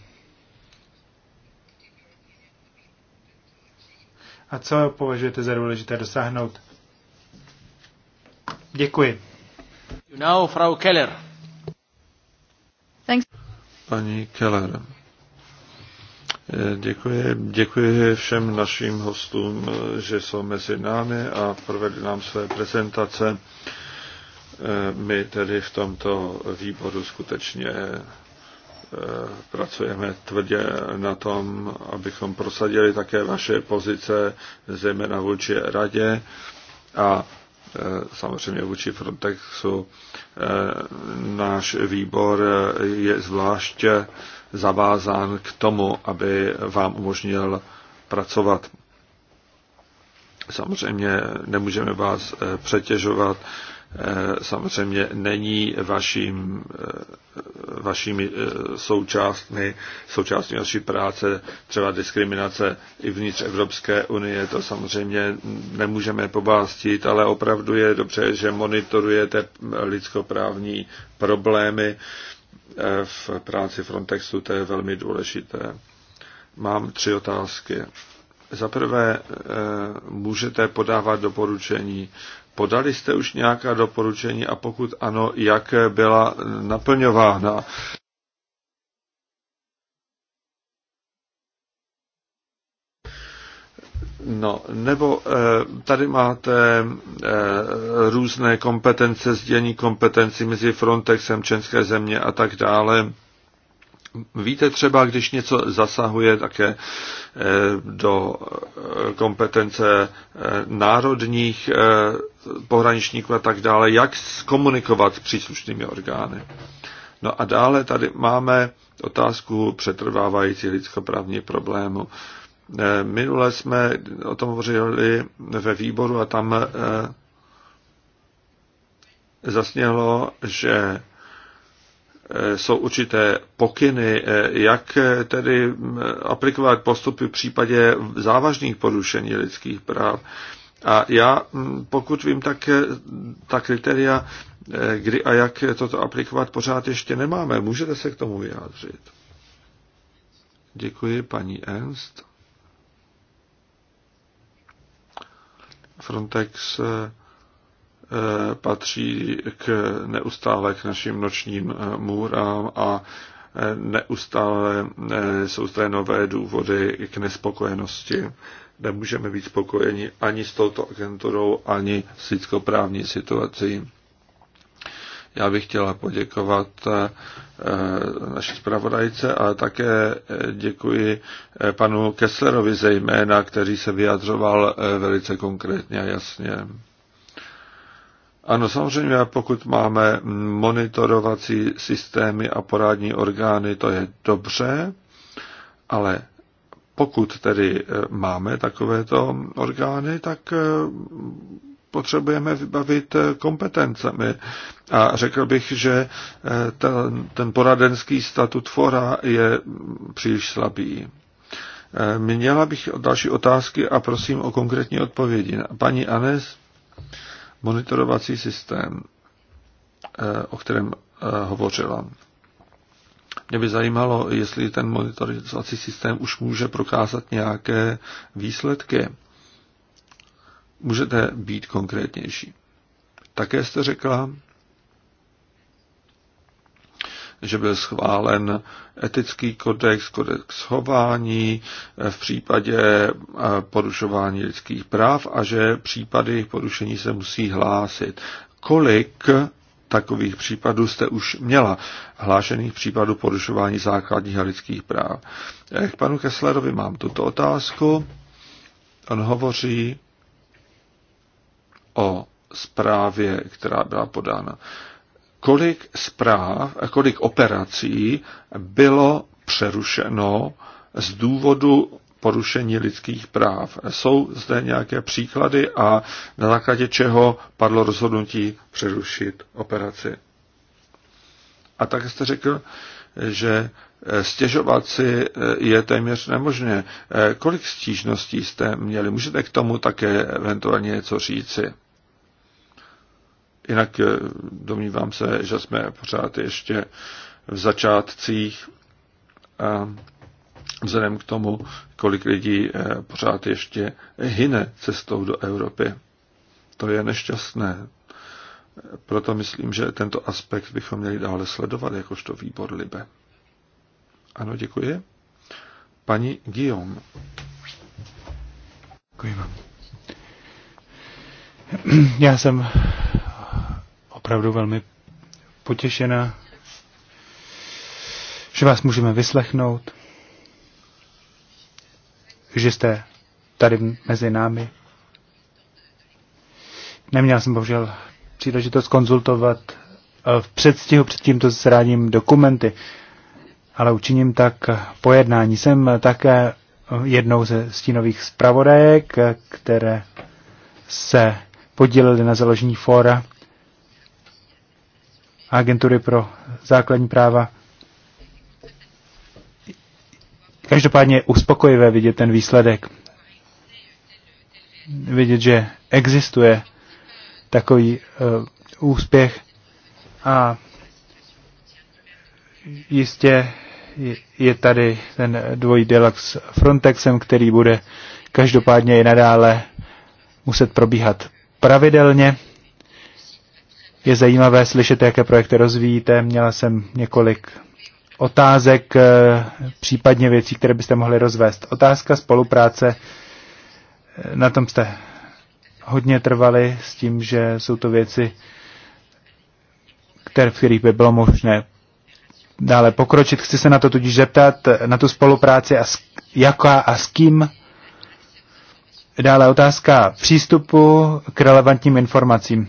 A co považujete za důležité dosáhnout Děkuji. Now, Frau Keller. Thanks. Paní Keller. Eh, děkuji, děkuji všem našim hostům, eh, že jsou mezi námi a provedli nám své prezentace. Eh, my tedy v tomto výboru skutečně pracujeme tvrdě na tom, abychom prosadili také vaše pozice, zejména vůči radě a Eh, samozřejmě vůči Frontexu. Eh, náš výbor eh, je zvláště zavázán k tomu, aby vám umožnil pracovat. Samozřejmě nemůžeme vás přetěžovat Eh, samozřejmě není vaším, eh, vašimi eh, součástmi, součástmi vaší práce, třeba diskriminace i vnitř Evropské unie, to samozřejmě nemůžeme pobástit, ale opravdu je dobře, že monitorujete lidskoprávní problémy v práci Frontexu, to je velmi důležité. Mám tři otázky. Za prvé, můžete podávat doporučení Podali jste už nějaká doporučení a pokud ano, jak byla naplňována? No, nebo e, tady máte e, různé kompetence, sdělení kompetenci mezi Frontexem, České země a tak dále. Víte třeba, když něco zasahuje také eh, do kompetence národních pohraničníků a tak dále, jak komunikovat s příslušnými orgány. No a dále tady máme otázku přetrvávající lidskoprávní problému. Eh, minule jsme o tom hovořili ve výboru a tam eh, zasnělo, že eh, jsou určité pokyny, jak tedy aplikovat postupy v případě závažných porušení lidských práv. A já, mm, pokud vím, tak eh, ta kritéria, eh, kdy a jak toto aplikovat, pořád ještě nemáme. Můžete se k tomu vyjádřit. Děkuji, paní Ernst. Frontex eh, patří k neustále k našim nočním můrám a neustále eh, jsou zde nové důvody k nespokojenosti. Nemůžeme být spokojeni ani s touto agenturou, ani s lidskoprávní situací. Já bych chtěla poděkovat eh, naší zpravodajce, ale také eh, děkuji panu Kesslerovi zejména, který se vyjadřoval velice konkrétně a jasně. Ano, samozřejmě, pokud máme monitorovací systémy a porádní orgány, to je dobře, ale pokud tedy eh, máme takovéto orgány, tak eh, potřebujeme vybavit eh, kompetencemi. A řekl bych, že ten, ten poradenský statut fora je příliš slabý. Měla bych další otázky a prosím o konkrétní odpovědi. Paní Anes? monitorovací systém, eh, o kterém eh, hovořila. Mě by zajímalo, jestli ten monitorovací systém už může prokázat nějaké výsledky. Můžete být konkrétnější. Také jste řekla, že byl schválen etický kodex, kodex chování v případě eh, porušování lidských práv a že případy jejich porušení se musí hlásit. Kolik takových případů jste už měla hlášených případů porušování základních a lidských práv? Eh, k panu Kesslerovi mám tuto otázku. On hovoří o zprávě, která byla podána kolik zpráv, kolik operací bylo přerušeno z důvodu porušení lidských práv. Jsou zde nějaké příklady a na základě čeho padlo rozhodnutí přerušit operaci. A tak jste řekl, že eh, stěžovat si eh, je téměř nemožné. Eh, kolik stížností jste měli? Můžete k tomu také eventuálně něco říci? Jinak eh, domnívám se, že jsme pořád ještě v začátcích a vzhledem k tomu, kolik lidí eh, pořád ještě hyne cestou do Evropy. To je nešťastné. Proto myslím, že tento aspekt bychom měli dále sledovat, jakožto výbor Libe. Ano, děkuji. Paní Guillaume. Děkuji vám. Já jsem opravdu velmi potěšena, že vás můžeme vyslechnout, že jste tady mezi námi. Neměl jsem bohužel příležitost konzultovat eh, v předstihu před tímto zráním dokumenty, ale učiním tak pojednání. Jsem také jednou ze stínových zpravodajek, eh, které se podíleli na založení fóra agentury pro základní práva. Každopádně je uspokojivé vidět ten výsledek. Vidět, že existuje takový uh, úspěch a jistě je tady ten dvojí dialog s Frontexem, který bude každopádně i nadále muset probíhat pravidelně. Je zajímavé slyšet, jaké projekty rozvíjíte. Měla jsem několik otázek, eh, případně věcí, které byste mohli rozvést. Otázka spolupráce, eh, na tom jste hodně trvali s tím, že jsou to věci, které, v kterých by bylo možné dále pokročit. Chci se na to tudíž zeptat, na tu spolupráci a s, jaká a s kým. Dále otázka přístupu k relevantním informacím.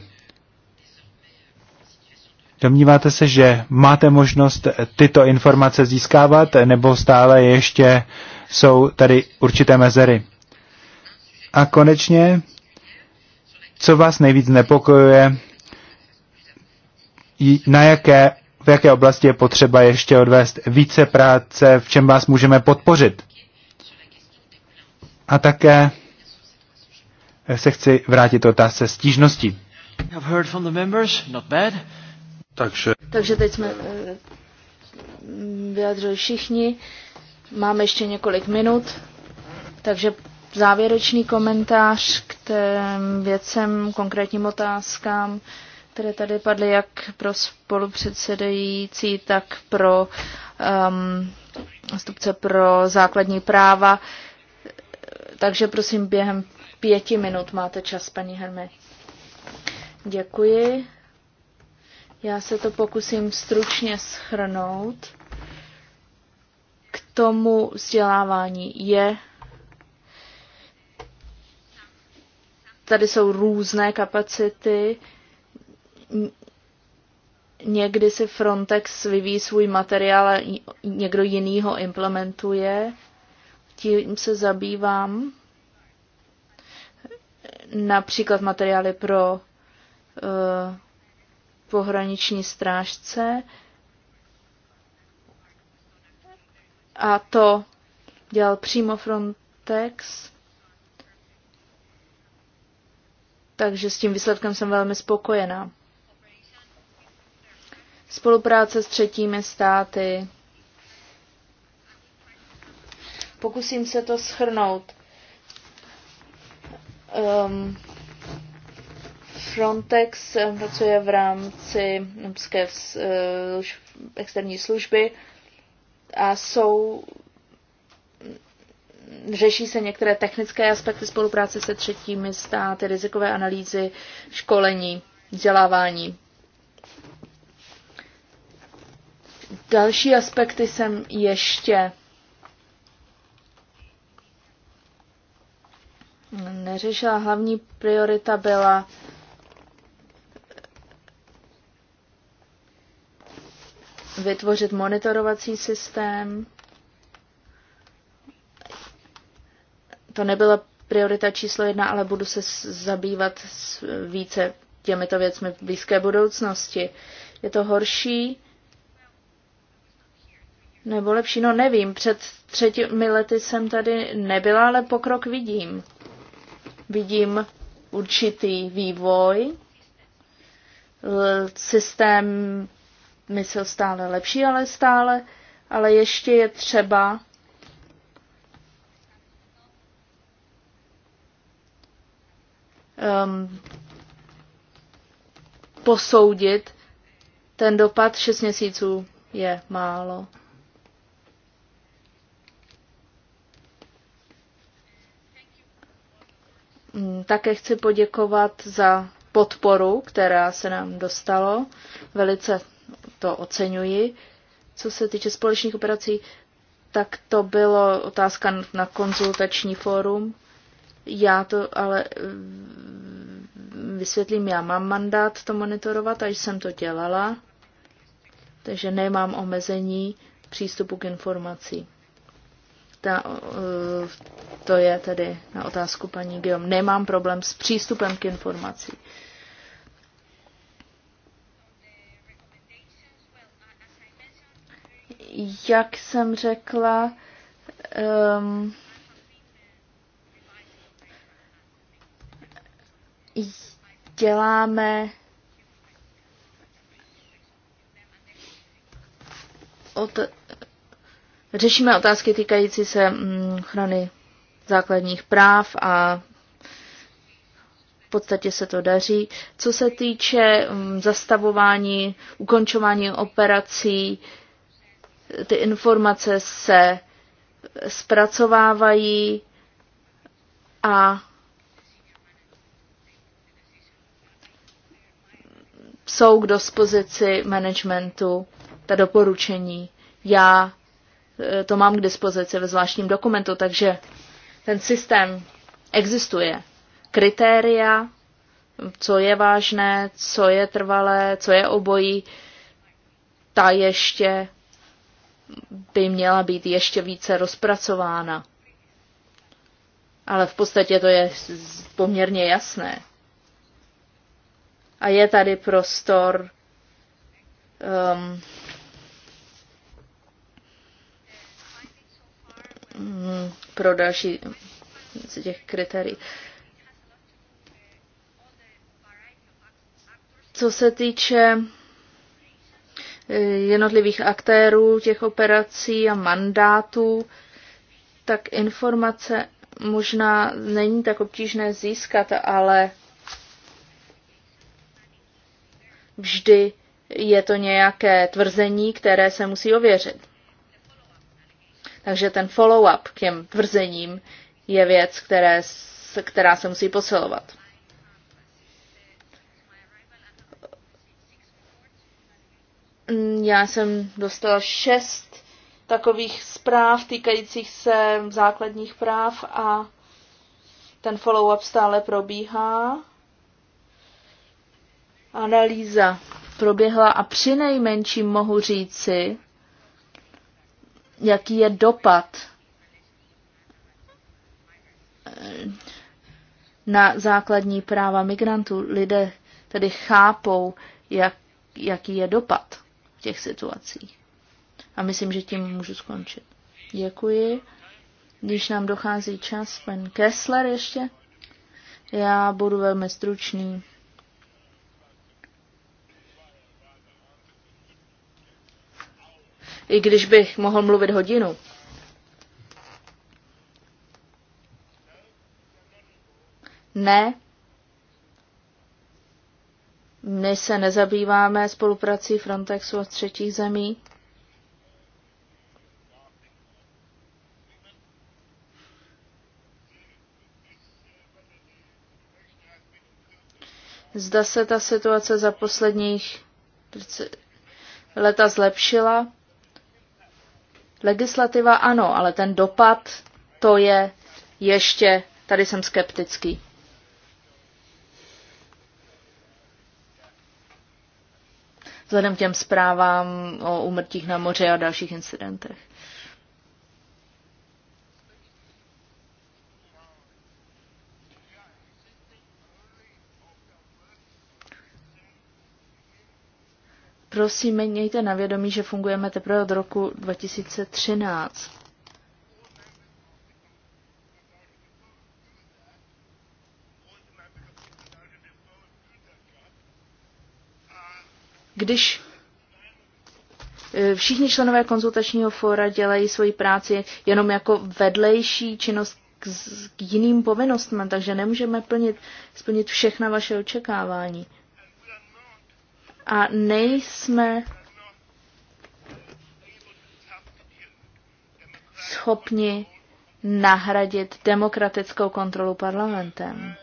Domníváte se, že máte možnost tyto informace získávat, nebo stále ještě jsou tady určité mezery? A konečně, co vás nejvíc nepokojuje, na jaké, v jaké oblasti je potřeba ještě odvést více práce, v čem vás můžeme podpořit? A také se chci vrátit otázce stížností. I've heard from the members, not bad. Takže, Takže teď jsme eh, vyjadřili všichni. Máme ještě několik minut, takže závěrečný komentář k těm věcem, konkrétním otázkám, které tady padly jak pro spolupředsedající, tak pro um, ehm, stupce pro základní práva. Takže prosím, během pěti minut máte čas, paní Hermé. Děkuji. Já se to pokusím stručně schrnout. K tomu vzdělávání je. Tady jsou různé kapacity. Někdy si Frontex vyvíjí svůj materiál a někdo jiný ho implementuje. Tím se zabývám. Například materiály pro uh, pohraniční strážce. A to dělal přímo Frontex. Takže s tím výsledkem jsem velmi spokojená. Spolupráce s třetími státy. Pokusím se to schrnout. Um, Frontex pracuje v rámci Evropské eh, externí služby a jsou řeší se některé technické aspekty spolupráce se třetími státy, rizikové analýzy, školení, vzdělávání. Další aspekty jsem ještě neřešila. Hlavní priorita byla vytvořit monitorovací systém. To nebyla priorita číslo jedna, ale budu se zabývat více těmito věcmi v blízké budoucnosti. Je to horší nebo lepší? No nevím, před třetími lety jsem tady nebyla, ale pokrok vidím. Vidím určitý vývoj, systém mysl stále lepší, ale stále, ale ještě je třeba um, posoudit ten dopad 6 měsíců je málo. Mm, také chci poděkovat za podporu, která se nám dostalo. Velice to oceňuji. Co se týče společných operací, tak to bylo otázka na konzultační fórum. Já to ale mm, vysvětlím, já mám mandát to monitorovat, až jsem to dělala, takže nemám omezení přístupu k informací. Ta, to je tedy na otázku paní Giom. Nemám problém s přístupem k informací. jak jsem řekla, um, děláme ot- řešíme otázky týkající se mm, ochrany základních práv a v podstatě se to daří. Co se týče mm, zastavování, ukončování operací, ty informace se zpracovávají a jsou k dispozici managementu ta doporučení. Já eh, to mám k dispozici ve zvláštním dokumentu, takže ten systém existuje. Kritéria, co je vážné, co je trvalé, co je obojí, ta ještě by měla být ještě více rozpracována. Ale v podstatě to je poměrně jasné. A je tady prostor um, mm, pro další z těch kritérií. Co se týče jednotlivých aktérů těch operací a mandátů, tak informace možná není tak obtížné získat, ale vždy je to nějaké tvrzení, které se musí ověřit. Takže ten follow-up k těm tvrzením je věc, které, která se musí posilovat. Mm, já jsem dostala šest takových zpráv týkajících se základních práv a ten follow-up stále probíhá. Analýza proběhla a při nejmenším mohu říci, jaký je dopad na základní práva migrantů. Lidé tedy chápou, jak, jaký je dopad těch situací. A myslím, že tím můžu skončit. Děkuji. Když nám dochází čas, pan Kessler ještě. Já budu velmi stručný. I když bych mohl mluvit hodinu. Ne, my se nezabýváme spoluprací Frontexu a třetích zemí. Zda se ta situace za posledních leta zlepšila? Legislativa ano, ale ten dopad, to je ještě, tady jsem skeptický. vzhledem k těm zprávám o umrtích na moře a dalších incidentech. Prosím, mějte na vědomí, že fungujeme teprve od roku 2013. Když e, všichni členové konzultačního fóra dělají svoji práci jenom jako vedlejší činnost k, k jiným povinnostem, takže nemůžeme plnit, splnit všechna vaše očekávání. A nejsme schopni nahradit demokratickou kontrolu parlamentem.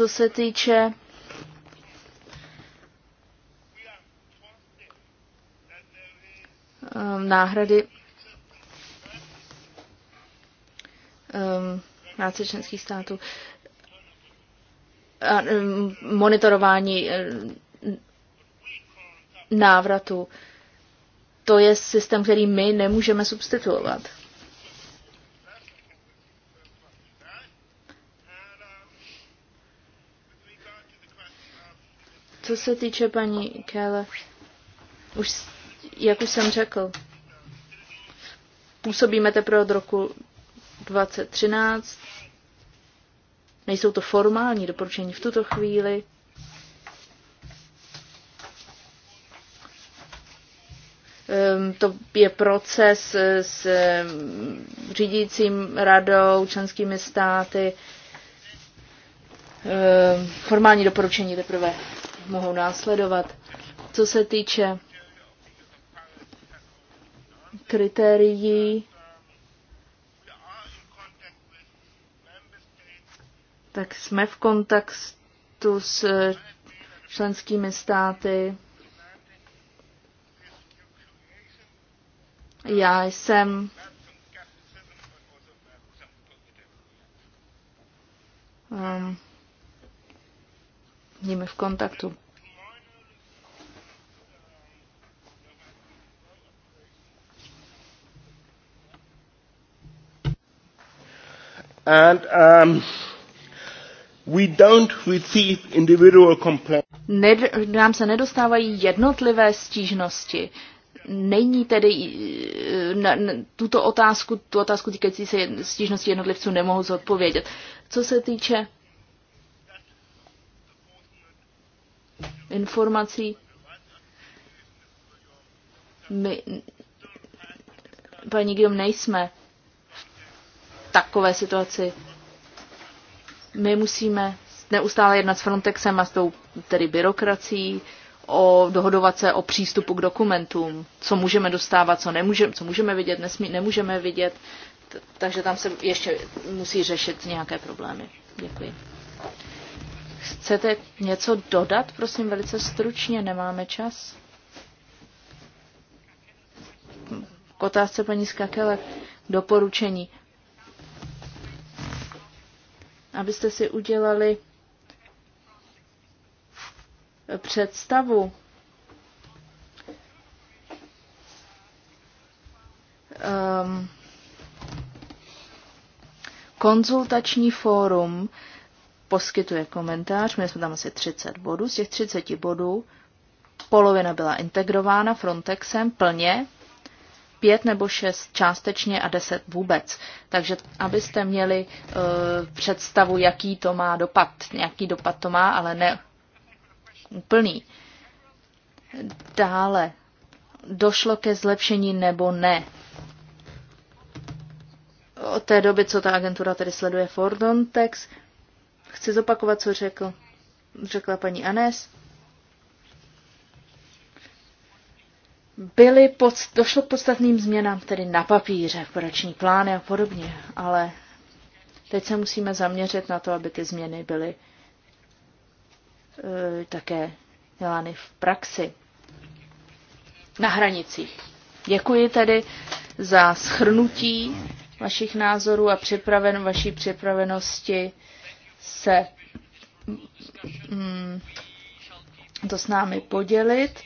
Co se týče um, náhrady um, práce členských států a um, monitorování um, návratu. To je systém, který my nemůžeme substituovat. Co se týče paní Kéle, už, jak už jsem řekl, působíme teprve od roku 2013. Nejsou to formální doporučení v tuto chvíli. Ehm, to je proces eh, s ehm, řídícím radou, členskými státy. Ehm, formální doporučení teprve mohou následovat. Co se týče kritérií, tak jsme v kontaktu s eh, členskými státy. Já jsem um, nimi v kontaktu. and um, we don't receive individual complaints. Ned, nám se nedostávají jednotlivé stížnosti. Není tedy eh, na, na, tuto otázku, tu otázku týkající se stížnosti jednotlivců nemohu zodpovědět. Co se týče informací, my paní Grom nejsme takové situaci. My musíme neustále jednat s Frontexem a s tou tedy byrokracií, o, dohodovat se o přístupu k dokumentům, co můžeme dostávat, co, nemůže, co můžeme vidět, nesmí, nemůžeme vidět, takže tam se ještě musí řešit nějaké problémy. Děkuji. Chcete něco dodat? Prosím, velice stručně, nemáme čas. K otázce paní Skakele, doporučení abyste si udělali představu. Um, konzultační fórum poskytuje komentář, my jsme tam asi 30 bodů, z těch 30 bodů polovina byla integrována Frontexem plně, pět nebo šest částečně a deset vůbec. Takže abyste měli uh, představu, jaký to má dopad. Jaký dopad to má, ale ne úplný. Dále. Došlo ke zlepšení nebo ne? Od té doby, co ta agentura tedy sleduje Fordontex, chci zopakovat, co řekl, řekla paní Anes byly pod, došlo k podstatným změnám, tedy na papíře, poroční plány a podobně, ale teď se musíme zaměřit na to, aby ty změny byly e, také dělány v praxi. Na hranicích. Děkuji tedy za schrnutí vašich názorů a připraven, vaší připravenosti se mm, to s námi podělit.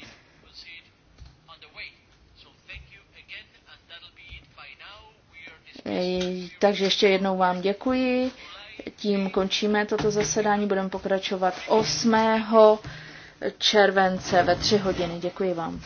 Eh, takže ještě jednou vám děkuji. Tím končíme toto zasedání. Budeme pokračovat 8. července ve 3 hodiny. Děkuji vám.